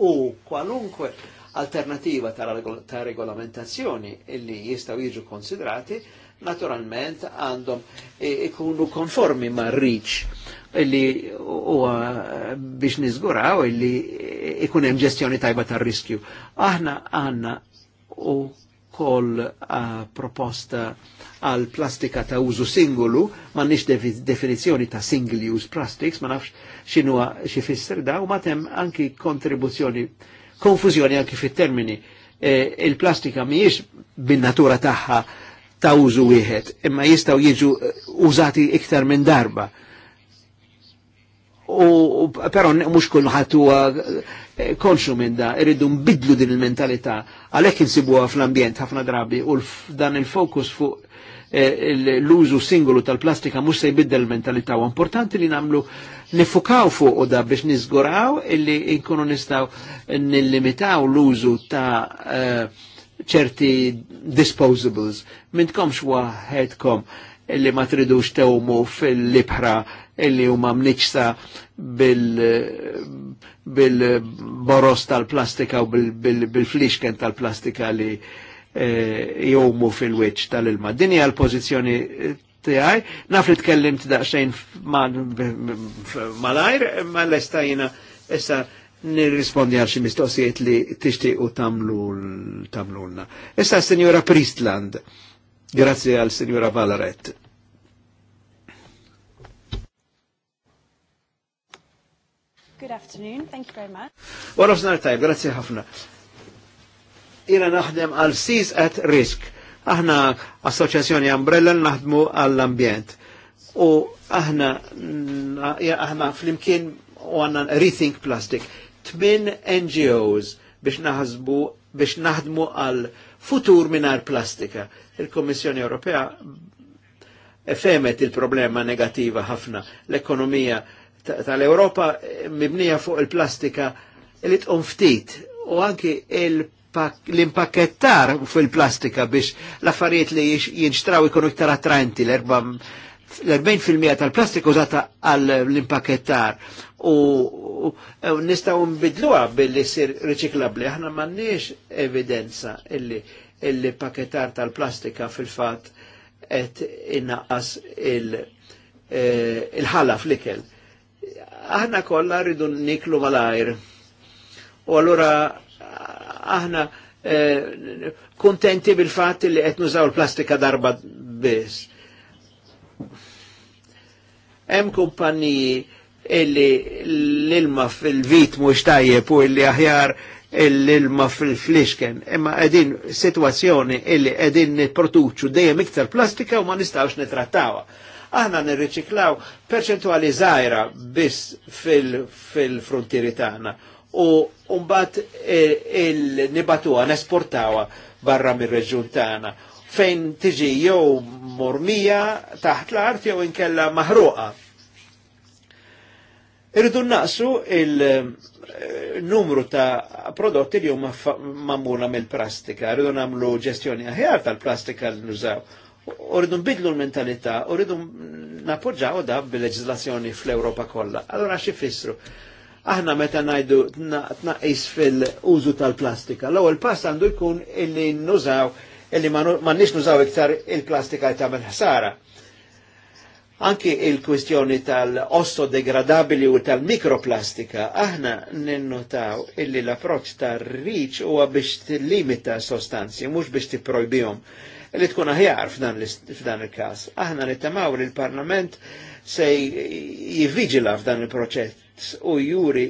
U kwalunkwe alternativa ta', regolamentazzjoni li jistaw jiġu konsidrati, naturalment għandhom ikunu konformi ma' riċ li u biex nizguraw li ikun hemm ġestjoni tajba tar-riskju. Aħna għandna u kol eh, proposta għal plastika ta' użu singolu, ma' nix definizjoni ta' single use plastics, ma' nafx xinu xifisser da, u matem anki kontribuzzjoni, konfuzjoni anki fit termini e, il-plastika miex bin-natura tagħha ta' użu wieħed, imma jistaw jiġu eh, użati iktar minn darba u però mhux kulħadd huwa eh, konxu minn da, irridu nbidlu din il-mentalità, għalhekk insibuha fl-ambjent ħafna drabi u dan il-fokus fuq eh, l-użu singolu tal-plastika mux se jbiddel mentalità u importanti li namlu nifukaw fuq u da biex nizguraw illi inkunu nistaw nillimitaw l-użu ta' eh, ċerti disposables. Mintkomx waħedkom li ma tridux tewmu fil-libħra illi huma mniċsa bil-boros bil tal-plastika u bil-flixken tal plastika u bil flixken tal plastika li e, eh, jomu fil-wiċ tal-ilma. Dini għal-pozizjoni tiegħi, naf li tkellimt mal-ajr ma lesta jina issa nirrispondi għal xi mistoqsijiet li tixtiequ tamlu tamlulna. Issa Sinjora Priestland, grazzi għal Sinjora Valaret. Good afternoon, thank you very much. Wara f'snar tajb, ħafna. Ira naħdem għal Seas at Risk. Aħna assoċjazzjoni Umbrella naħdmu għall-ambjent. U aħna aħna flimkien u għanna Rethink Plastic. Tmin NGOs biex naħsbu biex naħdmu għal futur minar plastika. Il-Kommissjoni Ewropea femet il-problema negativa ħafna. L-ekonomija tal-Europa eh, mibnija fuq il-plastika li tqum ftit u anki l-impakettar fuq il plastika biex l-affarijiet li jinxtraw ikunu iktar attraenti l-40% tal plastika użata għall-impakettar u nistaw nbidluha billi sir riċiklabli. Aħna m'għandniex evidenza illi il-pakettar tal-plastika fil-fatt qed innaqqas il- eh, il-ħalla fl-ikel aħna kollha rridu niklu malajr. U allura aħna eh, kontenti bil-fatt li qed nużaw l plastika darba biss. Hemm kumpaniji illi l-ilma fil-vit mhux tajjeb u illi aħjar l-ilma fil-flixken, imma qegħdin situazzjoni illi qegħdin nipproduċu dejjem iktar plastika u ma nistgħux nitrattawha. Aħna nirriċiklaw perċentuali zaħira biss fil-frontieri fil tagħna u mbagħad e, il-nibatuha nesportawa nesportawha barra mir-reġjun tagħna fejn tiġi jew mormija taħt l-art jew inkella maħruqa. Irridu naqsu il-numru e, ta' prodotti li huma mamuna mill-plastika, irridu nagħmlu ġestjoni aħjar tal-plastika li nużaw Uridu nbidlu l-mentalità, uridu napoġġaw da bil-leġislazzjoni fl-Europa kollha. Allora x'ifissru: fissru? Aħna meta ngħidu tnaqqis fil-użu tal-plastika, l-ewwel pass għandu jkun illi nużaw illi ma nix nużaw iktar il-plastika li tagħmel ħsara. Anki il-kwistjoni tal-osso degradabili u tal-mikroplastika, aħna ninnotaw illi l-approċ tar-riċ huwa biex tillimita sostanzi, mhux biex tipprojbihom. projbijom li tkun aħjar f'dan il-kas. Aħna nittamaw li l-Parlament se jivvigila f'dan il-proċett u juri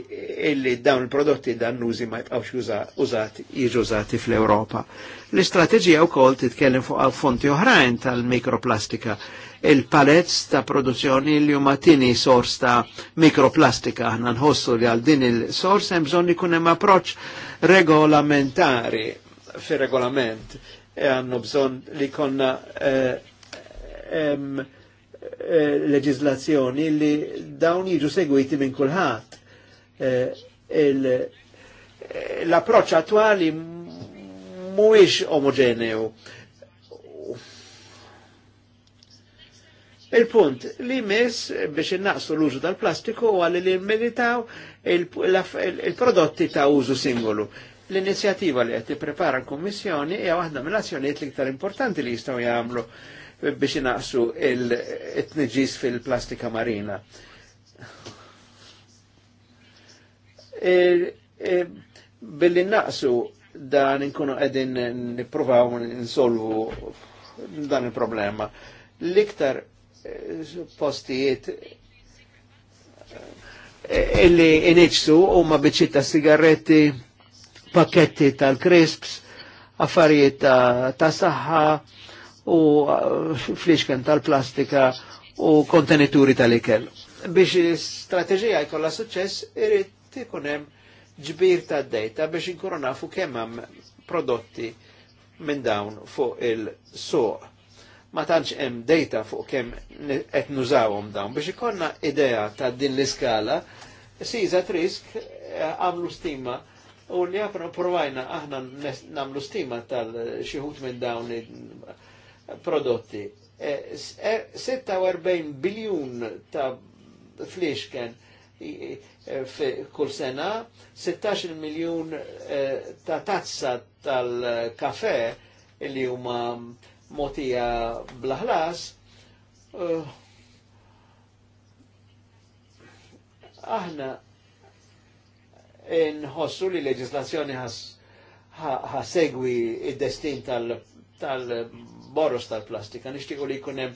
illi dawn il-prodotti dannużi ma jibqawx użati, jiġużati fl-Europa. L-istrateġija u kol titkellem fuq fonti oħrajn tal-mikroplastika il-palets ta' produzzjoni li huma tini sors ta' mikroplastika. Aħna nħossu li għal din il-sors hemm bżonn ikun hemm approċċ regolamentari fir regolament E għannu bżon li konna e, e, leġizlazzjoni li dawn jiġu segwiti minn kullħat. kulħadd. L-approċċ attuali mhuwiex omogeneu. Il-punt li mis biex innaqsu l-użu tal-plastiku għalli li militaw il-prodotti ta' użu singolu. L-inizjattiva li qed prepara l-Kummissjoni hija waħda mill-azzjonijiet l-iktar importanti li jistgħu jagħmlu biex inaqsu il-tniġis fil-plastika marina. E, e, billi naqsu dan inkunu qegħdin nippruvaw insolvu dan il-problema. L-iktar eh, postijiet eh, illi inħiċtu u ma biċċita sigaretti pakketti tal crisps affarijiet ta', ta saħħa u uh, fliexken tal-plastika u kontenituri tal-ikel. Biex strategija jkollha suċċess, irrit ikun hemm ġbir ta' data biex inkunu fu kemm hemm prodotti minn dawn fuq il-suq. Ma tantx hemm data fuq kemm qed nużawhom dawn biex ikonna idea ta' din l-iskala, Siza Trisk eh, għamlu stima U li għapna provajna aħna namlu stima tal-xieħut minn dawn prodotti. 46 e, e, biljun ta' fliexken e, kull sena, 16 miljun ta' tazza tal-kafe li huma motija blaħlas, aħna nħossu li leġislazzjoni ħasegwi id-destin tal-boros tal boros tal plastika nishtiqo li kunem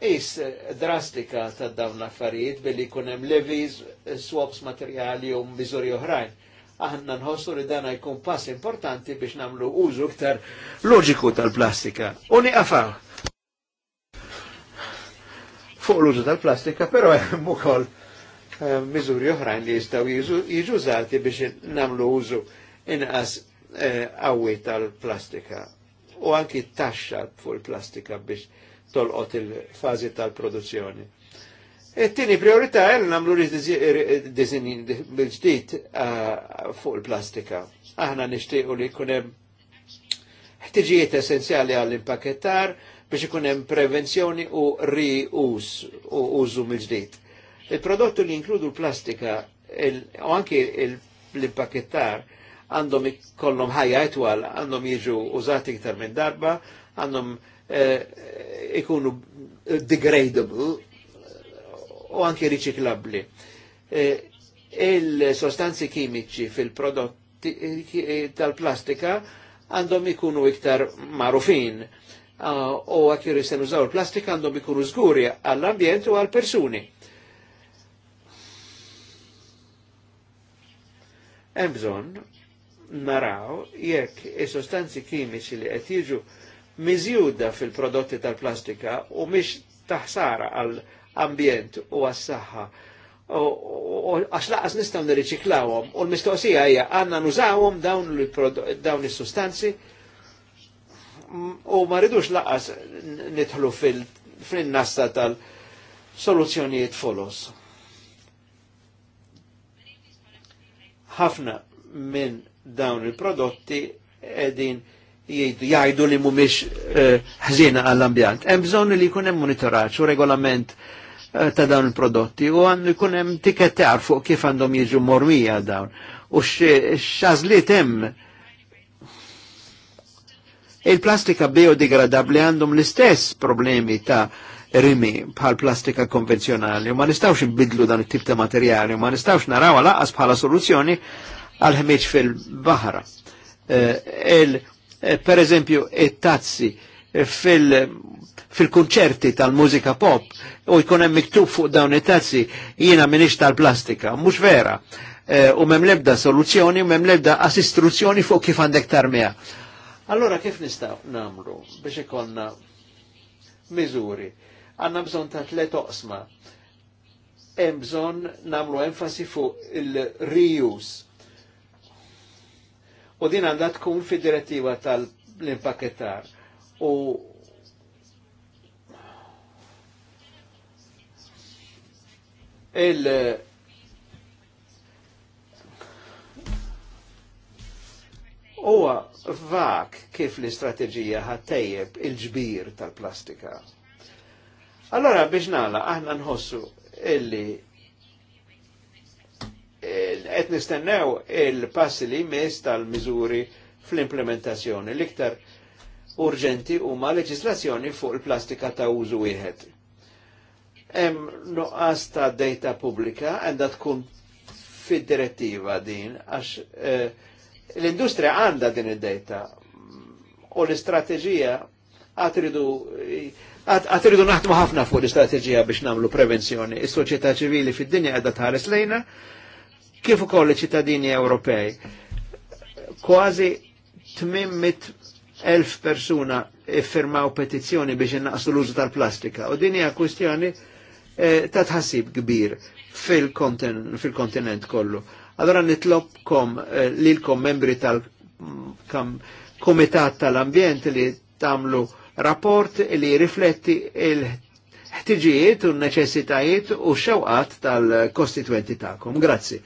is drastika ta' dawn l-affarijiet billi kunem levies, swaps materjali u mizuri oħrajn. Aħna nħossu li dana jkun pass importanti biex namlu użu ktar loġiku tal-plastika. Uni niqafaw fuq l-użu tal-plastika, pero hemm ukoll Eh, miżuri oħrajn li jistaw jiġużati biex namlu użu inqas eh, qawwi tal-plastika u anki taxxa fuq il-plastika biex tolqot il-fazi tal-produzzjoni. It-tieni priorità er namlu dizinjin bil-ġdid eh, fuq il-plastika. Aħna nixtiequ li jkun hemm ħtiġijiet essenzjali għall-impakettar biex ikun hemm prevenzjoni u rius u użu mill-ġdid Il-prodotti li jinkludu l-plastika u anki l-impakettar għandhom kollom ħajja etwal, għandhom jiġu użati iktar minn darba, għandhom eh, ikunu degradable u anki riċiklabli. Eh, il-sostanzi kimiċi fil-prodotti eh, tal-plastika għandhom ikunu iktar marufin u għak jisenużaw l plastika għandhom ikunu zguri għall-ambjent u għall-persuni. Hemm bżonn naraw jekk is-sostanzi kimiċi li qed jiġu miżjuda fil-prodotti tal-plastika u mhix taħsara għall-ambjent u għas-saħħa għax laqas nistaw nirriċiklawhom u l-mistoqsija hija għandna nużawhom dawn is-sustanzi u ma rridux laqas nidħlu fil-nasta tal-soluzzjonijiet folos. ħafna minn dawn il-prodotti edin jgħidu li mumiex eh, ħżina uh, għall-ambjant. Hemm bżonn li jkun hemm monitoraġġ u regolament uh, ta' dawn il-prodotti u għandu jkun hemm tikettar fuq kif għandhom jiġu mormija dawn. U x'għażliet hemm il-plastika biodegradabli għandhom l-istess problemi ta' rimi bħal plastika konvenzjonali u ma nistawx nbidlu dan it-tip ta' materjali u ma nistawx naraw laqas bħala soluzzjoni għal ħmiġ fil-baħra. Eh, eh, per eżempju, it-tazzi fil-kunċerti tal-mużika pop u jkun hemm miktub fuq dawn it-tazzi jiena minix tal-plastika, mhux vera. Eh, u mem lebda soluzzjoni u mem lebda assistruzzjoni fuq kif għandek tarmija. Allora kif nistaw namlu biex ikonna miżuri għanna bżon ta' tlet oqsma. Hemm bżon namlu enfasi fuq il-reuse. U din għandha tkun fid-direttiva tal-impakettar. U il Huwa vak kif l-istrateġija ħattejjeb il-ġbir tal-plastika. Allora biex nala, aħna nħossu illi qed nistennew il-passi li jmiss tal-miżuri fl-implementazzjoni. L-iktar urġenti huma leġislazzjoni fuq il-plastika ta' użu wieħed. Hemm nuqqas ta' data pubblika għandha tkun fid-direttiva din għax eh, l-industrija għandha din id-data u l-istrateġija għatridu għat irridu ħafna fuq l-istrateġija biex namlu prevenzjoni. Is-soċjetà ċivili fid-dinja qiegħda tħares lejna kif ukoll iċ-ċittadini Ewropej. Kważi elf persuna iffirmaw petizzjoni biex innaqsu l-użu tal-plastika u din hija kwistjoni eh, ta' tħassib kbir fil-kontinent kollu. Allora nitlobkom eh, lilkom membri tal-komitat tal-ambjent li tamlu rapport li rifletti il-ħtiġijiet u n-neċessitajiet u xewqat tal-kostituenti ta'kom. Grazzi.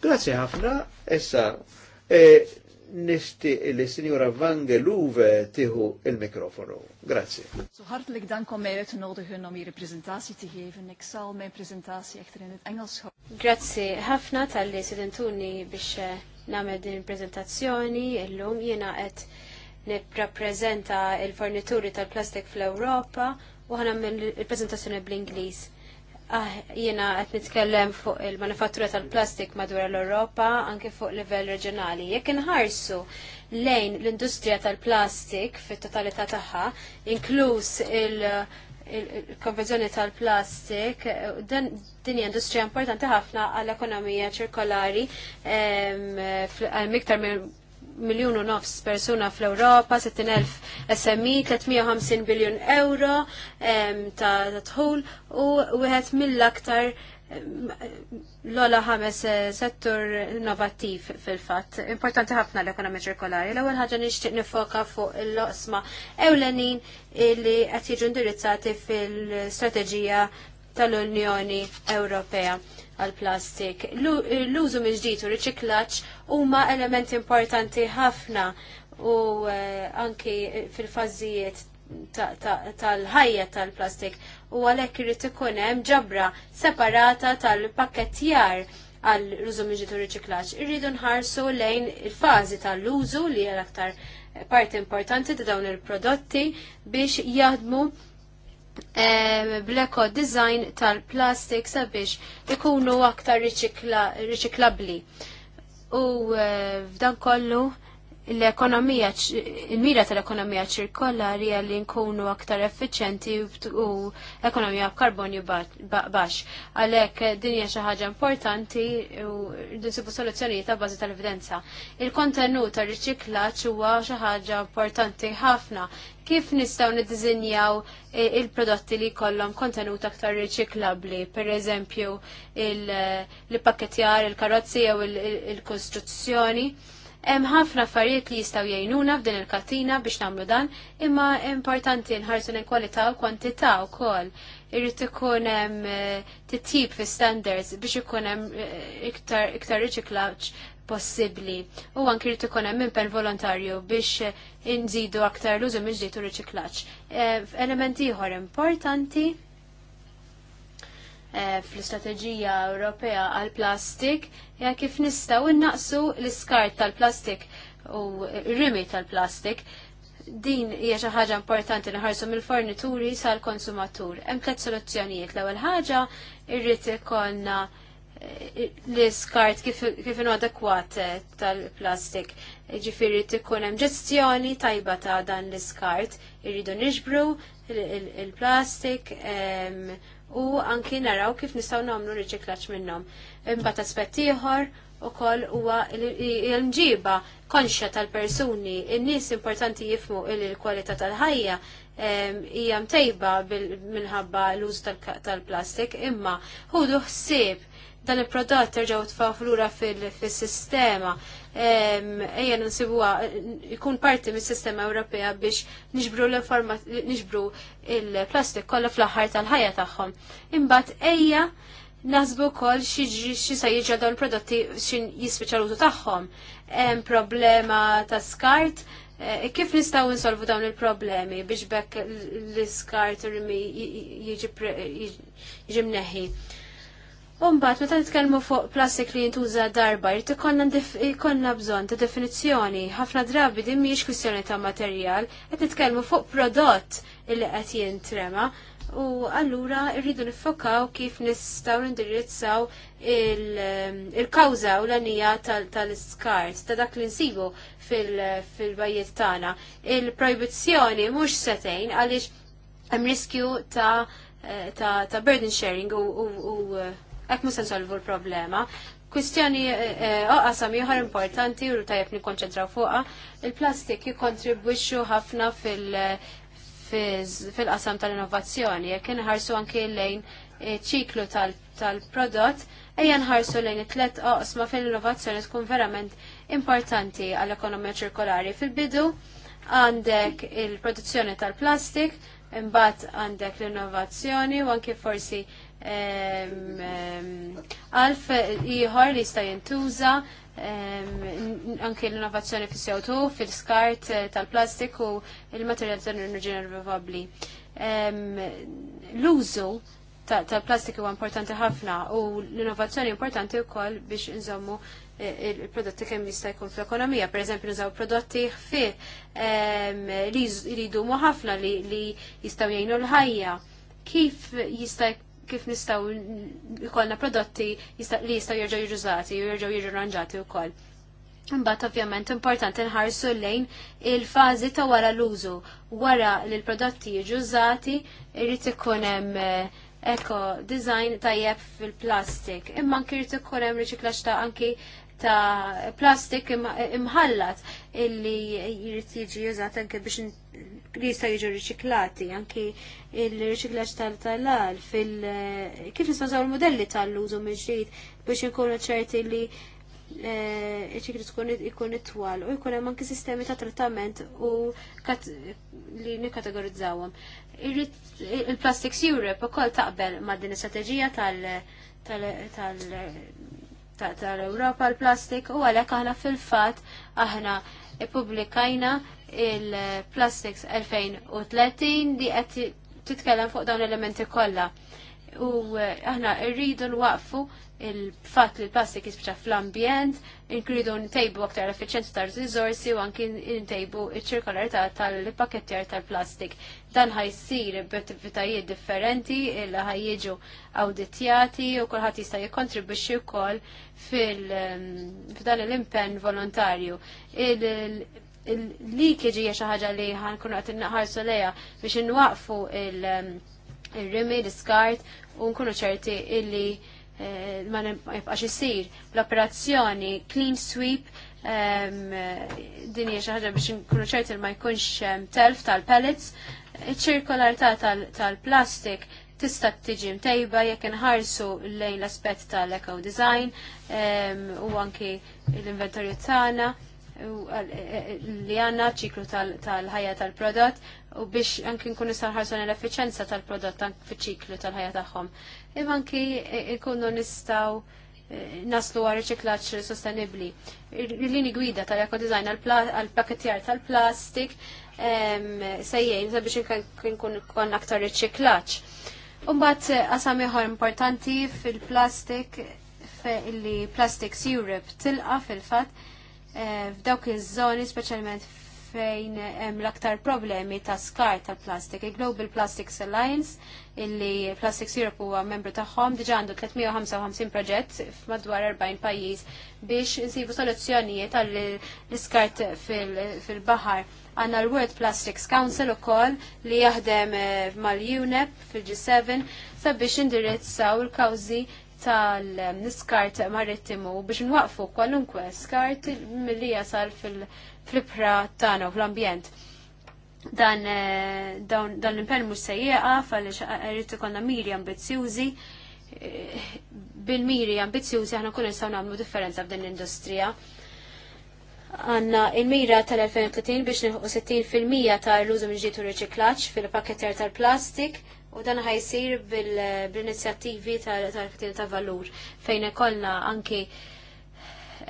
Grazzi ħafna, essa e, nishti li sinjura Vangeluve tiħu il-mikrofonu. Grazzi. So hartelijk dan om mij uit te nodigen om hier een presentatie te geven. Ik zal mijn presentatie echter in Engels houden. Grazie. Hafna tal-li sidentuni biex eh, named din prezentazzjoni il-lum jena et nipprapprezenta il-fornituri tal-plastik fl-Ewropa u ħanam il-prezentazzjoni bl-Ingliż. Ah, jena għet nitkellem fuq il-manifattura tal-plastik madwar l-Europa, anke fuq livell reġjonali. Jekk inħarsu lejn l-industrija tal-plastik fit-totalità tagħha, inkluż il-konvenzjoni tal-plastik, dan din hija industrija importanti ħafna għall-ekonomija ċirkolari miktar minn miljun u nofs persuna fl-Europa, 7.000 SMI, 350 biljon euro ta' tħul u wieħed mill-aktar l-ola ħames eh, settur innovativ fil-fat. Importanti ħafna l-ekonomi ċirkolari. L-ewwel ħaġa nixtieq nifoka fuq il-loqsma ewlenin li qed jiġu indirizzati fil-strateġija tal-Unjoni Ewropea għal-plastik. L-użu mill-ġdid u riċiklaġġ huma elementi importanti ħafna u eh, anki fil-fażijiet tal-ħajja tal-plastik u għalek irrid ikun hemm ġabra separata tal-pakketjar għall-użu miġitu riċiklaġġ. Irridu nħarsu lejn il-fażi tal-użu li hija aktar parti importanti ta' dawn il-prodotti biex jaħdmu bleko design tal-plastik sabiex ikunu aktar riċiklabli. U eh, f'dan kollu l-ekonomija, il-mira tal-ekonomija ċirkolari li nkunu aktar effiċenti u ekonomija b'karbonju baxx. Għalek dinja xi ħaġa importanti u nsibu soluzzjonijiet ta' bazi tal-evidenza. Il-kontenut ta' riċiklaġġ huwa xi ħaġa importanti ħafna. Kif nistgħu dizinjaw e, il-prodotti li kollhom kontenut aktar riċiklabbli, per eżempju il-pakketjar, il-karozzi jew il-kostruzzjoni. il pakketjar il karotzi il kostruzzjoni il il karozzi jew il kostruzzjoni Hemm ħafna affarijiet li jistgħu jgħinuna f'din il-katina biex nagħmlu dan, imma importanti nħarsu lejn kwalità u kwantità wkoll. Irrid ikun hemm eh, titjib fi standards biex ikun hemm eh, iktar iktar riċiklaġġ possibbli. U anki rrid ikun hemm impenn volontarju biex eh, inżidu aktar l-użu miġdiet u riċiklaġġ. Elementi ieħor importanti Eh, fl-istrateġija Ewropea għal-plastik ja kif nistaw innaqsu l-iskart tal-plastik u rimi tal-plastik. Din hija xi ħaġa importanti nħarsu mill-fornituri sal-konsumatur. Hemm tliet soluzzjonijiet. L-ewwel ħaġa irrid ikollna eh, l-iskart kif in adekwat eh, tal-plastik. Ġifieri ikun hemm ġestjoni tajba ta' dan l-iskart. Irridu niġbru il-plastik ehm, u anki naraw kif nistgħu nagħmlu riċiklaġġ minnhom. Imbagħad aspett ieħor ukoll huwa l-mġiba konxja tal-persuni, il nies importanti jifmu il-kwalità tal-ħajja hija mtejba minħabba l-użu tal-plastik, imma ħudu ħsieb dan il-prodott terġgħu tfaflura fil-sistema. fil sistema ejja nsibuha jkun parti mis-sistema Ewropea biex l-informa niġbru il-plastik kollha fl-aħħar tal-ħajja tagħhom. Imbagħad ejja Nasbu kol xie sa jieġa dawn prodotti xin jispeċa l Hemm taħħom. Problema ta' skart, eh, kif nistaw nsolvu dawn il-problemi biex bekk l-skart jiġi mneħi. Umbat, meta nitkellmu fuq plastik li jintuża darba, jrid ikollna bżonn ta' definizzjoni. Ħafna drabi din mhijiex kwistjoni ta' materjal, qed nitkellmu fuq prodott li qed jintrema. U allura rridu nifokaw kif nistgħu nindirizzaw il-kawża u l-anija tal-iskart ta' dak li nsibu fil-bajjiet tagħna. Il-projbizzjoni mhux setejn għaliex hemm riskju eh, ta' ta' burden sharing u eh, għak musen solvu l-problema. Kwistjoni eh, eh, oqqasam ieħor importanti u tajjeb nikkonċentraw fuqha, il-plastik jikkontribwixxu ħafna fil-qasam tal-innovazzjoni, jekk inħarsu anki lejn eh, ċiklu tal-prodott, ejja nħarsu lejn it-tlet oqsma fil-innovazzjoni tkun verament importanti għall-ekonomija ċirkolari. Fil-bidu għandek il-produzzjoni tal-plastik, imbagħad għandek l-innovazzjoni u anki forsi għalf iħor li sta jintuża anke l-innovazzjoni fis co fil-skart eh, tal-plastik u il-materjal tal-enerġija rinnovabbli. L-użu tal-plastik huwa importanti ħafna u l-innovazzjoni importanti wkoll biex inżommu eh, il-prodotti kemm jista' jkun fl-ekonomija. Per eżempju, nżaw prodotti ħfih li jdumu ħafna li jistgħu jgħinu l-ħajja. Kif jista' kif nistaw jkollna prodotti li jistaw jirġaw jirżati, jirġaw jirranġati u koll. Mbatt ovvjament importanti nħarsu lejn il-fażi ta' wara l-użu. Wara li l-prodotti jiġu użati, irid ikun hemm eko eh, design tajjeb fil-plastik. Imma kirrit ikun hemm riċiklaġġ ta' anki ta' plastik imħallat illi jrid jiġi jużat anke biex jista' jiġu riċiklati, anke il-riċiklaġġ tal-talal fil- kif nistgħu l-modelli tal-użu mill-ġdid biex inkunu ċerti li eh, ċikri tkun ikun it-twal u jkun hemm anki sistemi ta' trattament u li nikkategorizzawhom. Il-Plastics Europe ukoll taqbel ma' din is tal- tal- tal-Europa l-plastik u għalek aħna fil-fat aħna publikajna il-Plastics 2030 li qed titkellem fuq dawn elementi kollha. U eh, aħna rridu waqfu il-fatt li l-plastik jisbċa fl-ambjent, Inkridu n-tejbu għaktar effiċenza ta' rizorsi u anki ntejbu iċ-ċirkolarità tal-pakettjar tal-plastik. Dan ħajsir b'attivitajiet differenti illi ħajjiġu awditjati u kulħadd jista' jikkontribwixxi wkoll fil-dan ehm, l-impenn volontarju il-leakage hija xi ħaġa li ħankunu qed innaħarsu lejha biex inwaqfu ehm, il-rimi, l-iskart u nkunu ċerti illi Eh, ma nibqax isir l-operazzjoni clean sweep din hija xi ħaġa biex nkunu ċerti ma jkunx telf tal-pellets. Iċ-ċirkolarità tal-plastik tista' tiġi mtejba jekk inħarsu lejn l-aspett tal-eco design u anki l-inventorju tagħna eh, li għanna ċiklu tal-ħajja tal-prodott u biex anki nkunu sarħarsu l-effiċenza tal-prodott fiċ-ċiklu tal-ħajja tagħhom imma anki ikunu nistaw eh, naslu għar riċiklaċ sostenibli. Il-lini gwida tal-eko design għal-pakettjar tal-plastik sejjejn sabiex nkun kon aktar riċiklaċ. Umbat eh, qasam ieħor importanti fil-plastik li Plastics Europe tilqa fil-fatt eh, f'dawk iż-żoni speċjalment fejn hemm l-aktar problemi ta' skar tal-plastik. Il-Global Plastics Alliance illi Plastics Europe huwa membru tagħhom diġà għandu 355 proġett f'madwar 40 pajjiż biex insibu soluzzjonijiet għall iskart fil-baħar. Għanna l-World Plastics Council ukoll li jaħdem eh, mal-UNEP fil-G7 sabiex indirizzaw il-kawżi tal-niskart marittimu biex nwaqfu kwalunkwe skart mill-li jasal fil-pripra tagħna u fl-ambjent. Eh, dan l-impenn mhux se jieqaf għaliex irid ikollna miri ambizzjużi eh, bil-miri ambizzjużi aħna kun nistgħu nagħmlu differenza f'din l-industrija. Għanna il-mira tal-2030 biex nilħu 60% l użu mġiet u fil paketer tal-plastik u dan ħajsir bil-inizjattivi tal-katina ta' valur fejn ikollna anki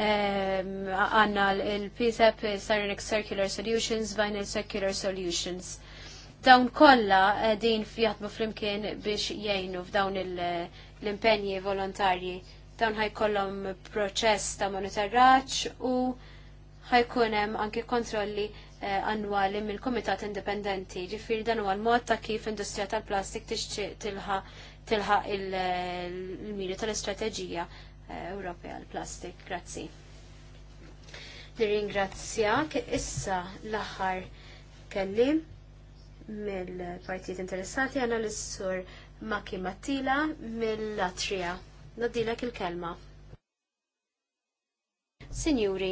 għanna l-PSAP, e Cyrenix Circular Solutions, Vinyl Circular Solutions. Dawn kolla din fjatmu flimkien biex jgħinu f'dawn l-impenji volontarji. Dawn kollom proċess ta' monitorraċ u ħajkunem anki kontrolli eh, annwali mill kumitat Indipendenti. Ġifieri dan huwa l-mod ta' kif industrija tal-plastik tixtieq tilħaq il-miri eh, tal-istrateġija Ewropea l plastik Grazzi. Nirringrazzjak issa l-aħħar kellim mill-partijiet interessati għana l-sur Maki Mattila mill-Latrija. Nadilek il-kelma. Signuri,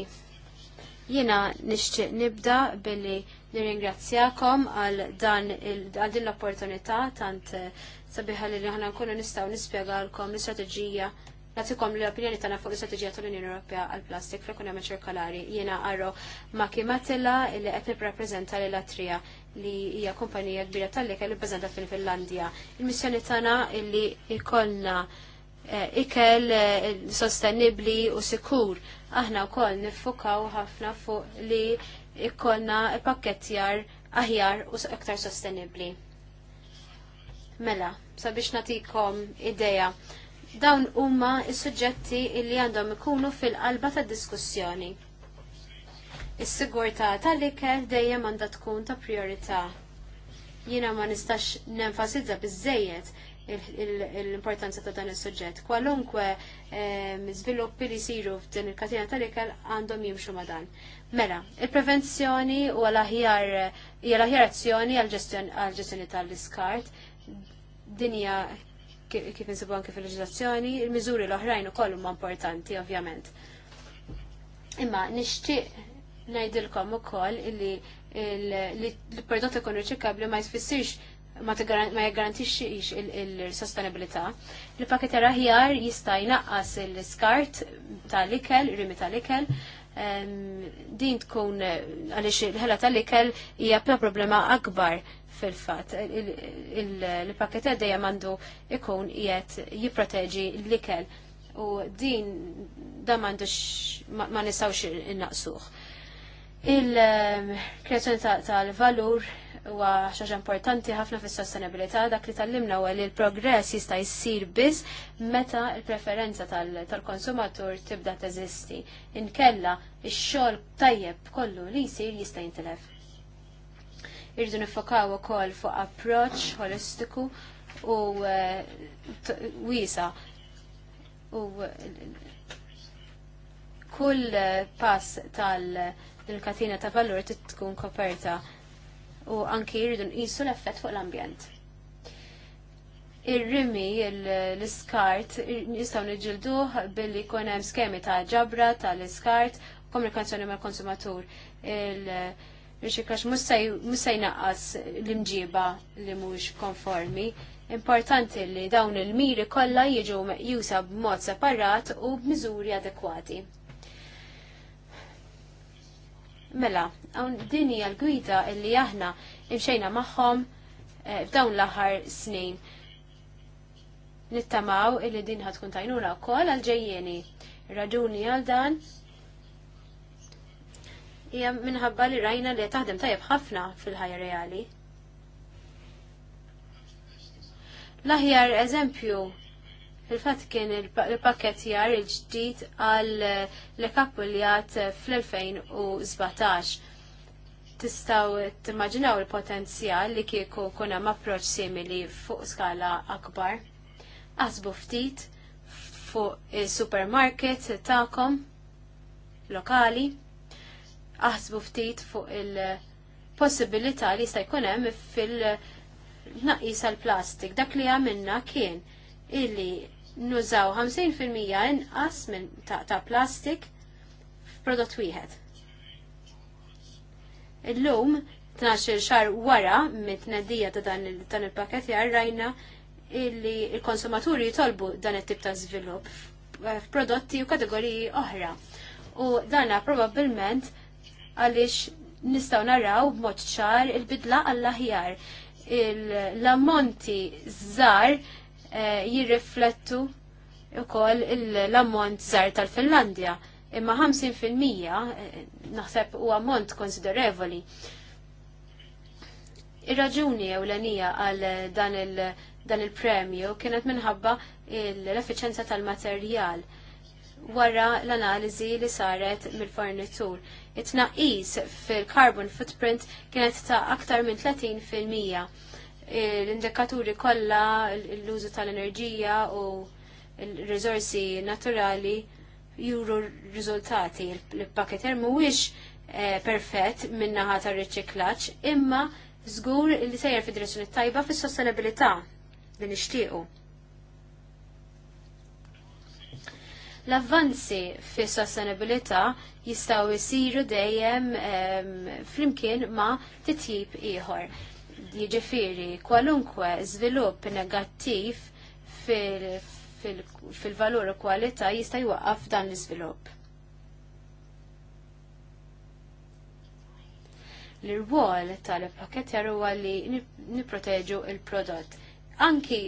jina nixtieq nibda billi nirringrazzjakom għal dan għal din l-opportunità tant eh, sabiħa li ħana nkunu nistgħu nispjegalkom l-istrateġija nagħtikom l-opinjoni tagħna fuq l-istrateġija tal-Unjoni Ewropea għall-plastik fl-ekonomija ċirkolari. Jiena għarro Ma Matilla illi qed nipprappreżenta lil Atrija li hija kumpanija kbira tal-lika li bbażata fil-Finlandja. Il-missjoni tagħna illi ikolna eh, ikel eh, sostenibli u sikur. Aħna wkoll nifukaw ħafna fuq li jkollna pakkettjar aħjar u iktar sostenibli. Mela, sabiex natikom ideja Dawn huma s-suġġetti li għandhom ikunu fil-qalba tad diskussjoni. Is-sigurtà tal-ikel dejjem għandha tkun ta' priorità. Jiena ma nistax nenfasizza biżejjed l-importanza ta' dan is-suġġett. Kwalunkwe ehm, żviluppi li jsiru f'din il-katina tal-ikel għandhom jimxu ma' dan. Mela, il-prevenzjoni u għal-aħjar l-aħjar azzjoni għal-ġestjoni tal-iskart dinja kif insibu anke fil-leġislazzjoni, il-miżuri l-oħrajn ukoll huma importanti ovvjament. Imma nixtieq ngħidilkom ukoll illi l-prodott ikun riċikabbli ma jfissirx ma jgarantixx il-sostenibilità. Il-pakket aħjar jista' jnaqqas il-skart tal-ikel, rimi tal-ikel, din tkun għaliex il-ħela tal-ikel hija problema akbar fil-fat. Il-pakket għaddeja mandu ikun jiet jiproteġi l-ikel u din da x, ma nistawx innaqsuħ. Il-kreazzjoni tal-valur huwa xaġa importanti ħafna fis-sostenibilità dak li tal-limna u li l-progress jista' jsir biss meta l-preferenza tal-konsumatur tibda teżisti. Inkella x-xogħol tajjeb kollu li jsir jista' jintilef irridu nifokaw ukoll fuq approċċ holistiku u eh, wiesa u kull pass tal-katina ta' valur trid tkun koperta u anki jridu nqisu l-effett fuq l-ambjent. Ir-rimi, l-iskart, nistgħu niġilduh billi jkun hemm skemi ta' ġabra tal-iskart, komunikazzjoni mal-konsumatur. il Rixikax, musaj naqqas l-imġiba li mux konformi. Importanti li dawn il-miri kolla jiġu meqjusa b'mod separat u b'miżuri adekwati. Mela, għawn dini għal-gwida illi aħna imxejna maħħom eh, f'dawn l-aħar snin. Nittamaw illi din ħatkun tajnuna u koll għal-ġejjeni. Raġuni għal dan hija minħabba li rajna li taħdem tajjeb ħafna fil-ħajja reali. L-aħjar eżempju fil-fatt kien il-pakket jar il-ġdid għal l-kappuljat fl-2017. Tistaw timmaġinaw il-potenzjal li kieku kuna approċ simili fuq skala akbar. Asbu ftit fuq il-supermarket ta'kom lokali aħsbu ftit fuq il-possibilità li sta jkun hemm fil-naqis għal-plastik. Dak li għamilna kien illi nużaw 50% inqas minn ta', ta plastik f'prodott wieħed. Illum 12 xar wara mit-tnedija ta' dan il-pakket jarrajna illi il-konsumaturi jitolbu dan it-tip ta' żvilupp f'prodotti u kategoriji oħra. U dana probabbilment għaliex nistgħu naraw b'mod ċar il-bidla għall-aħjar. L-ammonti żgħar eh, jirriflettu wkoll l-ammont żgħar tal-Finlandja, imma 50% eh, naħseb huwa ammont konsiderevoli. Ir-raġuni l-anija għal dan il- dan il-premju kienet minħabba l-effiċenza tal-materjal wara l-analiżi li saret mill-fornitur it-naqis fil-carbon footprint kienet ta' aktar minn 30 fil-mija. L-indikaturi kollha l-użu tal-enerġija u l rizorsi naturali juru riżultati. L-paketer mhuwiex eh, perfett min-naħa tar-riċiklaġġ, imma żgur li sejjer fid-direzzjoni tajba fis-sostenibilità li nixtiequ. L-avvanzi fi sostenibilità jistaw jisiru dejjem flimkien ma titjib ieħor. Jiġifieri kwalunkwe żvilupp negattiv fil-valur u kwalità jista' jwaqqaf dan l-iżvilupp. l-irwol tal paketjar huwa li niproteġu il-prodott. Anki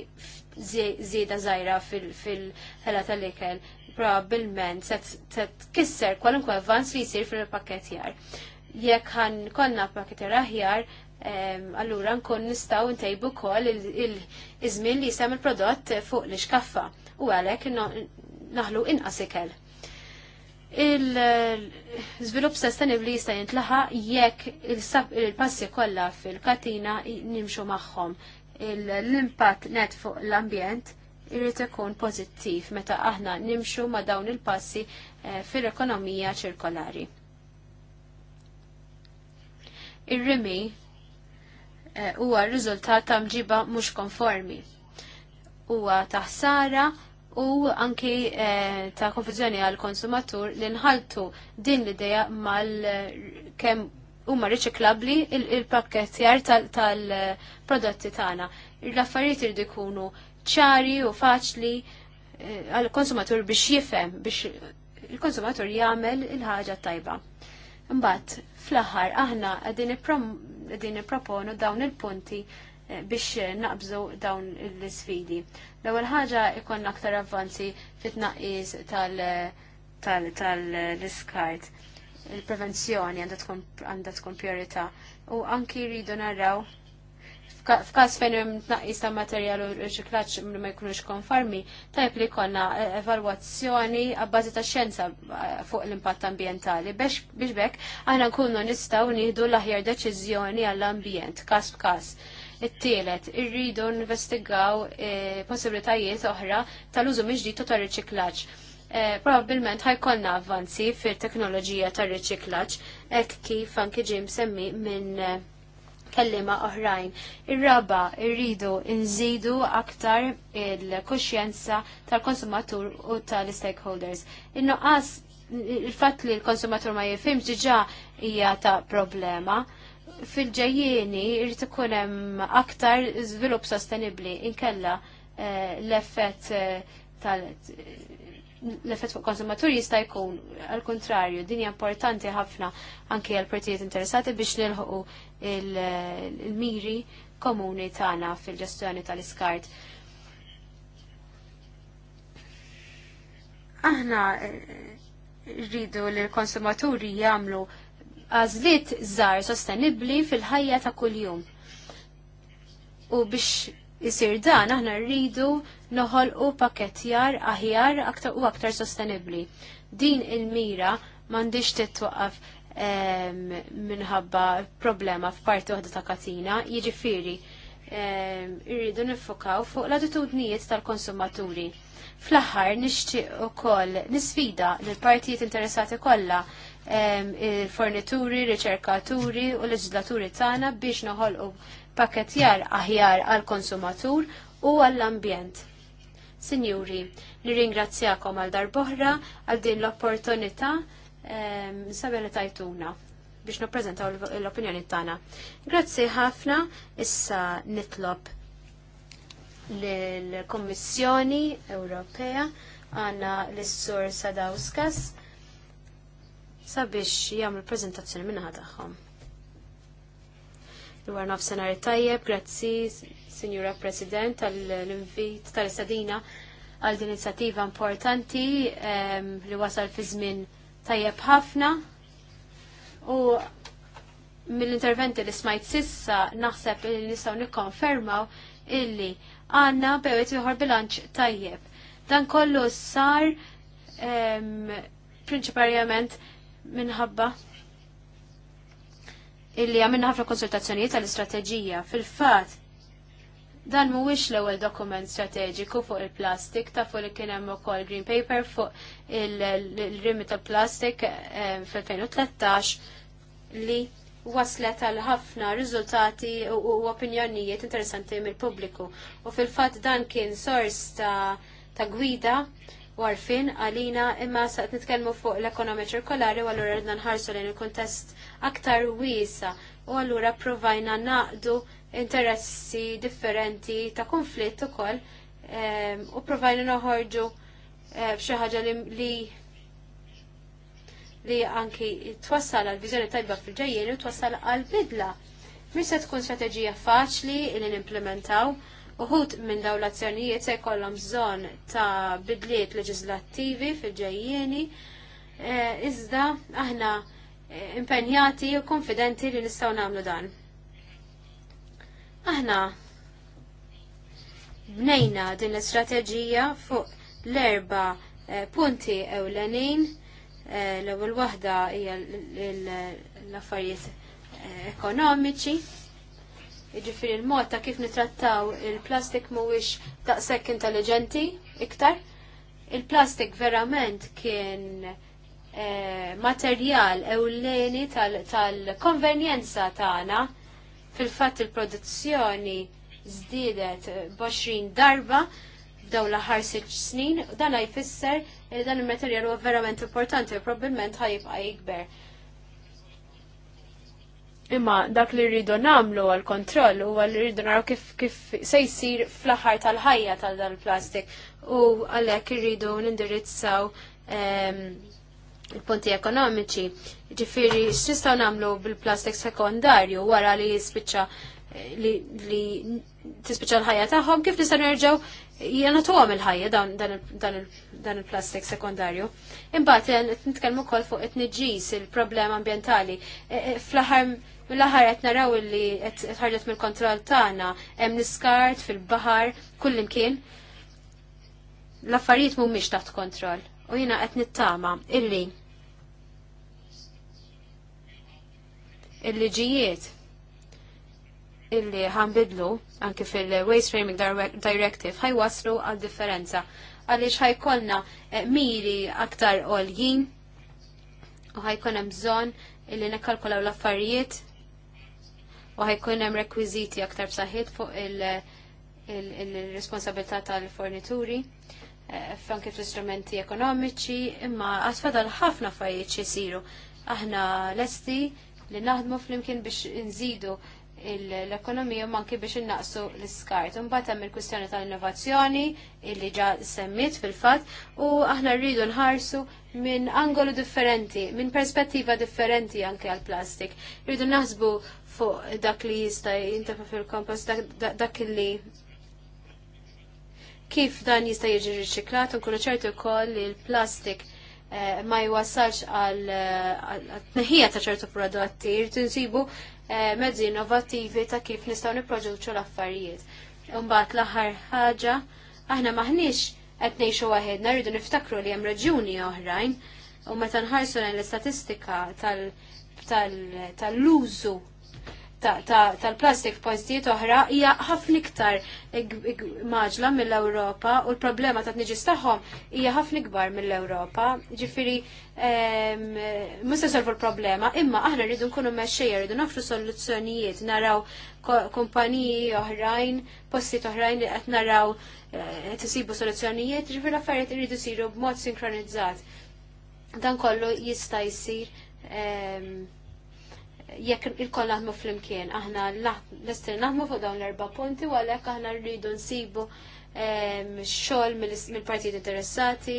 zieda zajra fil-ħela tal-ikel, probabbilment se tkisser kwalunkwe avvanz li jsir fil paketjar Jekk ħan konna pakketjar aħjar, allura nkun nistgħu ntejbu wkoll iż-żmien li jisem il-prodott fuq l-iskaffa u għalhekk naħlu inqasikel. Il-żvilupp sostenibli jista' jintlaħa jekk il-passi kollha fil-katina nimxu magħhom l-impatt net fuq l-ambjent irrid ikun pożittiv meta aħna nimxu ma' dawn il-passi eh, fil-ekonomija ċirkolari. Ir-rimi eh, huwa r-riżultat ta' mġiba mhux konformi. Huwa taħsara u anki eh, ta' konfużjoni għal konsumatur li nħaltu din l-ideja mal-kem huma riċiklabli il-pakketjar tal-prodotti tagħna. L-affarijiet irdu jkunu ċari u faċli eh, għal-konsumatur biex jifhem biex il-konsumatur jagħmel il-ħaġa tajba. Mbagħad fl-aħħar aħna qegħdin proponu dawn il-punti eh, biex naqbżu dawn l-sfidi. L-ewwel ħaġa ikon aktar avvanzi fit-tnaqqis tal-iskart. Il-prevenzjoni għandha tkun priorità u anki rridu naraw f'każ fejn hemm tnaqqis ta' materjal u riċiklaġġ ma jkunux konformi, tajb li jkollna e, evalwazzjoni għabbażi ta' xjenza e, fuq l-impatt ambjentali biex bekk aħna nkunu nistgħu nieħdu l-aħjar deċiżjoni għall-ambjent każ f'każ. It-tielet, irridu investigaw e, possibilitajiet oħra tal-użu miġdijtu ta' riċiklaġġ. Probabilment ħajkollna avvanzi fil-teknoloġija tar riċiklaġġ hekk kif anki ġim semmi minn kellima oħrajn. Ir-raba irridu nżidu aktar il-kuxjenza tal-konsumatur u tal-stakeholders. Il-noqqas il-fatt li l-konsumatur ma jifhimx diġà hija ta' problema fil-ġejjieni irrid ikun hemm aktar żvilupp sostenibbli inkella eh, l-effett eh, tal l-effett fuq konsumatur jista' jkun għal kontrarju din hija importanti ħafna anke għal partijiet interessati biex nilħu il-miri komuni tagħna fil-ġestjoni tal-iskart. Aħna eh, rridu li l-konsumaturi jagħmlu għażliet żgħar sostenibbli fil-ħajja ta' kuljum. U biex Isir dan aħna rridu noħolqu pakettjar aħjar aktar u aktar sostenibli. Din il-mira m'għandix titwaqaf minħabba problema f'parti waħda ta' katina, jiġifieri irridu nifokaw fuq l-attitudnijiet tal-konsumaturi. Fl-aħħar nixtieq ukoll nisfida lill partijiet interessati kollha il-fornituri, riċerkaturi u leġislaturi tagħna biex noħolqu pakketjar aħjar għal-konsumatur u għall-ambjent. Sinjuri, nirringrazzjakom għal darboħra għal din l-opportunità sabi li tajtuna biex noppreżentaw l-opinjoni tagħna. Grazzi ħafna, issa nitlob l-Kommissjoni Ewropea għanna l-Sur Sadauskas sabiex jagħmlu prezentazzjoni minnaħa tagħhom. Dwar nofsinhar tajjeb, grazzi Signora President tal-invit tal-istadina għal din inizjattiva importanti li wasal fi żmien tajjeb ħafna u mill-interventi li smajt sissa naħseb li nistaw nikkonfermaw illi għanna bewet jħor bilanċ tajjeb. Dan kollu sar um, prinċiparjament minħabba illi għamilna ħafna konsultazzjonijiet tal-istrateġija. Fil-fat, Dan mhuwiex l-ewwel dokument strateġiku fuq il-plastik ta' fuq li kien hemm ukoll green paper fuq il-rimi tal-plastik eh, fil-2013 li waslet għal ħafna riżultati u opinjonijiet interessanti mill-pubbliku. U fil-fatt dan kien sors ta', gwida warfin għalina imma saqt nitkellmu fuq l-ekonomi ċirkolari u għallura rridna nħarsu lejn il-kuntest aktar wiesa u għallura provajna naqdu interessi differenti ta' konflitt ukoll u provajna noħorġu eh, b'xi ħaġa li li anki twassal għal viżjoni tajba fil-ġejjien u twassal għal bidla. Mhix se tkun strateġija faċli li nimplementaw uħut minn dawn l-azzjonijiet se jkollhom bżonn ta' bidliet leġislattivi fil-ġejjieni eh, iżda aħna eh, impenjati u konfidenti li nistgħu nagħmlu dan. Aħna bnejna din l-istrateġija fuq l-erba eh, punti ewlenin eh, l-ewwel waħda hija l-affarijiet eh, ekonomiċi. Jiġifieri l-mod ta' kif nitrattaw il-plastik mhuwiex daqshekk intelligenti iktar. Il-plastik verament kien materjal ewleni tal-konvenjenza tagħna Fil-fatt il-produzzjoni żdiedet 20 darba daw l-aħħar sitt snin, dan jfisser li dan il-materjal huwa verament importanti u probabbilment ħajibqa' jikber. Imma dak li rridu namlu għal kontroll u għal rridu naraw kif, kif se jisir fl-aħħar tal-ħajja tal dan plastik u għalhekk irridu nindirizzaw ehm, il-punti ekonomiċi. Ġifiri, xistaw nagħmlu bil-plastik sekondarju wara li jispiċċa li, li l-ħajja tagħhom, kif nistgħu nerġgħu jenatuhom il-ħajja dan il-plastik sekondarju. Imbagħad nitkellmu wkoll fuq it-tniġġis il-problema ambjentali. E, e, fl-aħħar mill-aħħar qed naraw li qed ħarġet mill-kontroll tagħna hemm niskart fil-baħar kullimkien. L-affarijiet mhumiex taħt kontroll u jiena qed nittama illi il-liġijiet illi ħanbidlu anki fil-Waste Framing Directive ħajwaslu għal differenza għaliex ħajkolna eh, miri aktar għoljin u ħajkun hemm bżonn illi nekkalkulaw l-affarijiet u ħajkun hemm rekwiżiti aktar b'saħħiet fuq il-responsabilità tal-fornituri fanki eh, fl-istrumenti ekonomiċi imma għasfadal ħafna affarijiet xisiru aħna lesti li naħdmu flimkien biex nżidu l-ekonomija manki biex innaqsu l-iskart. Mbagħad hemm il-kwistjoni tal-innovazzjoni illi ġa semmit fil-fatt u aħna rridu nħarsu minn angolu differenti, minn perspettiva differenti anke għal-plastik. Rridu naħsbu fuq dak li jista' jintafu fil-kompost, dak li kif dan jista' jiġi riċiklat, nkunu ċertu ukoll li l-plastik Eh, ma jwassalx għal t-neħija ta' ċertu prodotti, irrid insibu eh, mezzi innovattivi ta' kif nistgħu niproduċu l-affarijiet. Imbagħad l-aħħar ħaġa, aħna maħniex qed ngħixu waħedna rridu niftakru li hemm reġjuni oħrajn u meta nħarsu l-istatistika tal-użu tal-plastik postijiet oħra hija ħafna iktar maġla mill-Ewropa u l-problema ta' t-nġis tagħhom hija ħafna kbar mill-Ewropa. Ġifiri, mhux solvu l-problema, imma aħna rridu nkunu mexxejja, rridu nafru soluzzjonijiet, naraw kumpaniji oħrajn, postijiet oħrajn li qed naraw tisibu eh, soluzzjonijiet, ġifiri l-affarijiet rridu siru b'mod sinkronizzat. Dan kollu jista' jsir jekk il-koll naħdmu fl-imkien, aħna l-istir naħdmu fuq dawn l-erba punti, u għalhekk aħna rridu nsibu ehm, xogħol mill-partijiet interessati,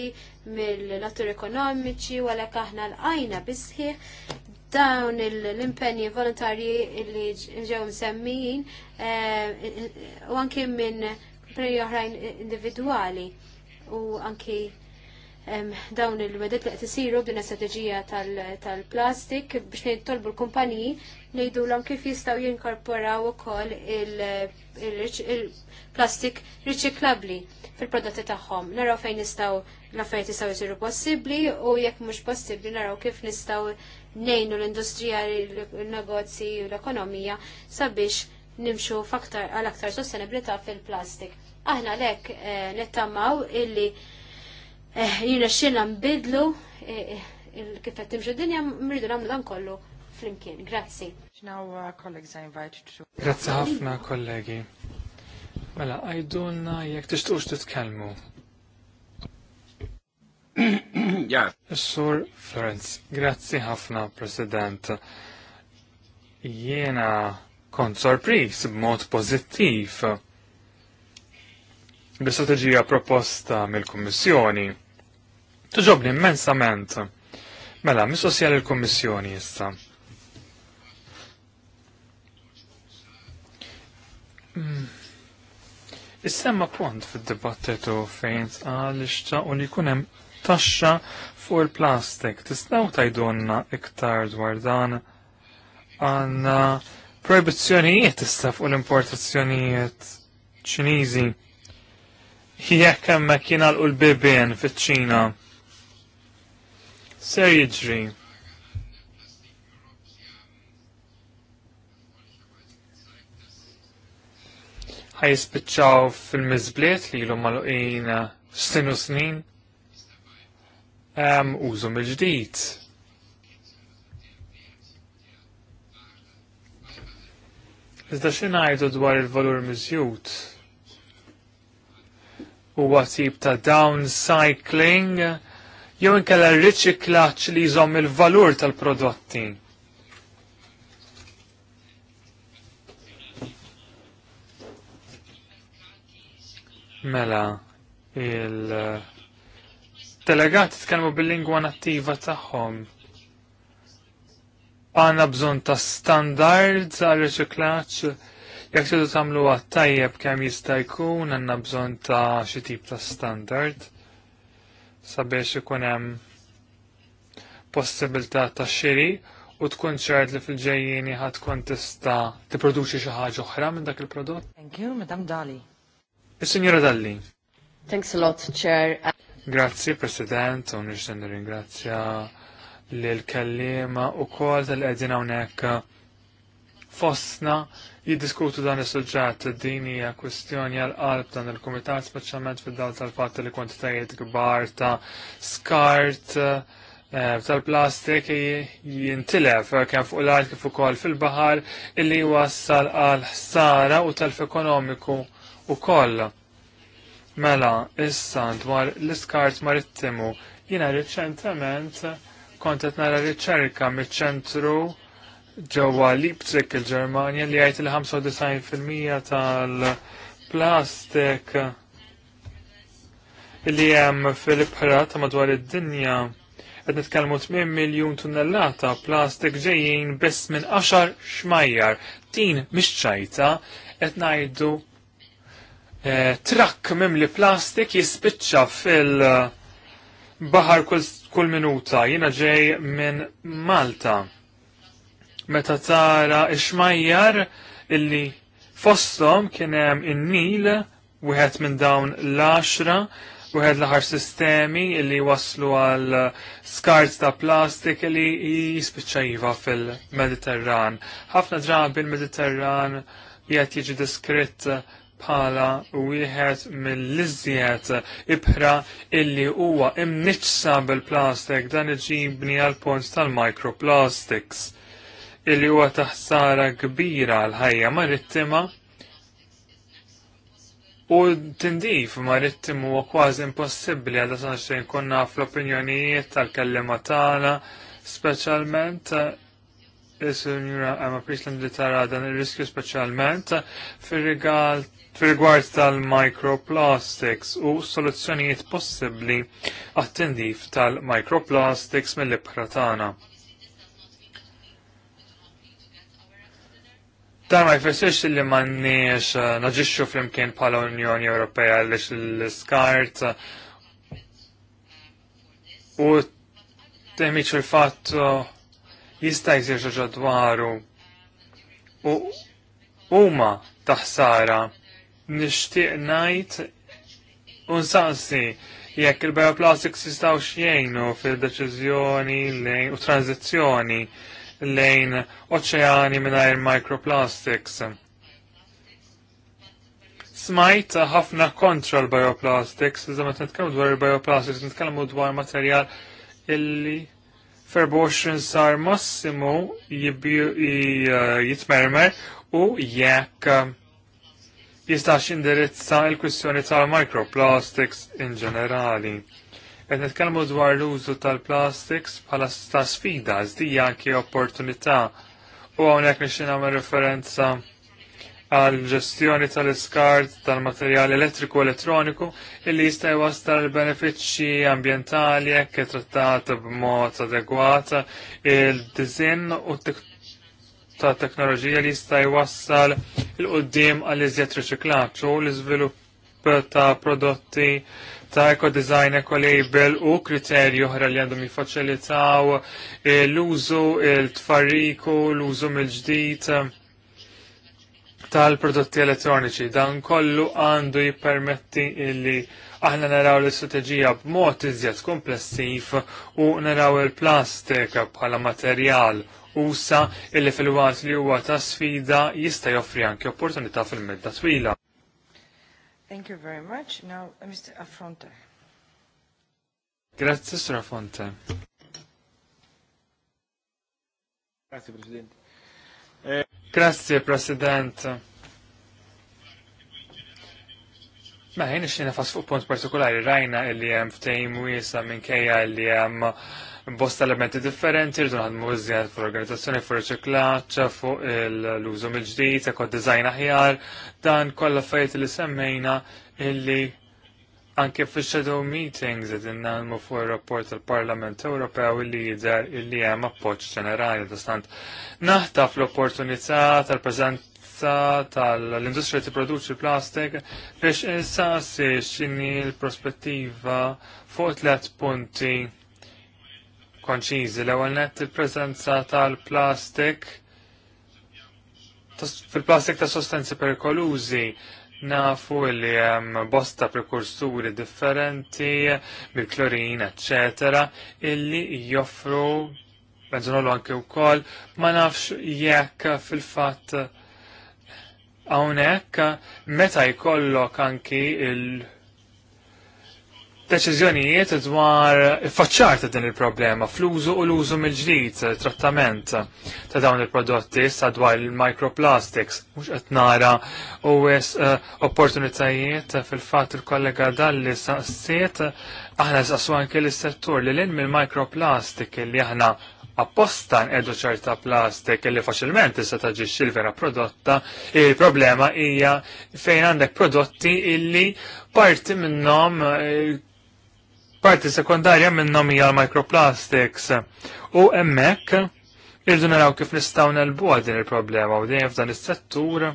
mill-attur ekonomiċi, u għalhekk aħna l-għajna bisħiħ dawn l-impenji volontarji li ġew msemmijin ehm, u anke minn prejri oħrajn individwali u anki dawn il-wedet li qed isiru din strateġija tal-plastik biex nitolbu l-kumpaniji nejdu l kif jistgħu jinkorporaw ukoll il-plastik riċiklabli fil-prodotti tagħhom. Naraw fejn nistgħu l-affarijiet jistgħu jsiru possibbli u jekk mhux possibbli naraw kif nistgħu nejnu l-industrija, l-negozji u l-ekonomija sabiex nimxu għal-aktar sostenibilità fil-plastik. Aħna lek eh, nittammaw illi Eh, jina xena mbidlu eh, eh, kif qed timxu dinja mridu nagħmlu dan kollu flimkien. Grazzi. Uh, grazzi ħafna kollegi. Mela, għajdunna jekk tixtuqx titkellmu. Ja. [COUGHS] Sur Florence, grazzi ħafna, President. Jiena kont sorpris b'mod pozittiv l-istrateġija proposta mill-Kummissjoni. Tġobni immensament. Mela, mis-sosjali l-Kummissjoni issa. Hmm. semma punt fil-dibattitu fejn tqal u li kunem taxxa fuq il-plastik. Tistaw tgħidulna iktar dwar dan għanna proibizzjonijiet issa fuq l-importazzjonijiet ċiniżi jekk hemmhekk jingħalqu l-bibien fiċ-Ċina. Ser jiġri. ħajispiċċaw fil-mizbliet li l-hom maluqin sinu snin um, użu mill-ġdid. Iżda xi ngħidu dwar il-valur miżjud huwa tip ta' downcycling jew inkella riċiklaċ li jżomm il-valur tal-prodotti. Mela, il-delegati tkellmu bil-lingwa nattiva tagħhom għanna bżon ta' standards għal reċiklaċ Jekk tridu tagħmlu tajjeb kemm jista' jkun għandna bżonn ta' xi tip ta' standard sabiex ikun hemm possibilità ta' xiri u tkun ċert li fil-ġejjieni ħad tkun tista' tipproduċi xi ħaġa oħra minn dak il-prodott. Thank you, Madam Dali. Is-Sinjura Dalli. Thanks a lot, Chair. Grazzi, President, u nixtendu ringrazzja l-kellima u kol tal-edina unek fosna jiddiskutu dan is-suġġett din hija kwestjoni għal qalb dan il-kumitat speċjalment fid-dawl tal-fatt li kwantitajiet kbar ta' skart eh, tal-plastik jintilef kemm fuq l-art kif ukoll fil-baħar illi wassal għal ħsara u telf ekonomiku ukoll. Mela, issa dwar l-iskart marittimu jiena riċentement kont qed nara riċerka miċ-ċentru ġewwa Leipzig il-Ġermanja li jgħid il-95% tal-plastik li hemm fil-ibħra ta' madwar id-dinja qed nitkellmu 8 miljun tunnellata plastik ġejjin biss minn 10 xmajjar. Tin mhix ċajta qed ngħidu eh, trakk mimli plastik jispiċċa fil- eh, Bahar kull minuta, jina ġej minn Malta meta tara ixmajjar illi fosthom kien hemm in-Nil wieħed minn dawn l axra wieħed l-aħar sistemi illi waslu għal skarts ta' plastik illi jispiċċa iva fil-Mediterran. Ħafna drabi il-Mediterran jgħet jiġi diskritt bħala wieħed mill-iżjed ibħra illi huwa imniċsa bil-plastik dan iġibni għal punt tal-microplastics illi huwa taħsara kbira għal-ħajja marittima u tindif marittimu huwa kważi impossibbli għal sanxejn naf l opinjonijiet tal-kellima tagħna, speċjalment eh, is-Sinjura Emma Priestland li tara dan ir-riskju speċjalment fir rigward tal-microplastics u soluzzjonijiet possibbli għat-tindif tal-microplastics mill-ibħra tagħna. Dan ma jfessirx li m'għandniex eh, naġixxu flimkien bħala Unjoni Ewropea għaliex l skart eh, u temiċ il fatt eh, jista' jsir xi dwaru u huma taħsara nixtieq ngħid nsaqsi jekk il-bioplastics jistgħu xjejnu fil-deċiżjoni u tranzizzjoni lejn oċeani mingħajr microplastics. Smajt ħafna kontra l-bioplastics, iżda meta nitkellmu dwar il-bioplastics, nitkellmu dwar materjal illi 24 sar massimu uh, jitmermer u jekk uh, jistax indirizza il-kwistjoni tal-microplastics in ġenerali. Qed nitkellmu dwar l-użu tal-plastics bħala ta' sfida żdija anke opportunità u hawnhekk nixtieq nagħmel referenza għal ġestjoni tal-iskart tal-materjali elettriku u elettroniku illi jista' jwassal benefiċċji ambjentali jekk trattat b'mod adegwat il-diżinn u ta' teknoloġija li jista' jwassal il-qudiem għal iżjed riċiklaġġ u l-iżvilupp ta' prodotti ta' eco-design, eco-label u kriterju oħra li għandhom jifacilitaw eh, l-użu, il-tfarriku, l-użu mill-ġdid eh, tal-prodotti elettroniċi. Dan kollu għandu jippermetti illi aħna naraw l-istrateġija b'mod iżjed komplessiv u naraw il-plastik bħala materjal usa illi fil-waqt li huwa ta' sfida jista' joffri anke opportunità fil-medda twila. Thank you very much. Now, uh, Mr. Affronte. Grazie, Sra Affronte. Grazie, Presidente. Eh... Grazie, Presidente. Ma mela, jien ixtina fas fuq punt partikolari rajna illi hemm ftehim wiesa minkejja illi hemm Bost elementi differenti, rridu naħdmu iżjed fuq l organizzazzjoni fuq riċiklaġġa, fuq l-użu mill-ġdid, ekod design aħjar, dan kollha affarijiet li semmejna illi anke fi shadow meetings id nalmu fuq il-rapport tal-Parlament Ewropew illi jidher illi hemm appoġġ ġenerali dostant. Naħtaf l-opportunità tal-preżenza tal-industrija ti produċi plastik biex insassi x'inhi l-prospettiva fuq tliet punti konċizi. l-ewwel nett il prezenza tal-plastik fil-plastik ta' sostanzi perikolużi nafu li hemm bosta prekursuri differenti bil-klorin, eccetera, illi joffru menzonolog anke wkoll ma nafx jekk fil-fatt hawnhekk meta jkollok anki il- deċiżjonijiet dwar faċċar ta' din il-problema fl-użu u l-użu mill-ġdid, eh, trattament ta' dawn il-prodotti sa' dwar il-microplastics, mux qed nara u wis eh, opportunitajiet fil-fatt il-kollega dalli s-siet, eh, aħna saqsu anke l-settur li l-in mill-microplastic li aħna apposta edu ċerta plastik li faċilment se taġix il-vera prodotta, il-problema hija fejn għandek prodotti illi parti minnhom Parti sekundarja minnhom hija l-microplastics u hemmhekk irdu naraw kif nistgħu nelbuha din il-problema u dejjem f'dan is-settur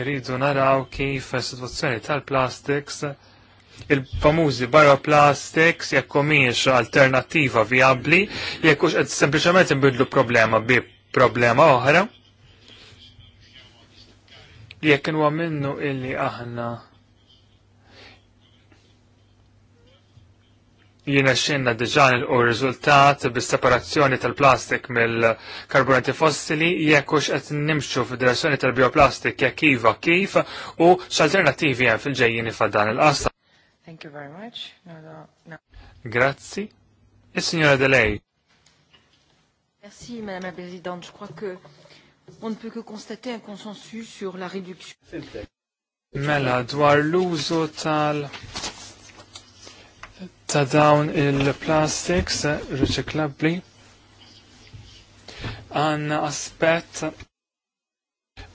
irridu naraw kif is-sitwazzjoni tal-plastics il-famużi bioplastics jekk mhijiex alternattiva viabli jekk hux qed sempliċement inbidlu problema bi problema oħra. Jekk huwa minnu illi aħna Jiena xinna diġan u rizultat bis-separazzjoni tal-plastik mill-karburanti fossili jekkux qed nimxu f'direzzjoni tal-bioplastik jekk iva kif u x'alternattivi hemm fil-ġejjin fa' dan il-qasam. Thank you very much. No, no, no. Grazzi. is sinjora Delej. Merci Madame la Présidente. Je crois que on ne peut que constater un consensus sur la réduction. Mela dwar l-użu tal ta' dawn il-plastics riċiklabli għanna aspett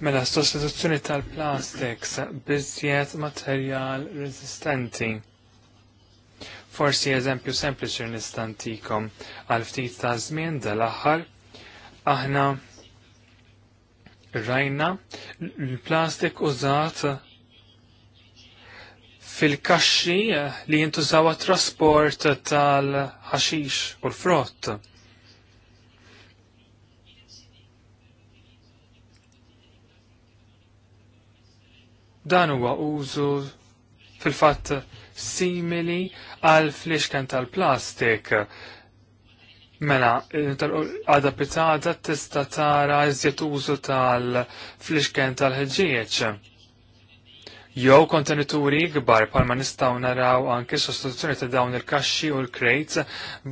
mela sostituzzjoni tal-plastics bizziet materjal resistenti. Forsi eżempju sempliċi nistantikom għal ftit ta' żmien dal-aħħar aħna rajna l-plastik użat fil-kaxxi eh, li jintużaw trasport tal-ħaxix u l-frott. Dan huwa użu fil-fatt simili għal fliexken tal-plastik. Mela, għada pitada tista tara użu tal-fliexken tal-ħġieċ Jo kontenituri gbar palma nistgħu naraw anke sostituzzjoni ta' dawn il-kaxxi u l-krejts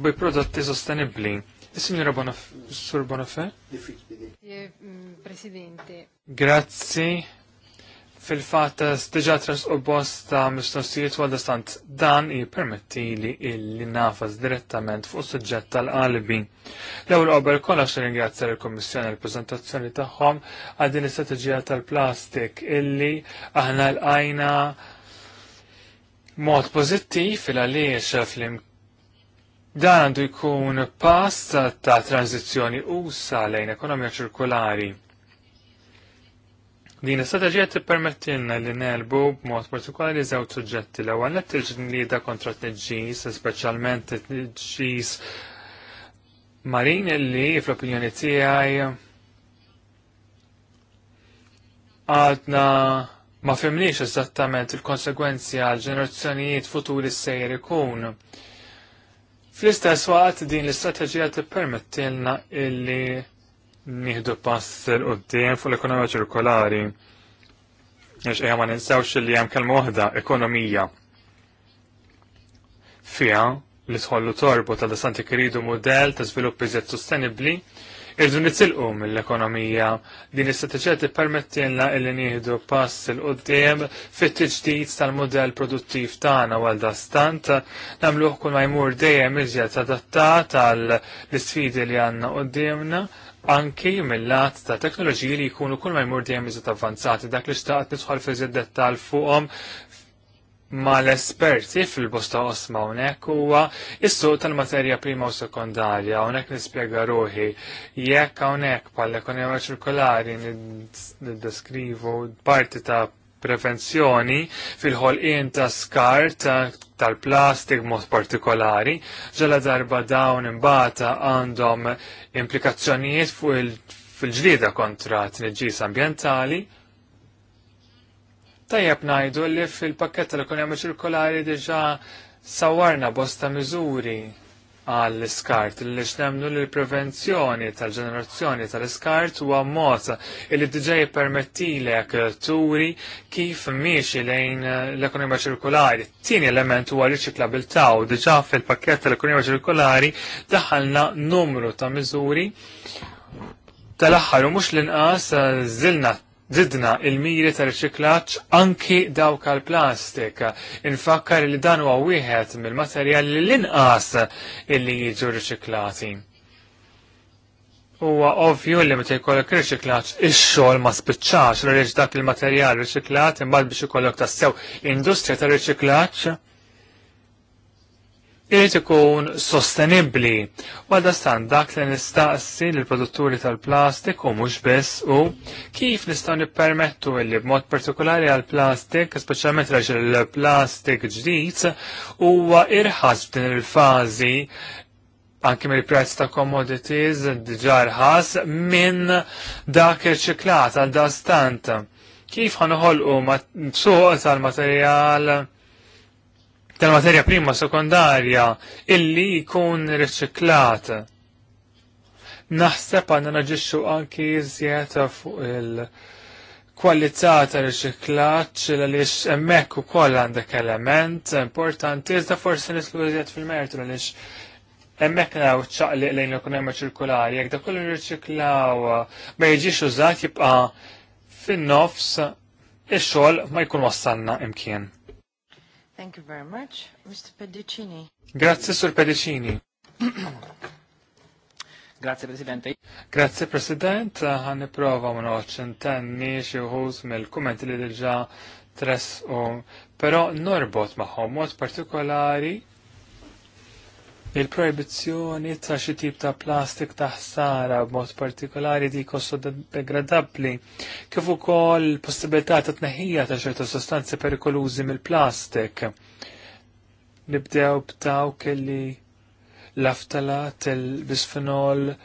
bi prodotti sostenibbli. Signora Bonaf Sur Bonafè? Eh, mm, Presidente. Grazie fil-fat stiġa eh, tras u bosta mistoqsijiet u stant dan i permetti li illi nafas direttament fuq suġġett tal-qalbi. L-ewwel qabel kollox ringrazzja l-Kummissjoni l prezentazzjoni tagħhom għal din l-istrateġija tal-plastik illi aħna l-għajna mod pożittiv fil-għaliex fl Dan għandu jkun pass ta' tranzizjoni sa' lejn ekonomija ċirkolari Din l-istrateġija tippermettilna li nelbu b'mod partikolari żewġ suġġetti l-ewwel qed il kontra t-tniġġis, speċjalment t-tniġġis marin li fl-opinjoni tiegħi għadna ma fimniex eżattament il-konsegwenzi għal ġenerazzjonijiet futuri sejri ikun. Fl-istess waqt din l-istrateġija tippermettilna illi nieħdu pass l-qoddim fuq l-ekonomija ċirkolari. Għax eħe ma ninsawx li hemm kelma waħda ekonomija. Fija li tħollu torbu ta' dasanti kridu model ta' sviluppi iżjed sostenibli, irdu nitilqu mill-ekonomija din is-strateġija tippermettilna li nieħdu pass il qudiem fit-tiġdid tal model produttiv tagħna għal stant. nagħmluh kull ma jmur dejjem iżjed adattat għal l-isfidi li għandna qoddimna anki mill-lat ta' teknoloġiji li jkunu kull ma jmur dejjem iżgħat avvanzati dak li xtaqt nidħol fi iżjed dettal fuqhom mal-esperti fil-bosta osma unek huwa is-suq tal-materja prima u sekondarja unek nispjega ruħi jekk hawnhekk bħal ekonomija ċirkolari niddeskrivu parti ta' prevenzjoni fil-ħolqien ta' skar tal-plastik mod partikolari, ġala darba dawn imbata għandhom implikazzjonijiet fil-ġlida kontra t-nġis ambientali. Tajjeb najdu li fil-pakket tal-ekonomija ċirkolari diġa sawarna bosta miżuri għall-iskart, li xnemnu li l-prevenzjoni tal-ġenerazzjoni tal-iskart u għammot li diġej permettilek eh, turi kif miexi lejn eh, l-ekonomija ċirkolari. Tini element huwa riċiklabilta u diġa fil-pakket tal-ekonomija ċirkolari daħalna numru ta' miżuri tal-aħħar u mux l-inqas eh, zilna Zidna il-miri ta' riċiklaċ anki dawk għal plastik. Infakkar li dan huwa wieħed mill li l-inqas illi jiġu riċiklati. Huwa ovvju li meta jkollok riċiklaġġ ix-xogħol ma spiċċax għaliex dak il-materjal riċiklat imbagħad biex ikollok tassew industrija ta' riċiklaġġ irrid ikun sostenibbli. Għadda stan dak li nistaqsi l produtturi tal-plastik u mhux biss u kif nistgħu nippermettu li b'mod partikolari għall-plastik, speċjalment għax il-plastik ġdid, huwa irħas f'din il-fażi anki mill prezz ta' commodities ġarħas minn dak il-ċiklat għal dastant. Kif ħanħolqu suq tal-materjal tal-materja prima sekundarja illi jkun riċiklat. Naħseb għanna naġiċu anki zjeta fuq il-kwalità ta' riċiklaċ għaliex emmek u koll għandek element importanti, iżda forsi nislu jizjet fil-mertu għaliex emmek naw ċaqli lejn l-ekonomija ċirkulari, jek da kollu nirċiklaw ma jġiex użat jibqa fin-nofs ix-xogħol ma jkun wassalna imkien. Thank you very much. Mr. Pedicini. Grazie, Sur Pedicini. [CLEARS THROAT] Grazie, Presidente. Grazie, President. Għanni prova ma ċentenni xieħuż mill-kommenti li diġa tres u, pero norbot maħom mod partikolari il-proibizzjoni ta' xi tip ta' plastik ta' ħsara b'mod partikolari di degradabbli, kif ukoll possibilità ta' tneħħija ta' ċerta sostanzi perikolużi mill-plastik. Nibdew b'dawk li l-aftalat, il-bisfenol, il bisfenol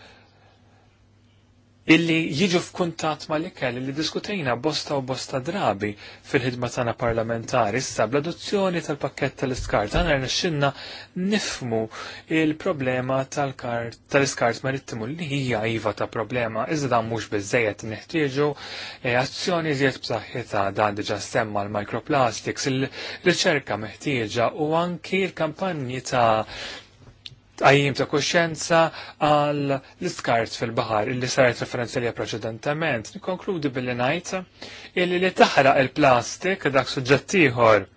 illi jiġu f'kuntat ma li ikel li diskutejna bosta u bosta drabi fil-ħidma tagħna parlamentari issa bl-adozzjoni tal-pakket tal-iskart għana rnexxinna nifmu il-problema tal-iskart marittimu li hija iva ta' problema iżda dan mhux biżejjed neħtieġu e, azzjoni żjed b'saħħitha dan diġà semma l-microplastics, il-riċerka meħtieġa u anki l-kampanji ta' għajjim ta' kosċenza għal l-iskart fil-bahar illi saret referenza li preċedentement. Nikonkludi billi ngħid illi li taħraq il-plastik dak suġġett ieħor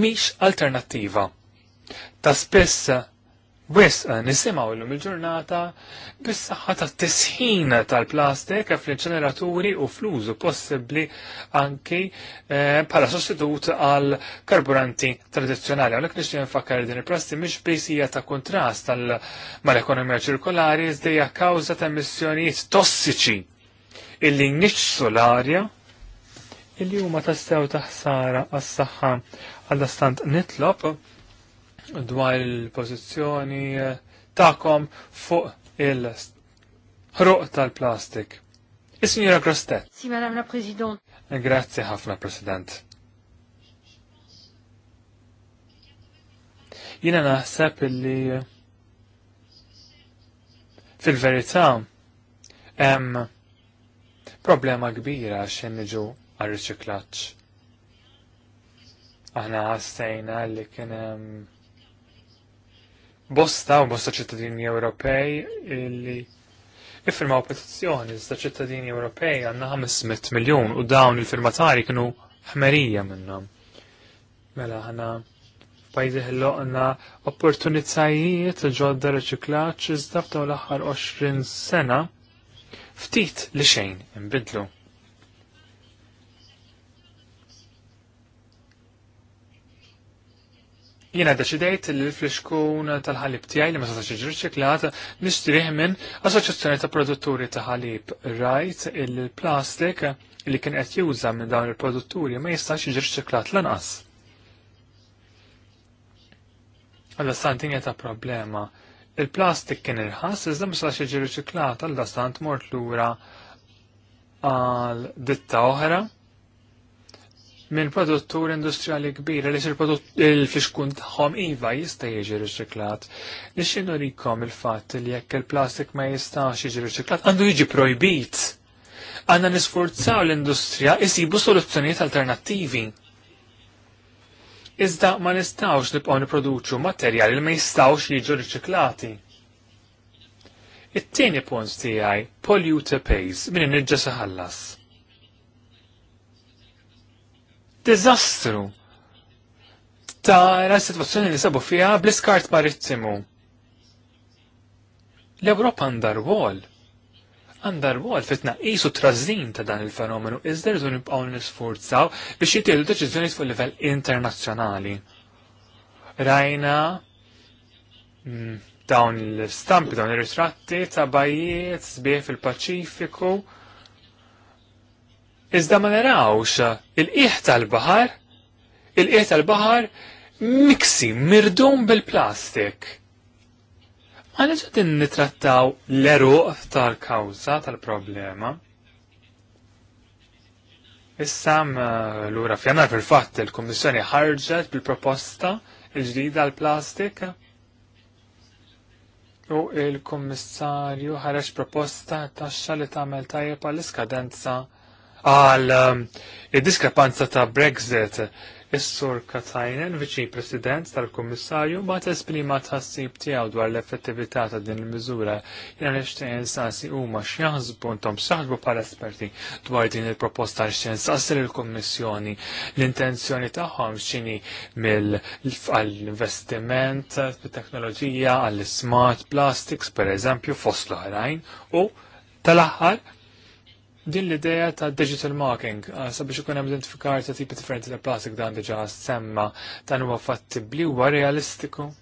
mhix alternattiva. Ta' spessa Eh, nisimaw nisimgħu llum il-ġurnata bis-saħħa ta' tisħin tal-plastik fl inċeneraturi u fl-użu possibbli anki eh, bħala sostitut għal karburanti tradizzjonali. Għalhekk nixtieq nfakkar din il-plasti mhix biss hija ta' kontrast mal-ekonomija ċirkolari iżda kawza kawża ta' emissjonijiet tossiċi illi nixxu l-arja illi huma tassew taħsara għas-saħħa għal-dastant nitlob dwar il-pozizjoni eh, ta'kom fuq il-ħruq tal-plastik. Is-Sinjora Grostet. Si, Madame la President. Grazie ħafna, President. Jina naħseb li fil-verità hemm problema kbira xejn niġu għar riċiklaġġ. Aħna ħassejna li kien hemm bosta u bosta ċittadini Ewropej illi iffirmaw petizzjoni iżda ċittadini Ewropej għandna 500 miljun u dawn il-firmatari kienu ħmerija minnhom. Mela ħana ħillu għanna opportunitajiet ġodda reċiklaċ iżda f'daw l-aħħar 20 sena ftit li xejn imbidlu. Jiena deċidejt li l-fliskun tal-ħalib tiegħi li ma setax jiġri ċiklat nixtrih minn Assoċjazzjoni ta' Produtturi ta' Ħalib rajt il-plastik li kien qed juża minn dawn il-produtturi ma jistax jiġri ċiklat lanqas. Għalla stantin ta' problema. Il-plastik kien irħas iżda ma setax jiġri ċiklat għalla stant mort lura għal ditta oħra minn produttur industrijali kbira li il fiskun tagħhom iva jista' jiġi riċiklat. Nixxinu rikom il-fatt li jekk il-plastik ma jistax jiġi riċiklat għandu jiġi projbit. Għanna nisforzaw l-industrija jisibu soluzzjonijiet alternattivi. Iżda ma nistawx nibqgħu niproduċu materjali li ma jistawx jiġu riċiklati. It-tieni punt tiegħi polluter pays min inniġġa saħallas. Dizastru tara situazzjoni li sabu fija bl-iskart L-Ewropa għandar wol. Għandar wol fitna jisu trażin ta' dan il-fenomenu iżda rridu nibqgħu nisfurzaw biex jitieħdu deċizjoni fuq livell internazzjonali. Rajna mm, dawn l-stampi, dawn ir-ritratti ta' bajiet sbieħ fil-Paċifiku Iżda ma narawx il-qiegħ tal-baħar, il-qiegħ tal-baħar miksi mirdum bil-plastik. Għaliex qed nitrattaw l-eruq tal-kawża tal-problema. Issa l-ura f'jannar fil-fatt il-Kummissjoni ħarġet bil-proposta il-ġdida għal-plastik u il-Kummissarju ħareġ proposta taxxa li tagħmel tajjeb għall-iskadenza għal um, id-diskrepanza ta' Brexit. Is-sur Katajnen, viċi president tal-Kummissarju, bat esprima tħassib tiegħu dwar l-effettività ta' din il-miżura jena nixtieq insaqsi huma x'jaħsbu intom x'aħsbu bħala esperti dwar din il-proposta x'tien saqsir il-Kummissjoni l-intenzjoni tagħhom x'inhi mill-investiment fit-teknoloġija għall-smart plastics pereżempju fost l-oħrajn u tal-aħħar din l-ideja ta' digital marking, uh, sabiex ikun hemm identifikar ta' tipi differenti ta' plastik dan diġà semma dan huwa bli huwa realistiku.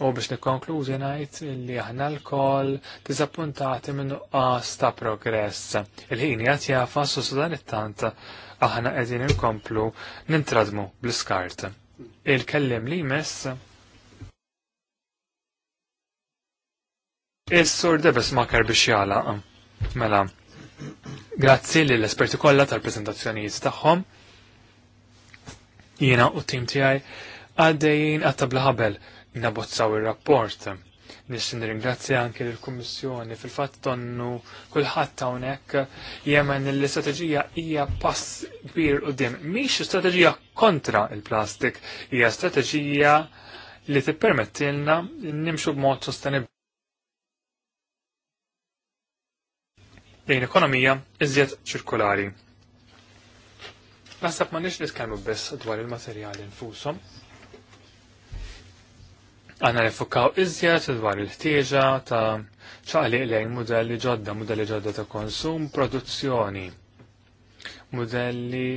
U biex nikkonklużi ngħid li aħna lkoll diżappuntati minn nuqqas ta' progress. Il-ħin qed jafa u sudan it-tant aħna qegħdin inkomplu nintradmu bl-iskart. Il-kellim li jmiss Is-sur debes makar biex jalaq. Mela, grazzi lill esperti kollha tal-prezentazzjonijiet tagħhom. Jiena u tim tijaj għaddejn għattabla tabla ħabel nabozzaw ir-rapport. Nixtin ringrazzja anke l-Kummissjoni fil-fatt tonnu kulħadd hawnhekk jemen l-istrateġija hija pass kbir dim. Mhix strateġija kontra il-plastik, hija strateġija li tippermettilna nimxu b'mod sostenibbli. lejn ekonomija iżjed ċirkolari. Nasab ma nix niskalmu biss dwar il-materjali nfushom. Għanna nifukaw iżjed dwar il-ħtieġa ta' ċaqliq lejn modelli ġodda, modelli ġodda ta' konsum, produzzjoni, modelli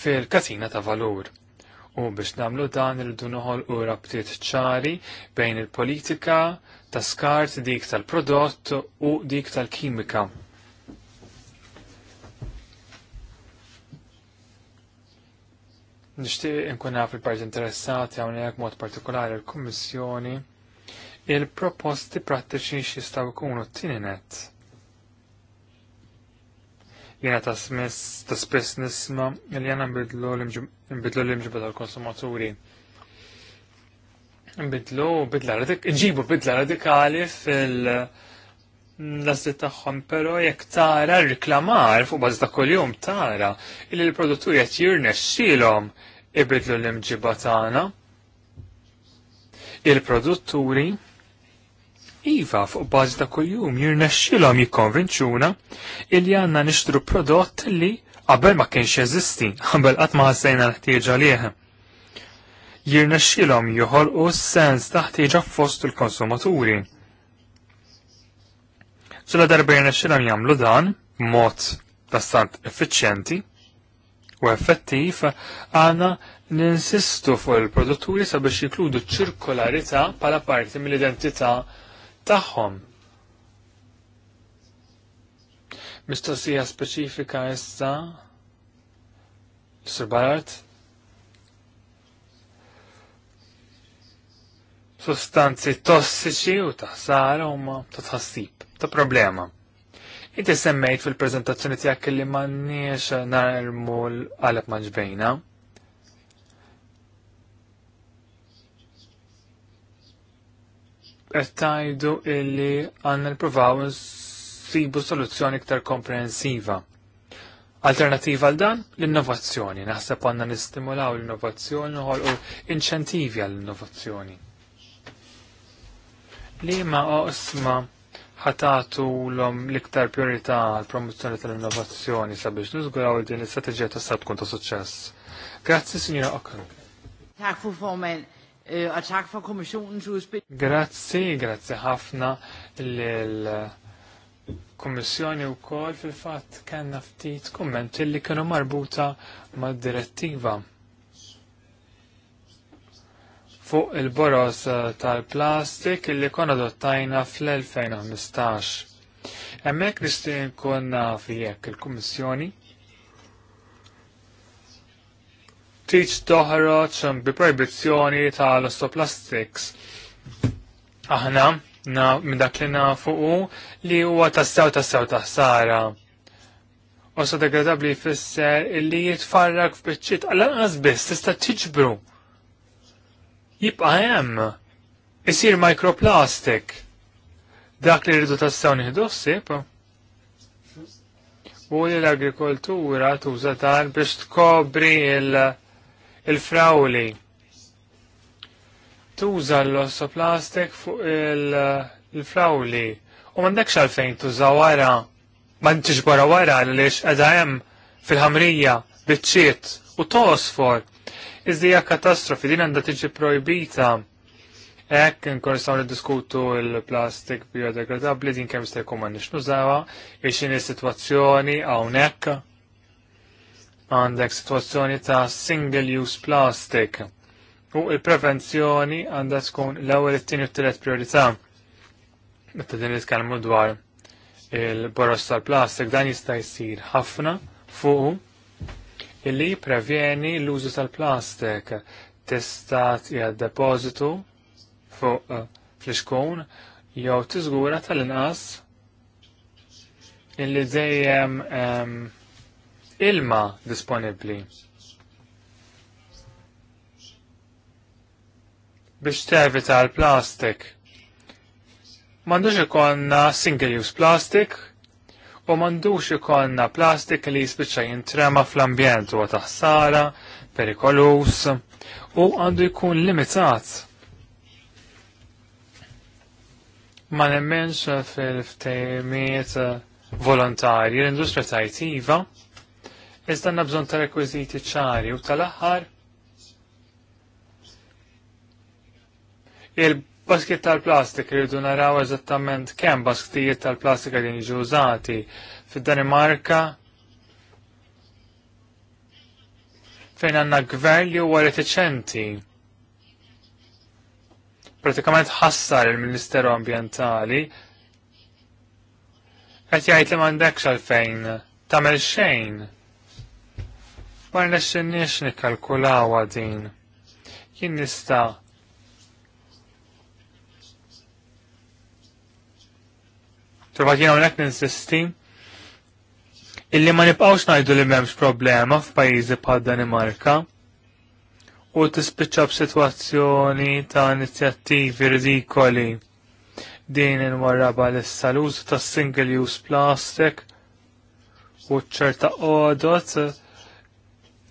fil-katina ta' valur. U biex namlu dan il noħol u rabtiet ċari bejn il-politika, ta' skart, dik tal-prodott u dik tal-kimika. Nishtiq nkun naf il-parti interessati hawnhekk mod partikolari l-Kummissjoni il-proposti prattiċi xistaw jkunu t tininet Jena Jiena ta' smess ta' spess nisma' il jena nbidlu l imġibba tal-konsumaturi. Nbidlu bidla radikali, nġibu bidla radikali fil- l-azzi tagħhom, però jekk tara riklamar fuq bażi ta' kuljum tara illi l-produtturi qed jirnexxielhom ibidlu l-imġiba tagħna. Il-produtturi iva fuq bażi ta' kuljum jirnexxielhom jikkonvinċuna illi għandna nixtru prodott li qabel ma kienx jeżisti, qabel qatt ma ħassejna l-ħtieġ għalih jirnexxilhom joħolqu sens taħtieġa fost il-konsumaturi. Sulla darba jirnexxilhom jagħmlu dan b'mod tastant effiċjenti u effettiv għana ninsistu fuq il-produtturi sabiex jikludu ċirkolarità pala parti mill-identità tagħhom. Mistoqsija speċifika issa Sir Ballard? sustanzi tossiċi u taħsara huma ta' tħassib, ta' problema. Inti semmejt fil-prezentazzjoni tiegħek li m'għandniex narmu l-qalb ma' ġbejna. Qed tgħidu illi għandna nippruvaw nsibu soluzzjoni iktar komprensiva. Alternativa għal dan l-innovazzjoni. Naħseb għandna nistimulaw l-innovazzjoni u inċentivi għall-innovazzjoni li ma oqsma ħatatu l-om l-iktar priorità għal-promozzjoni tal-innovazzjoni sabiex nużguraw din l-istrateġija ta' sab ta' suċċess. Grazzi, signora Okan. Eh, grazzi, grazzi ħafna l-Kommissjoni u kol fil-fat kanna ftit kommenti li kienu marbuta ma' direttiva fuq il-boros eh, tal-plastik li kon adottajna fl-2015. Emmek nishtiq nkun fijek il-Kummissjoni tiċ toħroġ bi proibizzjoni tal-ostoplastics. Aħna minn dak li nafu li huwa tassew tassew taħsara. U sa degradabli jfisser li jitfarrak f'biċċiet għal għazbis, biss tista' tiġbru jibqa' hemm isir microplastic. Dak li rridu tassaw nieħdu ssib. U li l-agrikoltura tuża tal biex tkobri il-frawli. Tuża l-osso plastik fuq il-frawli. U m'għandekx għalfejn tuża wara ma tiġbora wara għaliex qed hemm fil-ħamrija biċċiet u tosfor Iżdija katastrofi din għandha tiġi projbita. Ek nkun nistgħu niddiskutu l-plastik biodegradabbli din kemm se jkun ma nużawa, ixin is-sitwazzjoni hawnhekk. Għandek sitwazzjoni ta' single use plastic. U il-prevenzjoni għanda tkun l-ewwel it-tieni u t-tielet priorità. Meta din nitkellmu dwar il-boros tal-plastik dan jista' jsir ħafna fuq illi prevjeni l-użu tal-plastik testat hija depositu fuq eh, fl-iskun jew tiżgura tal-inqas illi dejjem ilma disponibbli. biex tevita l-plastik. Mandux ikonna single-use plastic, u mandux ikonna plastik li jispiċċa jintrema fl-ambjent u taħsara, perikolus u għandu jkun limitat. Ma nemmenx fil-ftejmiet volontarji l-industrija tajtiva, iżda nabżon ta' rekwiziti ċari u tal-aħħar il Basket tal-plastik rridu naraw eżattament kemm basktijiet tal-plastika din jiġu użati. Fid-Danimarka fejn għandna gvern li huwa retiċenti. Pratikament ħassar il-Ministeru Ambjentali qed jgħid li m'għandekx għalfejn tagħmel xejn. Ma rnexxinniex nikkalkulaw din. Jien nista' Provat jena unek ninsisti illi ma nibqawx najdu li memx problema f'pajjiżi bħal Danimarka u tispiċċa b'sitwazzjoni ta' inizjattivi ridikoli din inwarraba l-issa l-użu ta' single use plastic u ċerta qodot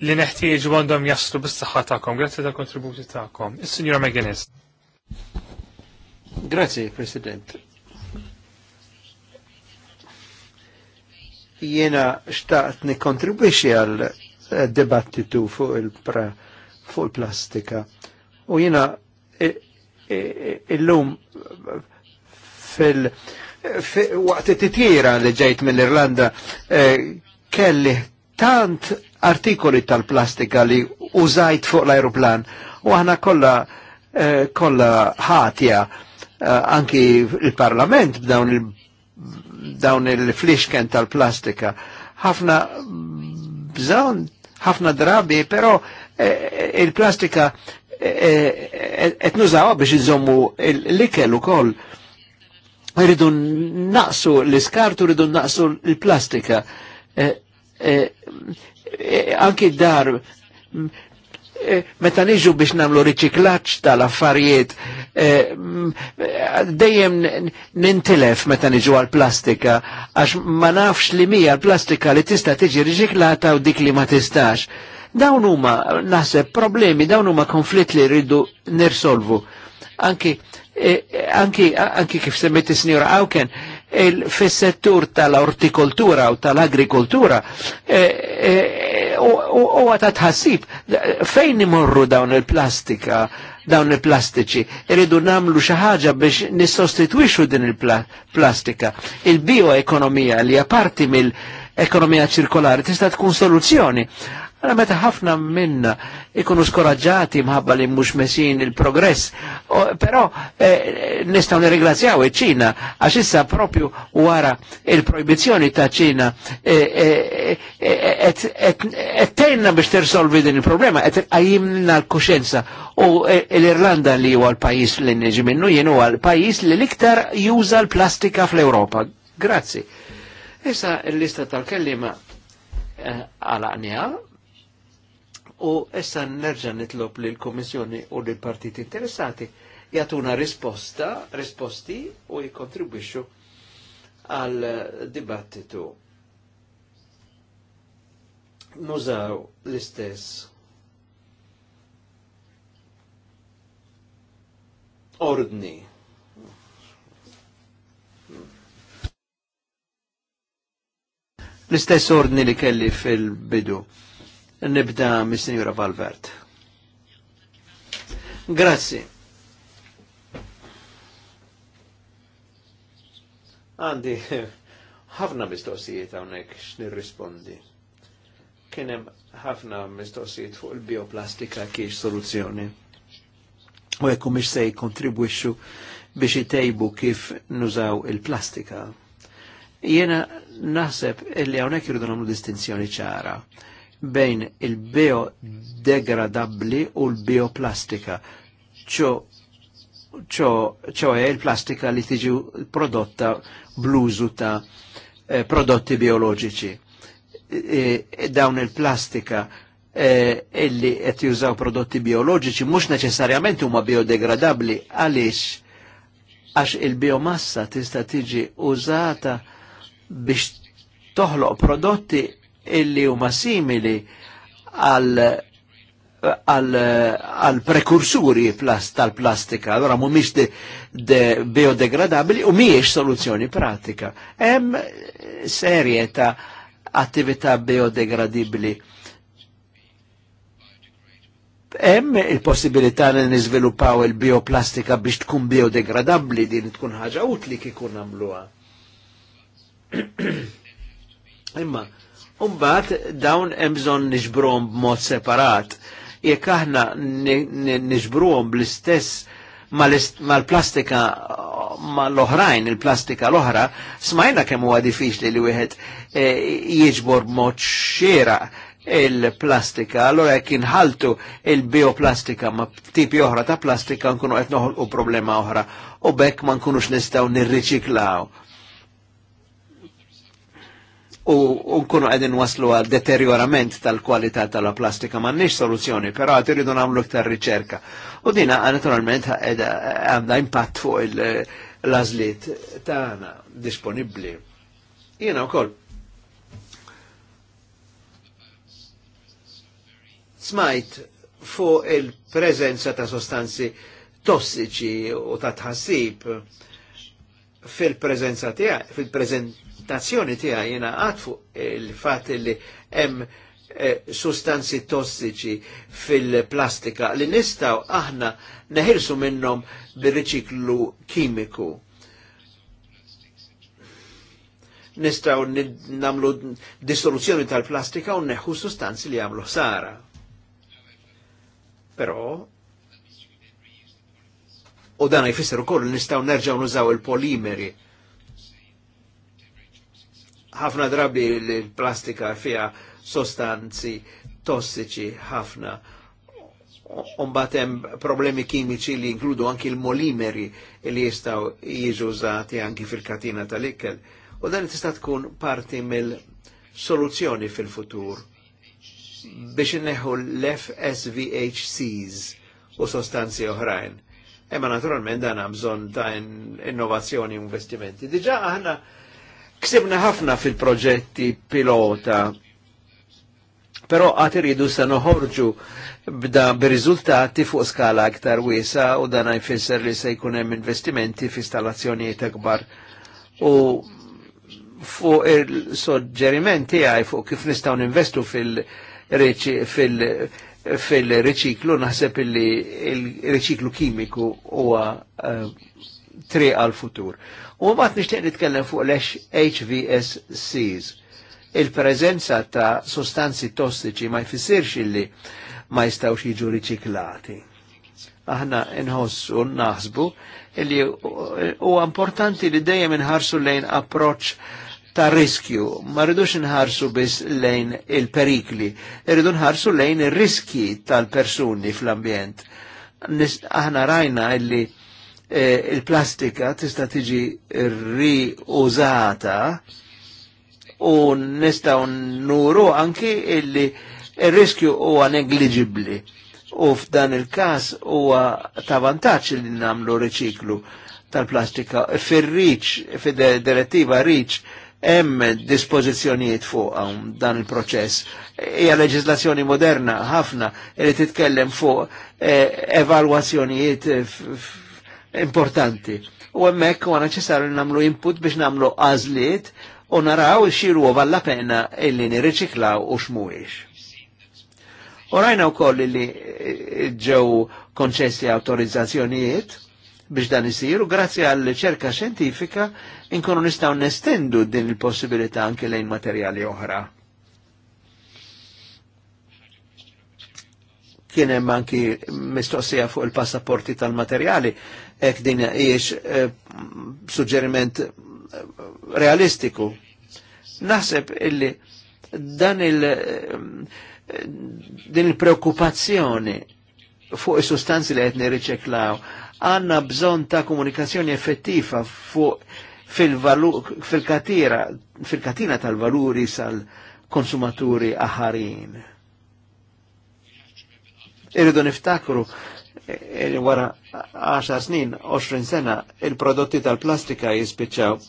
li neħtieġu għandhom jaslu bis-saħħa tagħkom. Grazzi tal kontributi tagħkom. Is-Sinjura Meganis. Grazzi, President. Jiena xtaqt kontribuixi għal eh, dibattitu fuq il plastika U jiena eh, eh, lum fil- waqt titjira li ġejt mill-Irlanda kelli tant artikoli tal-plastika li użajt fuq l-aeroplan u aħna kolla kolla ħatja anki il-parlament b'dawn il dawn il-flixken tal-plastika. Ħafna bżon, ħafna drabi, però eh, eh il-plastika eh, eh, qed eh, nużawha biex iżommu l-ikel ukoll. Rridu naqsu l-iskartu, rridu naqsu l-plastika. Anki dar meta niġu biex namlu riċiklaċ tal-affarijiet Eh, mm, dejjem nintilef meta niġu għal-plastika, għax ma nafx li mija l-plastika li tista' tiġi riġiklata u dik li ma tistax. Dawn huma naħseb problemi, dawn huma konflitt li rridu nirsolvu. Anki, eh, anki, anki kif is Sinjora Awken, fil settur tal-ortikoltura u tal-agrikoltura e, e, u għata tħassib fejn imorru dawn il-plastika dawn il-plastiċi iridu namlu xaħġa biex nissostitwixu din il-plastika il-bioekonomija li għaparti mill-ekonomija ċirkolari tista' tkun soluzzjoni Għara meta ħafna minna ikunu skoraġġati mħabba li mhux mesin il-progress, però eh, nistgħu nirringrazzjaw iċ-Ċina għax issa propju wara il-projbizzjoni ta' Ċina qed eh, eh, eh, tgħinna biex tersolvi din il-problema, qed qajjimna l-kuxenza u l-Irlanda li huwa l-pajjiż li niġi minnu jien huwa l-pajjiż li l-iktar juża l-plastika fl-Ewropa. Grazzi. Issa l-lista tal-kellima għalaqnija U essa nerġa' nitlob li l-Komissjoni u li partiti interessati jatuna risposta, risposti u jikontribuixu għal dibattitu. Nużaw l-istess ordni. L-istess ordni li kelli fil-bidu. Nibda mis-Sinjura Valvert. Grazzi. Għandi ħafna mistoqsijiet hawnhekk x'nirrispondi. Kien hemm ħafna mistoqsijiet fuq il-bioplastika kiex soluzzjoni. U hekk mhix se jikkontribwixxu biex itejbu kif nużaw il-plastika. Jiena naħseb illi hawnhekk irridu nagħmlu distinzjoni ċara bejn il-biodegradabli u l-bioplastika, ċo ċoħe il-plastika li tiġi prodotta bluzu ta' eh, prodotti biologiċi. E, e, dawn il-plastika eh, illi qed jużaw prodotti biologiċi mhux neċessarjament huma biodegradabbli għaliex għax il-biomassa tista' tiġi użata biex toħloq prodotti illi huma simili għal għal prekursuri tal-plastika, allora mumiex de, de biodegradabili u miex soluzzjoni pratika. Hem serje ta' attività biodegradibili. Hemm il-possibilità li niżviluppaw il-bioplastika biex tkun biodegradabbli din tkun ħaġa utli kif kun nagħmluha. [CLEARS THROAT] Imma Umbat dawn emżon bżonn nixbruhom b'mod separat. Jekk aħna nixbruhom bl-istess mal-plastika mal-oħrajn, il-plastika l-oħra, smajna kemm huwa diffiċli li wieħed eh, jiġbor b'mod xiera il-plastika, allora jekk inħaltu il-bioplastika ma' tipi oħra ta' plastika nkunu qed noħolqu problema oħra u bekk ma nkunux nistgħu nirriċiklaw u nkunu għedin waslu għal deteriorament tal-kwalità tal-plastika ma nix soluzzjoni, però għati rridu namlu ktar riċerka. U dina naturalment għanda impatt fuq l-azliet tagħna disponibbli. Jiena wkoll. Smajt fuq il-preżenza ta' sostanzi tossiċi u ta' tħassib fil-prezenza tiegħek, fil-prezentazzjoni tiegħi jiena għad fuq il-fatt li hemm eh, sustanzi tossiċi fil-plastika li nistaw aħna neħirsu minnom bir-riċiklu kimiku. Nistaw namlu dissoluzzjoni tal-plastika u neħu sustanzi li għamlu sara. Però U dan jfisser ukoll nistgħu nerġgħu nużaw il-polimeri. Ħafna drabi l-plastika fija sostanzi tossiċi ħafna. Umbat hemm problemi kimiċi li jinkludu anki l-molimeri li jistgħu jiġu użati anki fil-katina tal-ikkel. U dan tista' tkun parti mill-soluzzjoni fil-futur biex neħu l-FSVHCs u sostanzi oħrajn Ema naturalment dan bżon ta' innovazzjoni u investimenti. Diġa aħna ksibna ħafna fil-proġetti pilota, però għat iridu se noħorġu b'da b'riżultati fuq skala aktar wiesa u dan għajfisser li se jkun hemm investimenti f'istallazzjonijiet akbar. U fuq il sogġerimenti għaj fuq kif fil-, -reċi, fil- reċi fil- fil-riċiklu naħseb illi il-riċiklu kimiku huwa eh, tri għal-futur. U mbagħad nixtieq nitkellem fuq l-HVSCs. Il-preżenza ta' sostanzi tossiċi ma jfissirx illi ma jistawx jiġu riċiklati. Aħna nħossu naħsbu illi huwa importanti li dejjem inħarsu lejn approċċ ta' riskju. Ma rridux nħarsu biss lejn il-perikli, rridu nħarsu lejn ir-riski tal-persuni fl-ambjent. Aħna rajna illi eh, il-plastika tista' tiġi riużata u nistaw nuru anki illi il-riskju huwa negligibli u f'dan il-kas huwa ta' vantaġġ li namlu riċiklu tal-plastika. Fir-riċ, fid-direttiva riċ, hemm dispożizzjonijiet fuq dan il-proċess. Hija leġislazzjoni moderna ħafna li titkellem fuq eh, evalwazzjonijiet importanti. U hemmhekk huwa neċessarju nagħmlu input biex nagħmlu għażliet u naraw xiru valla pena illi nirriċiklaw u x'mhuwiex. U rajna wkoll li eh, ġew konċessi autorizzazzjonijiet biex dan isiru grazzi għall ċerka xjentifika inkunu nistaw nestendu din il-possibilità anke lejn materjali oħra. Kien hemm anki mistoqsija fuq il-passaporti tal-materjali, hekk din hijiex eh, suġġeriment eh, realistiku. Naħseb illi dan il eh, din il-preokkupazzjoni fuq is-sustanzi li qed nirriċeklaw għanna bżon ta' komunikazzjoni effettiva fuq fil-katina fil fil tal-valuri sal-konsumaturi aħarin. Irridu niftakru eh, eh, wara 10 snin, 20 sena, il-prodotti tal-plastika jispiċċaw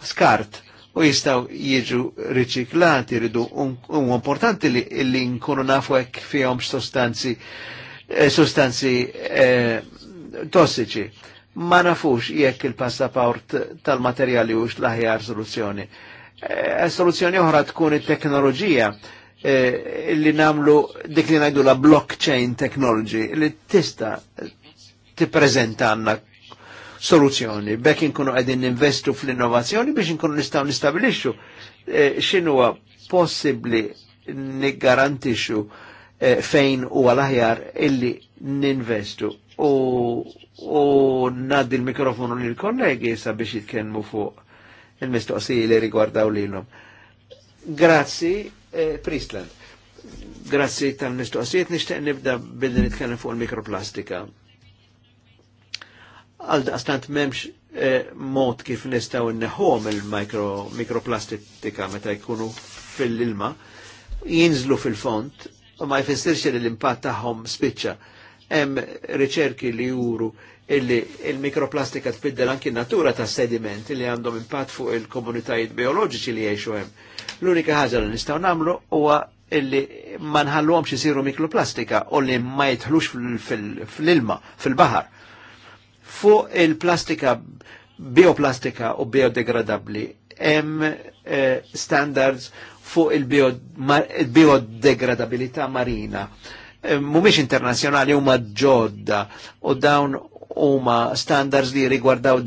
skart u jistaw jiġu riċiklati, irridu un, importanti li, nkunu nafu hekk fihom sostanzi eh, sostanzi tossiċi ma nafux jekk il-passaport tal-materjali u l-aħjar soluzzjoni. E, soluzzjoni oħra tkun it-teknoloġija e, li namlu dik li najdu la blockchain technology li tista tippreżentanna soluzzjoni. Bekk inkunu qegħdin investu fl-innovazzjoni biex inkunu nistgħu nistabilixxu e, x'inhuwa possibbli niggarantixxu fejn huwa l-aħjar illi ninvestu u u naddi l-mikrofonu lil kollegi sabiex jitkellmu fuq il-mistoqsiji li rigwardaw lilhom. Grazzi, eh, Priestland. Grazzi tal-mistoqsijiet nixtieq nibda billi nitkellem fuq il-mikroplastika. Għal daqstant memx eh, mod kif nistaw inneħħom il-mikroplastika meta jkunu fil-ilma, jinżlu fil-font u ma jfessirx li l-impatt tagħhom spiċċa Hemm riċerki li juru illi il-mikroplastika tbiddel anki natura ta' sediment li għandhom impatt fuq il-komunitajiet bioloġiċi li jgħixu hemm. L-unika ħaġa li nistgħu nagħmlu huwa illi ma nħallhomx isiru mikroplastika u li ma jitħlux fl-ilma, fil-baħar. Fuq il-plastika bioplastika u biodegradabbli hemm eh, standards fuq il-biodegradabilità marina Eh, mumiex internazjonali huma ġodda u dawn huma standards li rigwardaw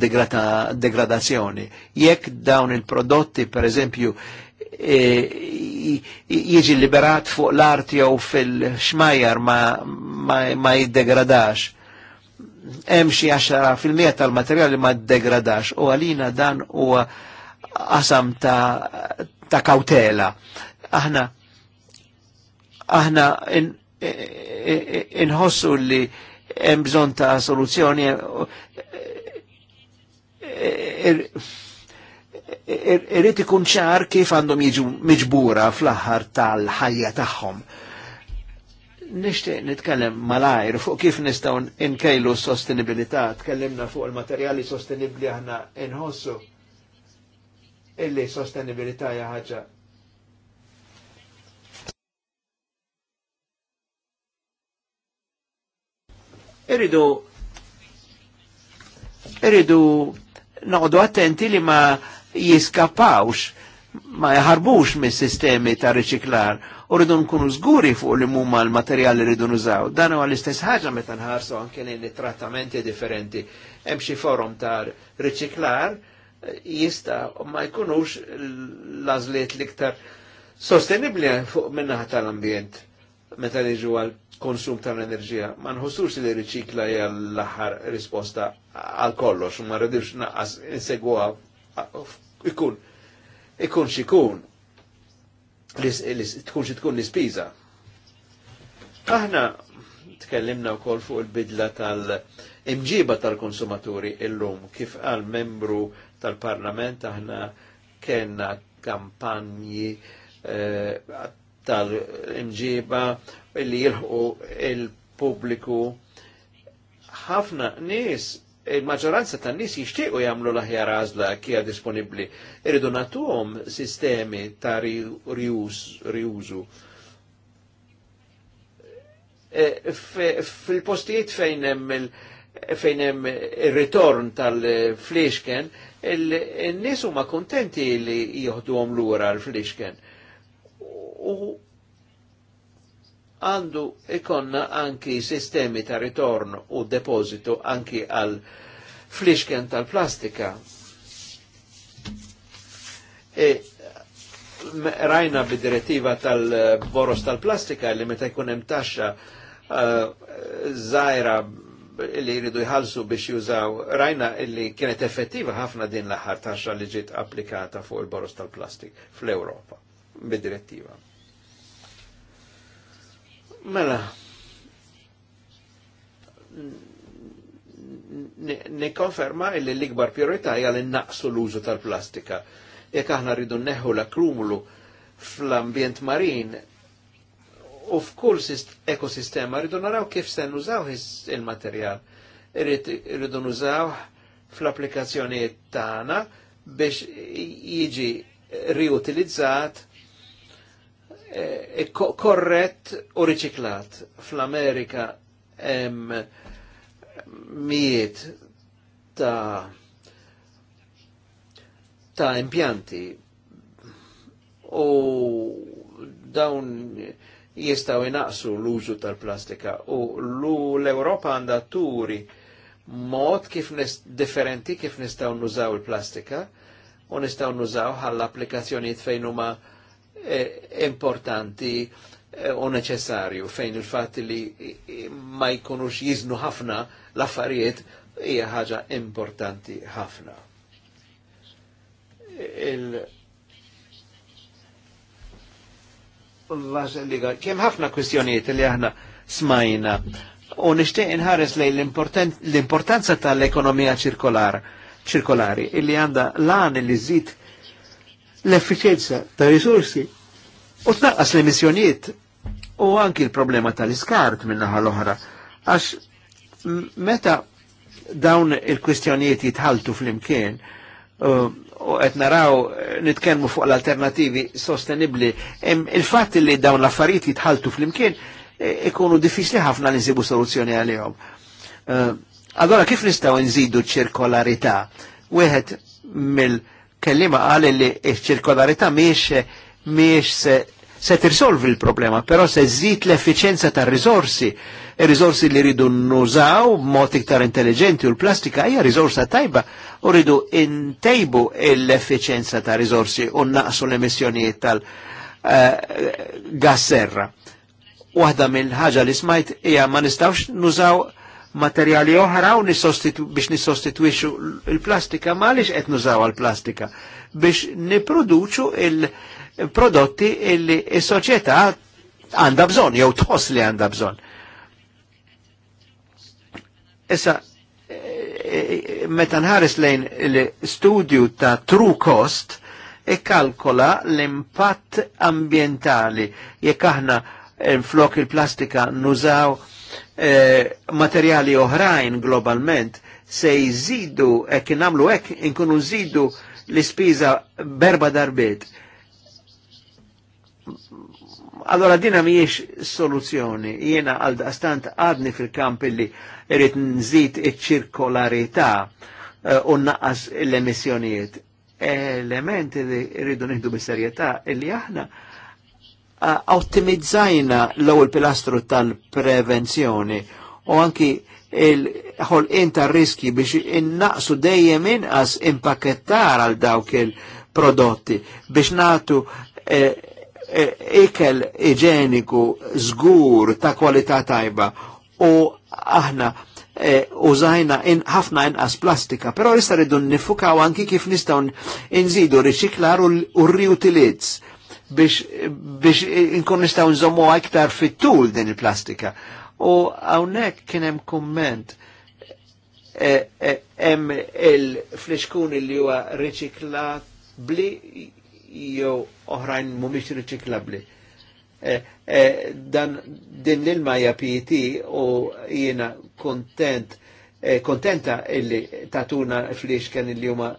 degradazzjoni. Jekk dawn il-prodotti, per eżempju, e, jieġi liberat fuq l-art jew fil-xmajjar ma, ma, ma jiddegradax. Hemm xi 10% tal-materjali ma jiddegradax u għalina dan huwa qasam ta', ta kautela. Aħna aħna inħossu li hemm bżonn ta' soluzzjoni er, er, irrid ikun ċar kif għandhom jiġu miġbura fl-aħħar tal-ħajja tagħhom. Nixtieq nitkellem malajr fuq kif nistgħu nkejlu s-sostenibilità, tkellimna fuq il-materjali sostenibbli aħna inħossu illi sostenibilità hija ħaġa Iridu iridu noqdu attenti li ma jiskapawx ma jħarbux mis sistemi ta' riċiklar u rridu nkunu żguri fuq li mumma l-materjal li rridu nużaw. Dan huwa l-istess ħaġa meta nħarsu anke lejn trattamenti differenti. Hemm xi forum ta' riċiklar jista' ma jkunux l azliet l-iktar sostenibbli fuq minnaħa tal-ambjent meta niġu għal konsum tal-enerġija. Ma nħossux li riċikla hija l-aħħar risposta għal kollox, ma rridux naqas insegwa ikun ikun xikun tkun xi tkun l-ispiża. Aħna tkellimna wkoll fuq il-bidla tal-imġiba tal-konsumaturi illum kif għal membru tal-Parlament aħna kenna kampanji eh, tal-imġiba li jilħu il-pubbliku. Ħafna nies il-maġġoranza tan nies jixtiequ jagħmlu l-aħjar għażla kija disponibbli. Irridu nagħtuhom sistemi ta' riużu. E, fil-postijiet fejn hemm fejn hemm ir-ritorn tal-fliexken, il nies huma kuntenti li jieħduhom lura l-fliexken u għandu ikonna anki sistemi ta' ritorn u depositu anki għal flixken tal-plastika. E, rajna bid-direttiva tal-boros tal-plastika li meta jkun hemm taxxa żgħira e, li jridu jħalsu biex jużaw, rajna illi kienet effettiva ħafna din l ħar taxxa li ġiet applikata fuq il-boros tal-plastik fl-Ewropa bid-direttiva. Mela, nikonferma ne, illi l-ikbar priorità hija li naqsu l-użu tal-plastika. Jekk aħna rridu neħu l-akrumulu fl-ambjent marin u f'kull ekosistema rridu naraw kif se nużaw il-materjal. Rridu nużaw fl-applikazzjonijiet tagħna biex jiġi riutilizzat korret eh, e u riċiklat. Fl-Amerika hemm mijiet ta' ta' impjanti u dawn jistaw inaqsu l-użu tal-plastika u l-Europa għanda turi mod kif differenti kif nistaw nużaw il-plastika u nistaw nużaw għall applikazzjoni fejn huma Eh, importanti u eh, neċessarju fejn il fat li ma jkunux jiznu ħafna l-affarijiet hija ħaġa importanti ħafna. Il... Kem ħafna kwistjonijiet li aħna smajna u nishtiq inħares lej l-importanza tal-ekonomija ċirkolari, ċirkolari illi għanda lan li zid l-effiċenza ta' risorsi u tnaqqas l-emissjonijiet u anki l-problema tal-iskart minnaħa l-oħra. Għax meta dawn il-kwistjonijiet jitħaltu fl-imkien uh, u qed naraw nitkellmu fuq l-alternativi sostenibbli, il-fatt li dawn l-affarijiet jitħaltu fl-imkien e, ikunu diffiċli ħafna li nsibu soluzzjoni għalihom. Uh, allora kif nistgħu nżidu ċirkolarità? Wieħed mill- ma għal li ċirkolarità miex miex se, se tirsolvi il problema però se zit l-efficienza ta' risorsi, e risorsi li ridu nużaw mod iktar intelligenti u l-plastika hija risorsa tajba u ridu intejbu l-efficienza ta' risorsi u naqsu l-emissjonijiet tal-gas eh, serra. Waħda mill-ħaġa li smajt hija ma nistawx nużaw materjali oħra u biex nissostitwixu il-plastika ma għaliex qed nużaw għal-plastika biex niproduċu il-prodotti illi s-soċjetà għandha bżonn jew tħoss li għandha bżonn. Issa meta nħares lejn l-studju ta' true cost kalkola l-impatt ambientali jekk aħna eh, flok il-plastika nużaw E, materjali oħrajn globalment se jżidu, ek nagħmlu hekk inkunu nżidu l-ispiża berba darbiet. Allora dina mhijiex soluzzjoni, jiena għal stant għadni fil-kamp illi irrit nżid iċ-ċirkolarità e, u naqqas naqas l-emissjonijiet. Elementi li rridu nieħdu bis-serjetà illi aħna ottimizzajna l-ewwel pilastru tal-prevenzjoni u anki il-ħolqien inta riski biex innaqsu dejjem inqas impakettar għal dawk il-prodotti biex natu ikel iġeniku żgur ta' kwalità tajba u aħna użajna ħafna inqas plastika, però issa rridu nifukaw anki kif nistgħu nżidu riċiklar u r-riutilizz biex, biex inkun nistaw nżommu aktar fit-tul din il-plastika. U hawnhekk kien hemm kumment e, e, hemm e, il-fliskun li huwa riċiklabli jew oħrajn mhumiex riċiklabbli. E, e, dan din l-ilma hija PET u jiena kontent e, kontenta illi tatuna kien illi huma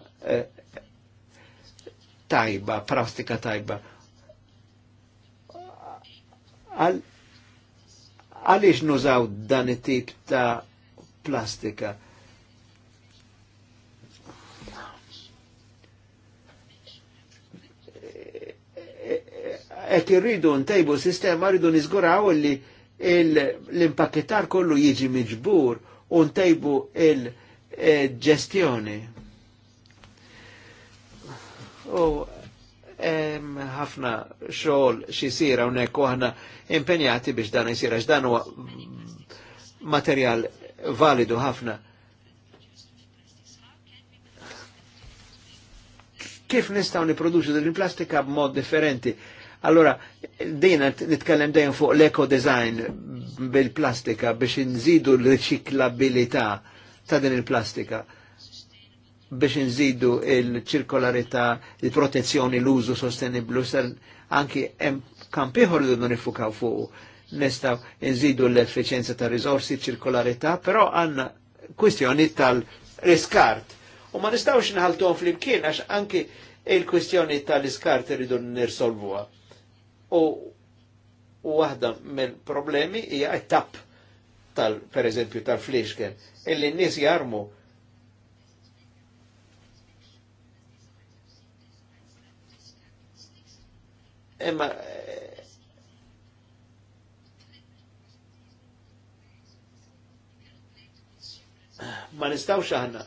tajba, prastika tajba għalix nużaw dan it-tip ta' plastika? Ek irridu ntejbu sistema, rridu nizguraw li l-impakettar kollu jiġi miġbur u ntejbu il-ġestjoni ħafna xogħol xi jsir hawnhekk u aħna impenjati biex dan jsir għax dan huwa materjal validu ħafna. Kif nistgħu niproduċu din il-plastika b'mod differenti? Allora, dejna nitkellem dejjem fuq l-eco design bil-plastika biex nżidu l-riċiklabilità ta' din il-plastika biex nżidu il-ċirkolarità, il-protezzjoni, l-użu sostenibli, sal anki hemm kampiħor li dun nifukaw fuq nistaw nżidu l-efficienza ta' risorsi, ċirkolarità, però għanna kwistjoni tal-riskart. U ma nistawx għom fl-imkien għax anki il-kwistjoni tal-iskart irridu nirsolvuha. U waħda minn problemi hija etapp tal per eżempju tal-fliexken illi n-nies jarmu Imma eh, ma nistaw xaħna.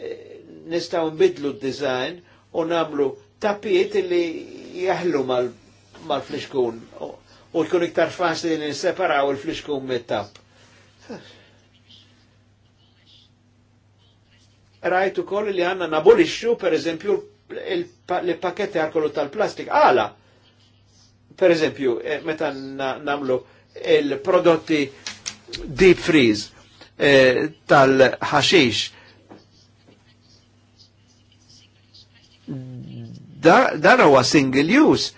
Eh, nistaw nbidlu d-design u namlu tapiet li jahlu mal-fliskun mal u tkun iktar faċli li nseparaw il-fliskun mit-tap. Rajtu koll li għanna nabolixxu per eżempju il-paketti għarkollu tal-plastik għala. Per eżempju, eh, meta namlu il-prodotti deep freeze eh, tal-ħaxix, dan huwa single use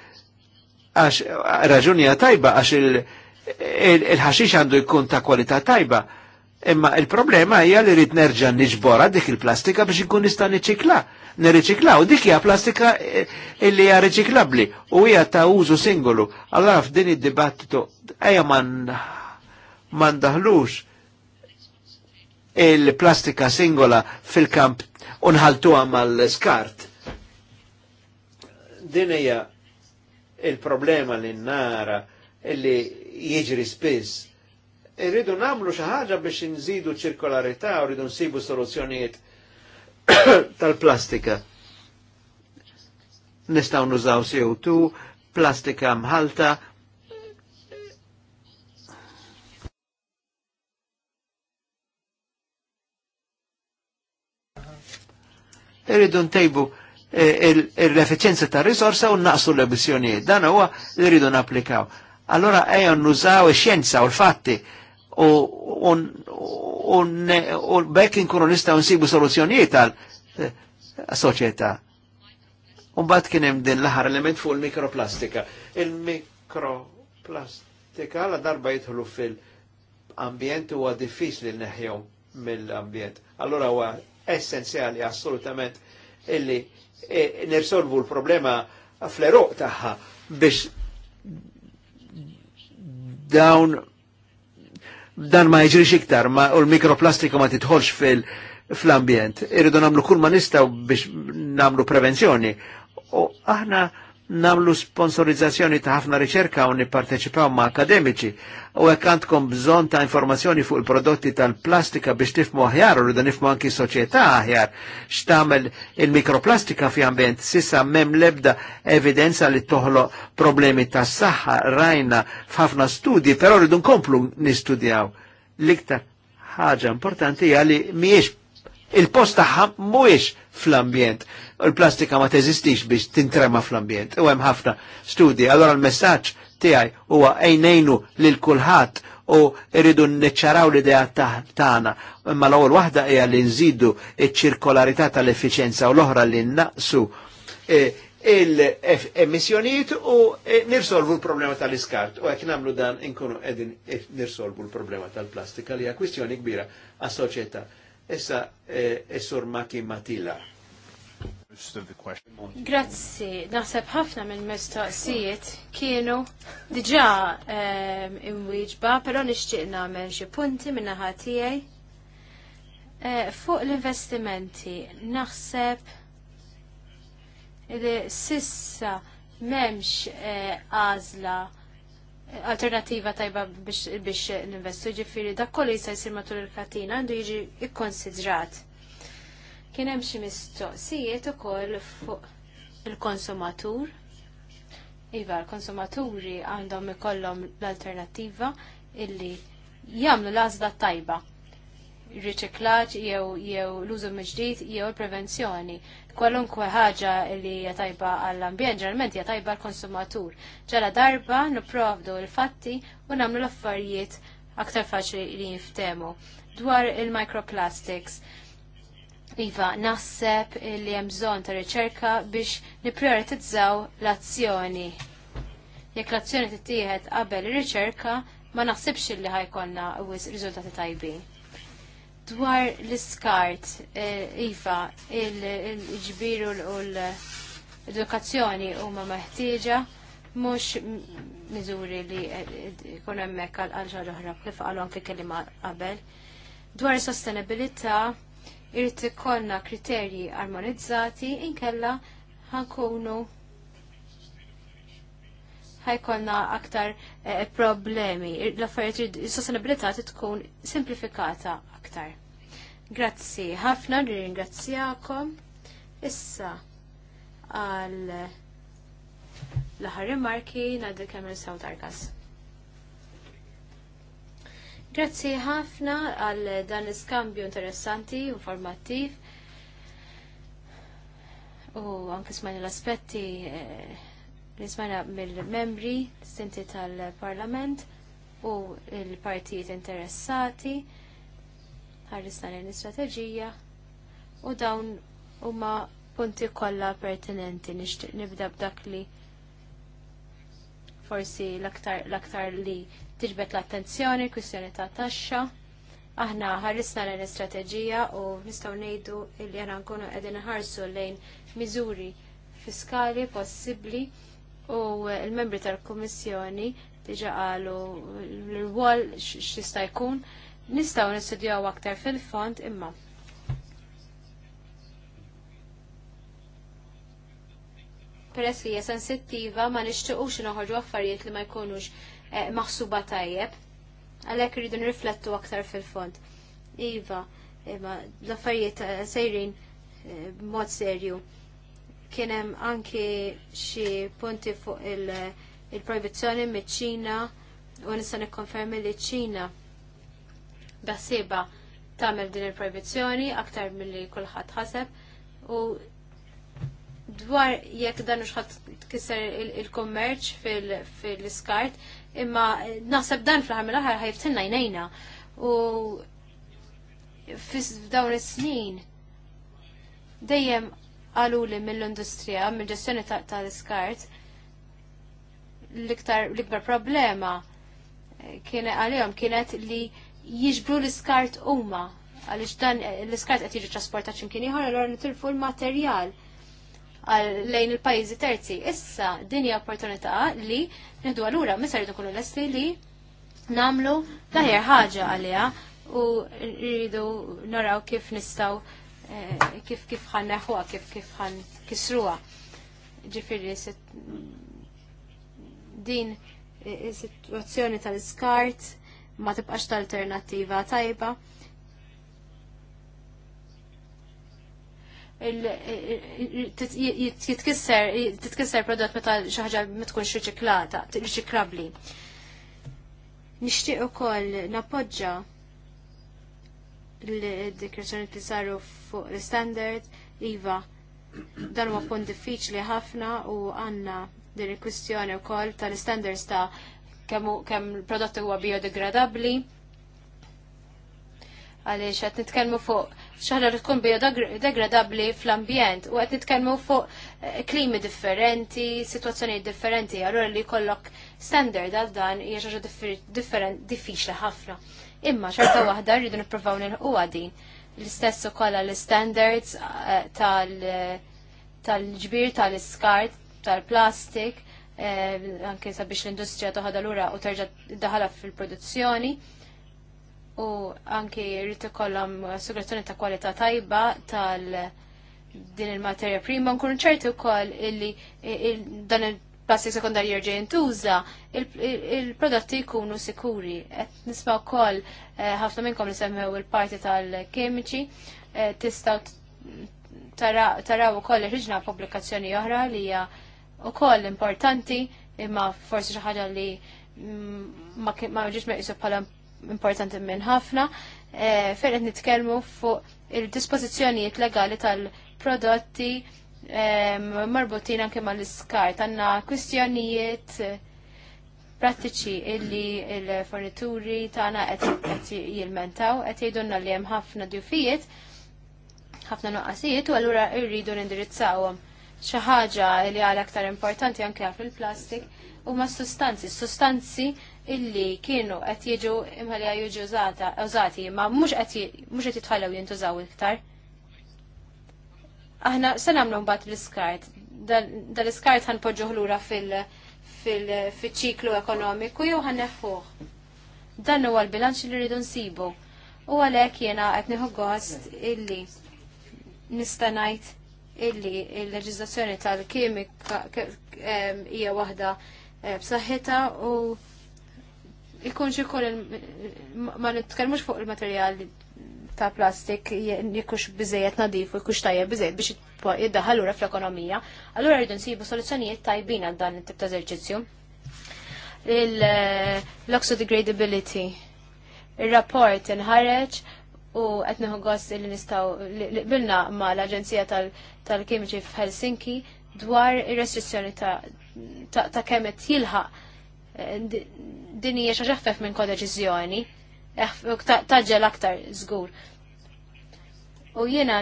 għax raġunija tajba għax il-ħaxix għandu jkun ta' kwalità tajba. Imma il-problema hija li rrid nerġa' niġbora dik il-plastika biex ikun nista' niċċikla nirriċiklaw. Dik hija plastika eh, illi hija riċiklabbli u hija ta' użu singolu. Allora f'din id-dibattitu ejja ma ndaħlux il-plastika singola fil-kamp unħaltuha mal-skart. Din hija il-problema li nara illi jiġri spiss irridu namlu xi ħaġa biex nżidu ċirkolarità u rridu nsibu soluzzjonijiet [COUGHS] tal-plastika. Nistaw nużaw CO2, plastika mħalta, Irridu ntejbu eh, l-efficienza ta' risorsa u naqsu l-emissjonijiet. Dan huwa li rridu napplikaw. Allora ejon nużaw ix-xjenza u l-fatti u u bekk inkunu nistaw nsibu soluzzjonijiet għal eh, soċjetà. Umbagħad kien hemm din l-aħħar element fuq il-mikroplastika. Il-mikroplastika la darba jidħlu fil-ambjent huwa diffiċli neħjom mill-ambjent. Allora huwa essenzjali assolutament illi e, nirsolvu l-problema fl-eruq tagħha biex dawn dan ma jġriġ iktar, ma u l-mikroplastiku ma titħolx fil- fl-ambjent. Irridu namlu kull ma nistaw biex namlu prevenzjoni. U aħna namlu sponsorizzazzjoni ta' ħafna riċerka u nipparteċipaw ma' akademiċi u għekantkom bżon bżonn ta' informazzjoni fuq il-prodotti tal-plastika biex tifmu aħjar u rridu nifmu anki soċjetà aħjar xtamel il-mikroplastika fi ambjent sissa m'hemm lebda evidenza li toħlo problemi tas-saħħa rajna f'ħafna studji, però rridu nkomplu nistudjaw. L-iktar ħaġa importanti għali li mhijiex il-post taħħa mhuwiex fl-ambjent. Il-plastika ma teżistix biex tintrema fl-ambjent. U hemm ħafna studji. Allora l-messaġġ tiegħi huwa ejnejnu lil kulħadd u irridu neċċaraw l-idea tagħna. Imma l-ewwel waħda hija li nżidu ċ-ċirkolarità tal-effiċenza u l-oħra li naqsu e, il-emissjonijiet u e, nirsolvu l-problema tal-iskart. U għek namlu dan inkunu edin nirsolvu l-problema tal-plastika li hija kwistjoni kbira għas-soċjetà. Issa, Essur eh, eh, Maki Matila. Grazzi, naħseb ħafna minn mistoqsijiet kienu diġa ehm, imwieġba, pero nixtieq nagħmel xi punti minn naħa tiegħi. Eh, fuq l-investimenti, naħseb li sissa m'hemmx għażla eh, alternativa tajba biex l-investu ġifiri dak kolli jisa jsir matul il-katina għandu jiġi ikkonsidrat. Kien hemm xi mistoqsijiet ukoll fuq il-konsumatur. Iva, l-konsumaturi għandhom ikollhom l-alternativa illi jagħmlu l-għażla tajba riċiklaġġ jew jew l-użu miġdid jew prevenzjoni Kwalunkwe ħaġa li hija tajba għall-ambjent ġeralment jatajba tajba għall-konsumatur. Ġala darba nipprovdu l-fatti u nagħmlu l-affarijiet aktar faċli li jinftemu. Dwar il-microplastics. Iva, naħseb li hemm bżonn ta' riċerka biex nipprioritizzaw l-azzjoni. Jekk l-azzjoni tittieħed qabel ir-riċerka, ma naħsibx li ħajkonna riżultati tajbin. Dwar l-iskart, eh, Iva, il-ġbir u l-edukazzjoni huma meħtieġa mhux miżuri li jkun eh, hemmhekk għal ħaġa l-oħra kif qalu anke kelima qabel. Dwar is-sostenibilità irid ikollna kriterji armonizzati inkella ħankunu ħajkolna aktar eh, problemi. L-affarijiet sostenibilità tkun simplifikata iktar. Grazzi ħafna, ringrazzjakom. Issa għal l-ħar rimarki nadil Cameron South Arkas. Grazzi ħafna għal dan iskambju interessanti, informattiv u anke smajna l-aspetti eh, li smajna mill-membri, stinti tal-parlament u l-partijiet interessati ħarrisna l-istrateġija u dawn huma punti kollha pertinenti nibda b'dak li forsi l-aktar li tiġbet l-attenzjoni, kwistjoni ta' taxxa. Aħna ħarrisna l-istrateġija u nistgħu ngħidu li aħna nkunu qegħdin ħarsu lejn miżuri fiskali possibbli u l-membri tal-Kummissjoni diġa qalu l-rwol x'jista' jkun Nistaw nistudjaw aktar fil-font imma. Peress li hija sensittiva ma nixtiequx noħorġu affarijiet li ma jkunux eh, maħsuba tajjeb. Għalhekk rridu nriflettu aktar fil-font. Iva, imma l-affarijiet eh, sejrin eh, b'mod serju. Kien hemm anki xi punti fuq il-proibizzjoni miċ-Ċina u nista' nikkonfermi li ċ-Ċina daħsiba tagħmel din il-proibizzjoni aktar milli kulħadd ħaseb u dwar jekk dan uxħat kisser il-kommerċ fil-iskart imma naħseb dan fl-ħar aħar aħħar jnejna u f'dawn is-snin dejjem li mill-industrija, mill-ġestjoni tal-iskart, l-iktar l-ikbar problema kien għalihom kienet li jiġbru l-iskart huma għaliex dan l-iskart qed jiġi trasportat x'imkien ieħor allura nitilfu l-materjal lejn il-pajjiżi terzi. Issa din hija opportunità li nieħdu allura misa rridu l lesti li namlu daħjar ħaġa għaliha u rridu naraw kif nistaw eh, kif kif ħan neħwa, kif kif ħan kisruha. Ġifiri, din eh, is-situazzjoni tal-iskart ma tibqax alternativa alternattiva tajba. Titkisser prodott meta xi ħaġa ma tkunx riċiklata, riċiklabbli. Nixtieq ukoll nappoġġa l-dikrazzjoni li saru fuq l-standard, iva, dan huwa punt diffiċli ħafna u għandna din il-kwistjoni wkoll tal-standards ta' kemm il prodotti huwa biodegradabbli. Għaliex qed nitkellmu fuq xaħra li tkun biodegradabbli fl-ambjent u qed nitkellmu fuq eh, klimi differenti, situazzjoni differenti, għallura li kollok standard għal dan hija xi differenti diffiċli ħafna. Imma xorta waħda rridu nippruvaw nilħu din. L-istess ukoll l-standards eh, eh, tal-ġbir tal-iskart tal-plastik Eh, anke sabiex l-industrija toħada lura u terġa' daħala fil-produzzjoni u anke jrid ikollhom assigurazzjoni ta' kwalità tajba tal din il-materja prima nkunu ċerti wkoll illi dan il-plastik sekundar jerġa' jintuża il-prodotti jkunu sikuri. Qed nisma' wkoll eh, ħafna minnkom li semmew il-parti tal-kemiċi eh, tistgħu taraw ukoll irriġna pubblikazzjoni oħra li hija koll importanti imma forsi xi ħaġa li mm, ma ġiġ meqisu bħala importanti minn ħafna e, fejn qed nitkellmu fuq il-dispożizzjonijiet legali tal-prodotti e, marbutin anke mal iskart għandna kwistjonijiet prattiċi illi il-fornituri tagħna qed jilmentaw, qed jgħidulna li hemm ħafna dufijiet, ħafna nuqqasijiet u allura rridu nindirizzawhom xi ħaġa li għal aktar importanti anke fil-plastik huma s sustanzi, sustanzi illi kienu qed jiġu li jiġu użati, ma mhux qed mhux qed jitħallew jintużaw iktar. Aħna se nagħmlu mbagħad l-iskart. Dal-iskart ħanpoġġuh lura fil-ċiklu ekonomiku jew ħanneħħuh. Dan huwa l-bilanċ li rridu nsibu. U għalhekk jiena qed nieħu gost illi nista' ngħid illi il-leġizzazzjoni tal-kimika hija waħda eh, b'saħħitha u jkun ukoll ma nitkellmux fuq il-materjali ta' plastik jekux biżejjed nadif u jkux tajjeb biżejjed biex jiddaħal ura fl-ekonomija, allura rridu nsibu soluzzjonijiet tajbin għal dan it-tip ta' eżerċizzju. Eh, l-oxodegradability. Il-rapport inħareġ u qed neħu gost li nistgħu li bilna ma l-Aġenzija tal-Kimiċi f'Helsinki dwar ir-restrizzjoni ta' kemm qed jilħaq eh, din hija xi ġaffef minn kodeċiżjoni eh, taġġel aktar żgur. U jiena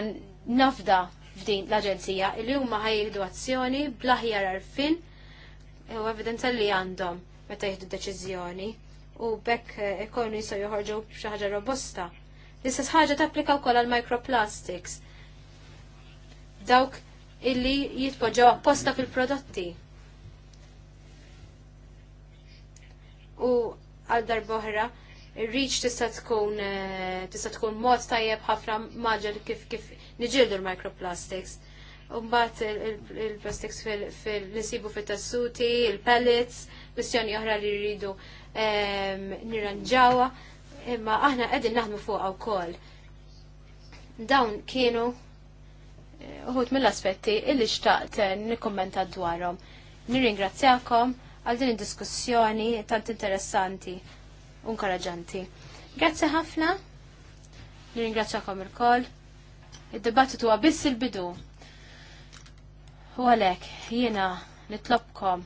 nafda f'din l-Aġenzija li huma ħajjieħdu azzjoni bl-aħjar arfin eh, u evidenza li għandhom meta jieħdu deċiżjoni u bekk ikonu jisaw joħorġu b'xi ħaġa robusta. L-istess ħaġa tapplika wkoll għal microplastics. Dawk illi jitpoġġaw apposta fil-prodotti. U għal darboħra, il-reach tista' tkun eh, tista' tkun mod tajjeb ħafna maġel kif kif niġildu l-microplastics. Umbat il-plastics fil-nisibu fil-tassuti, il-pellets, missjoni oħra li rridu ehm, nirranġawa imma aħna qegħdin naħdmu fuqha wkoll. Dawn kienu eh, uħut mill-aspetti illi xtaqt eh, nikkommenta dwarhom. Nirringrazzjakom għal din id-diskussjoni tant interessanti u inkoraġanti. Grazzi ħafna. Nirringrazzjakom il Id-dibattitu huwa biss il-bidu. U għalhekk jiena nitlobkom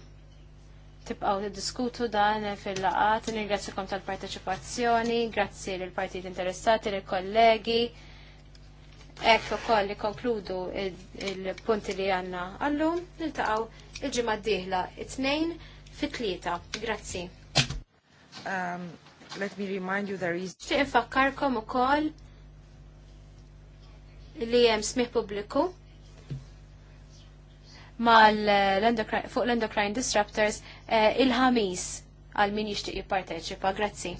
tibqaw diskutu dan fil-laqat, ningrazzikom tal-parteċipazzjoni, grazzi lill partit interessati, lill kollegi Ekk ukoll li konkludu il-punti li għandna għallum, niltaqgħu il-ġimgħa d-dieħla it-tnejn fit-tlieta. Grazzi. Um, let me remind you there is Xtieq infakkarkom ukoll li hemm smih pubbliku fuq l-endocrine disruptors eh, il-ħamis għal min jixtieq jipparteċipa. Grazzi.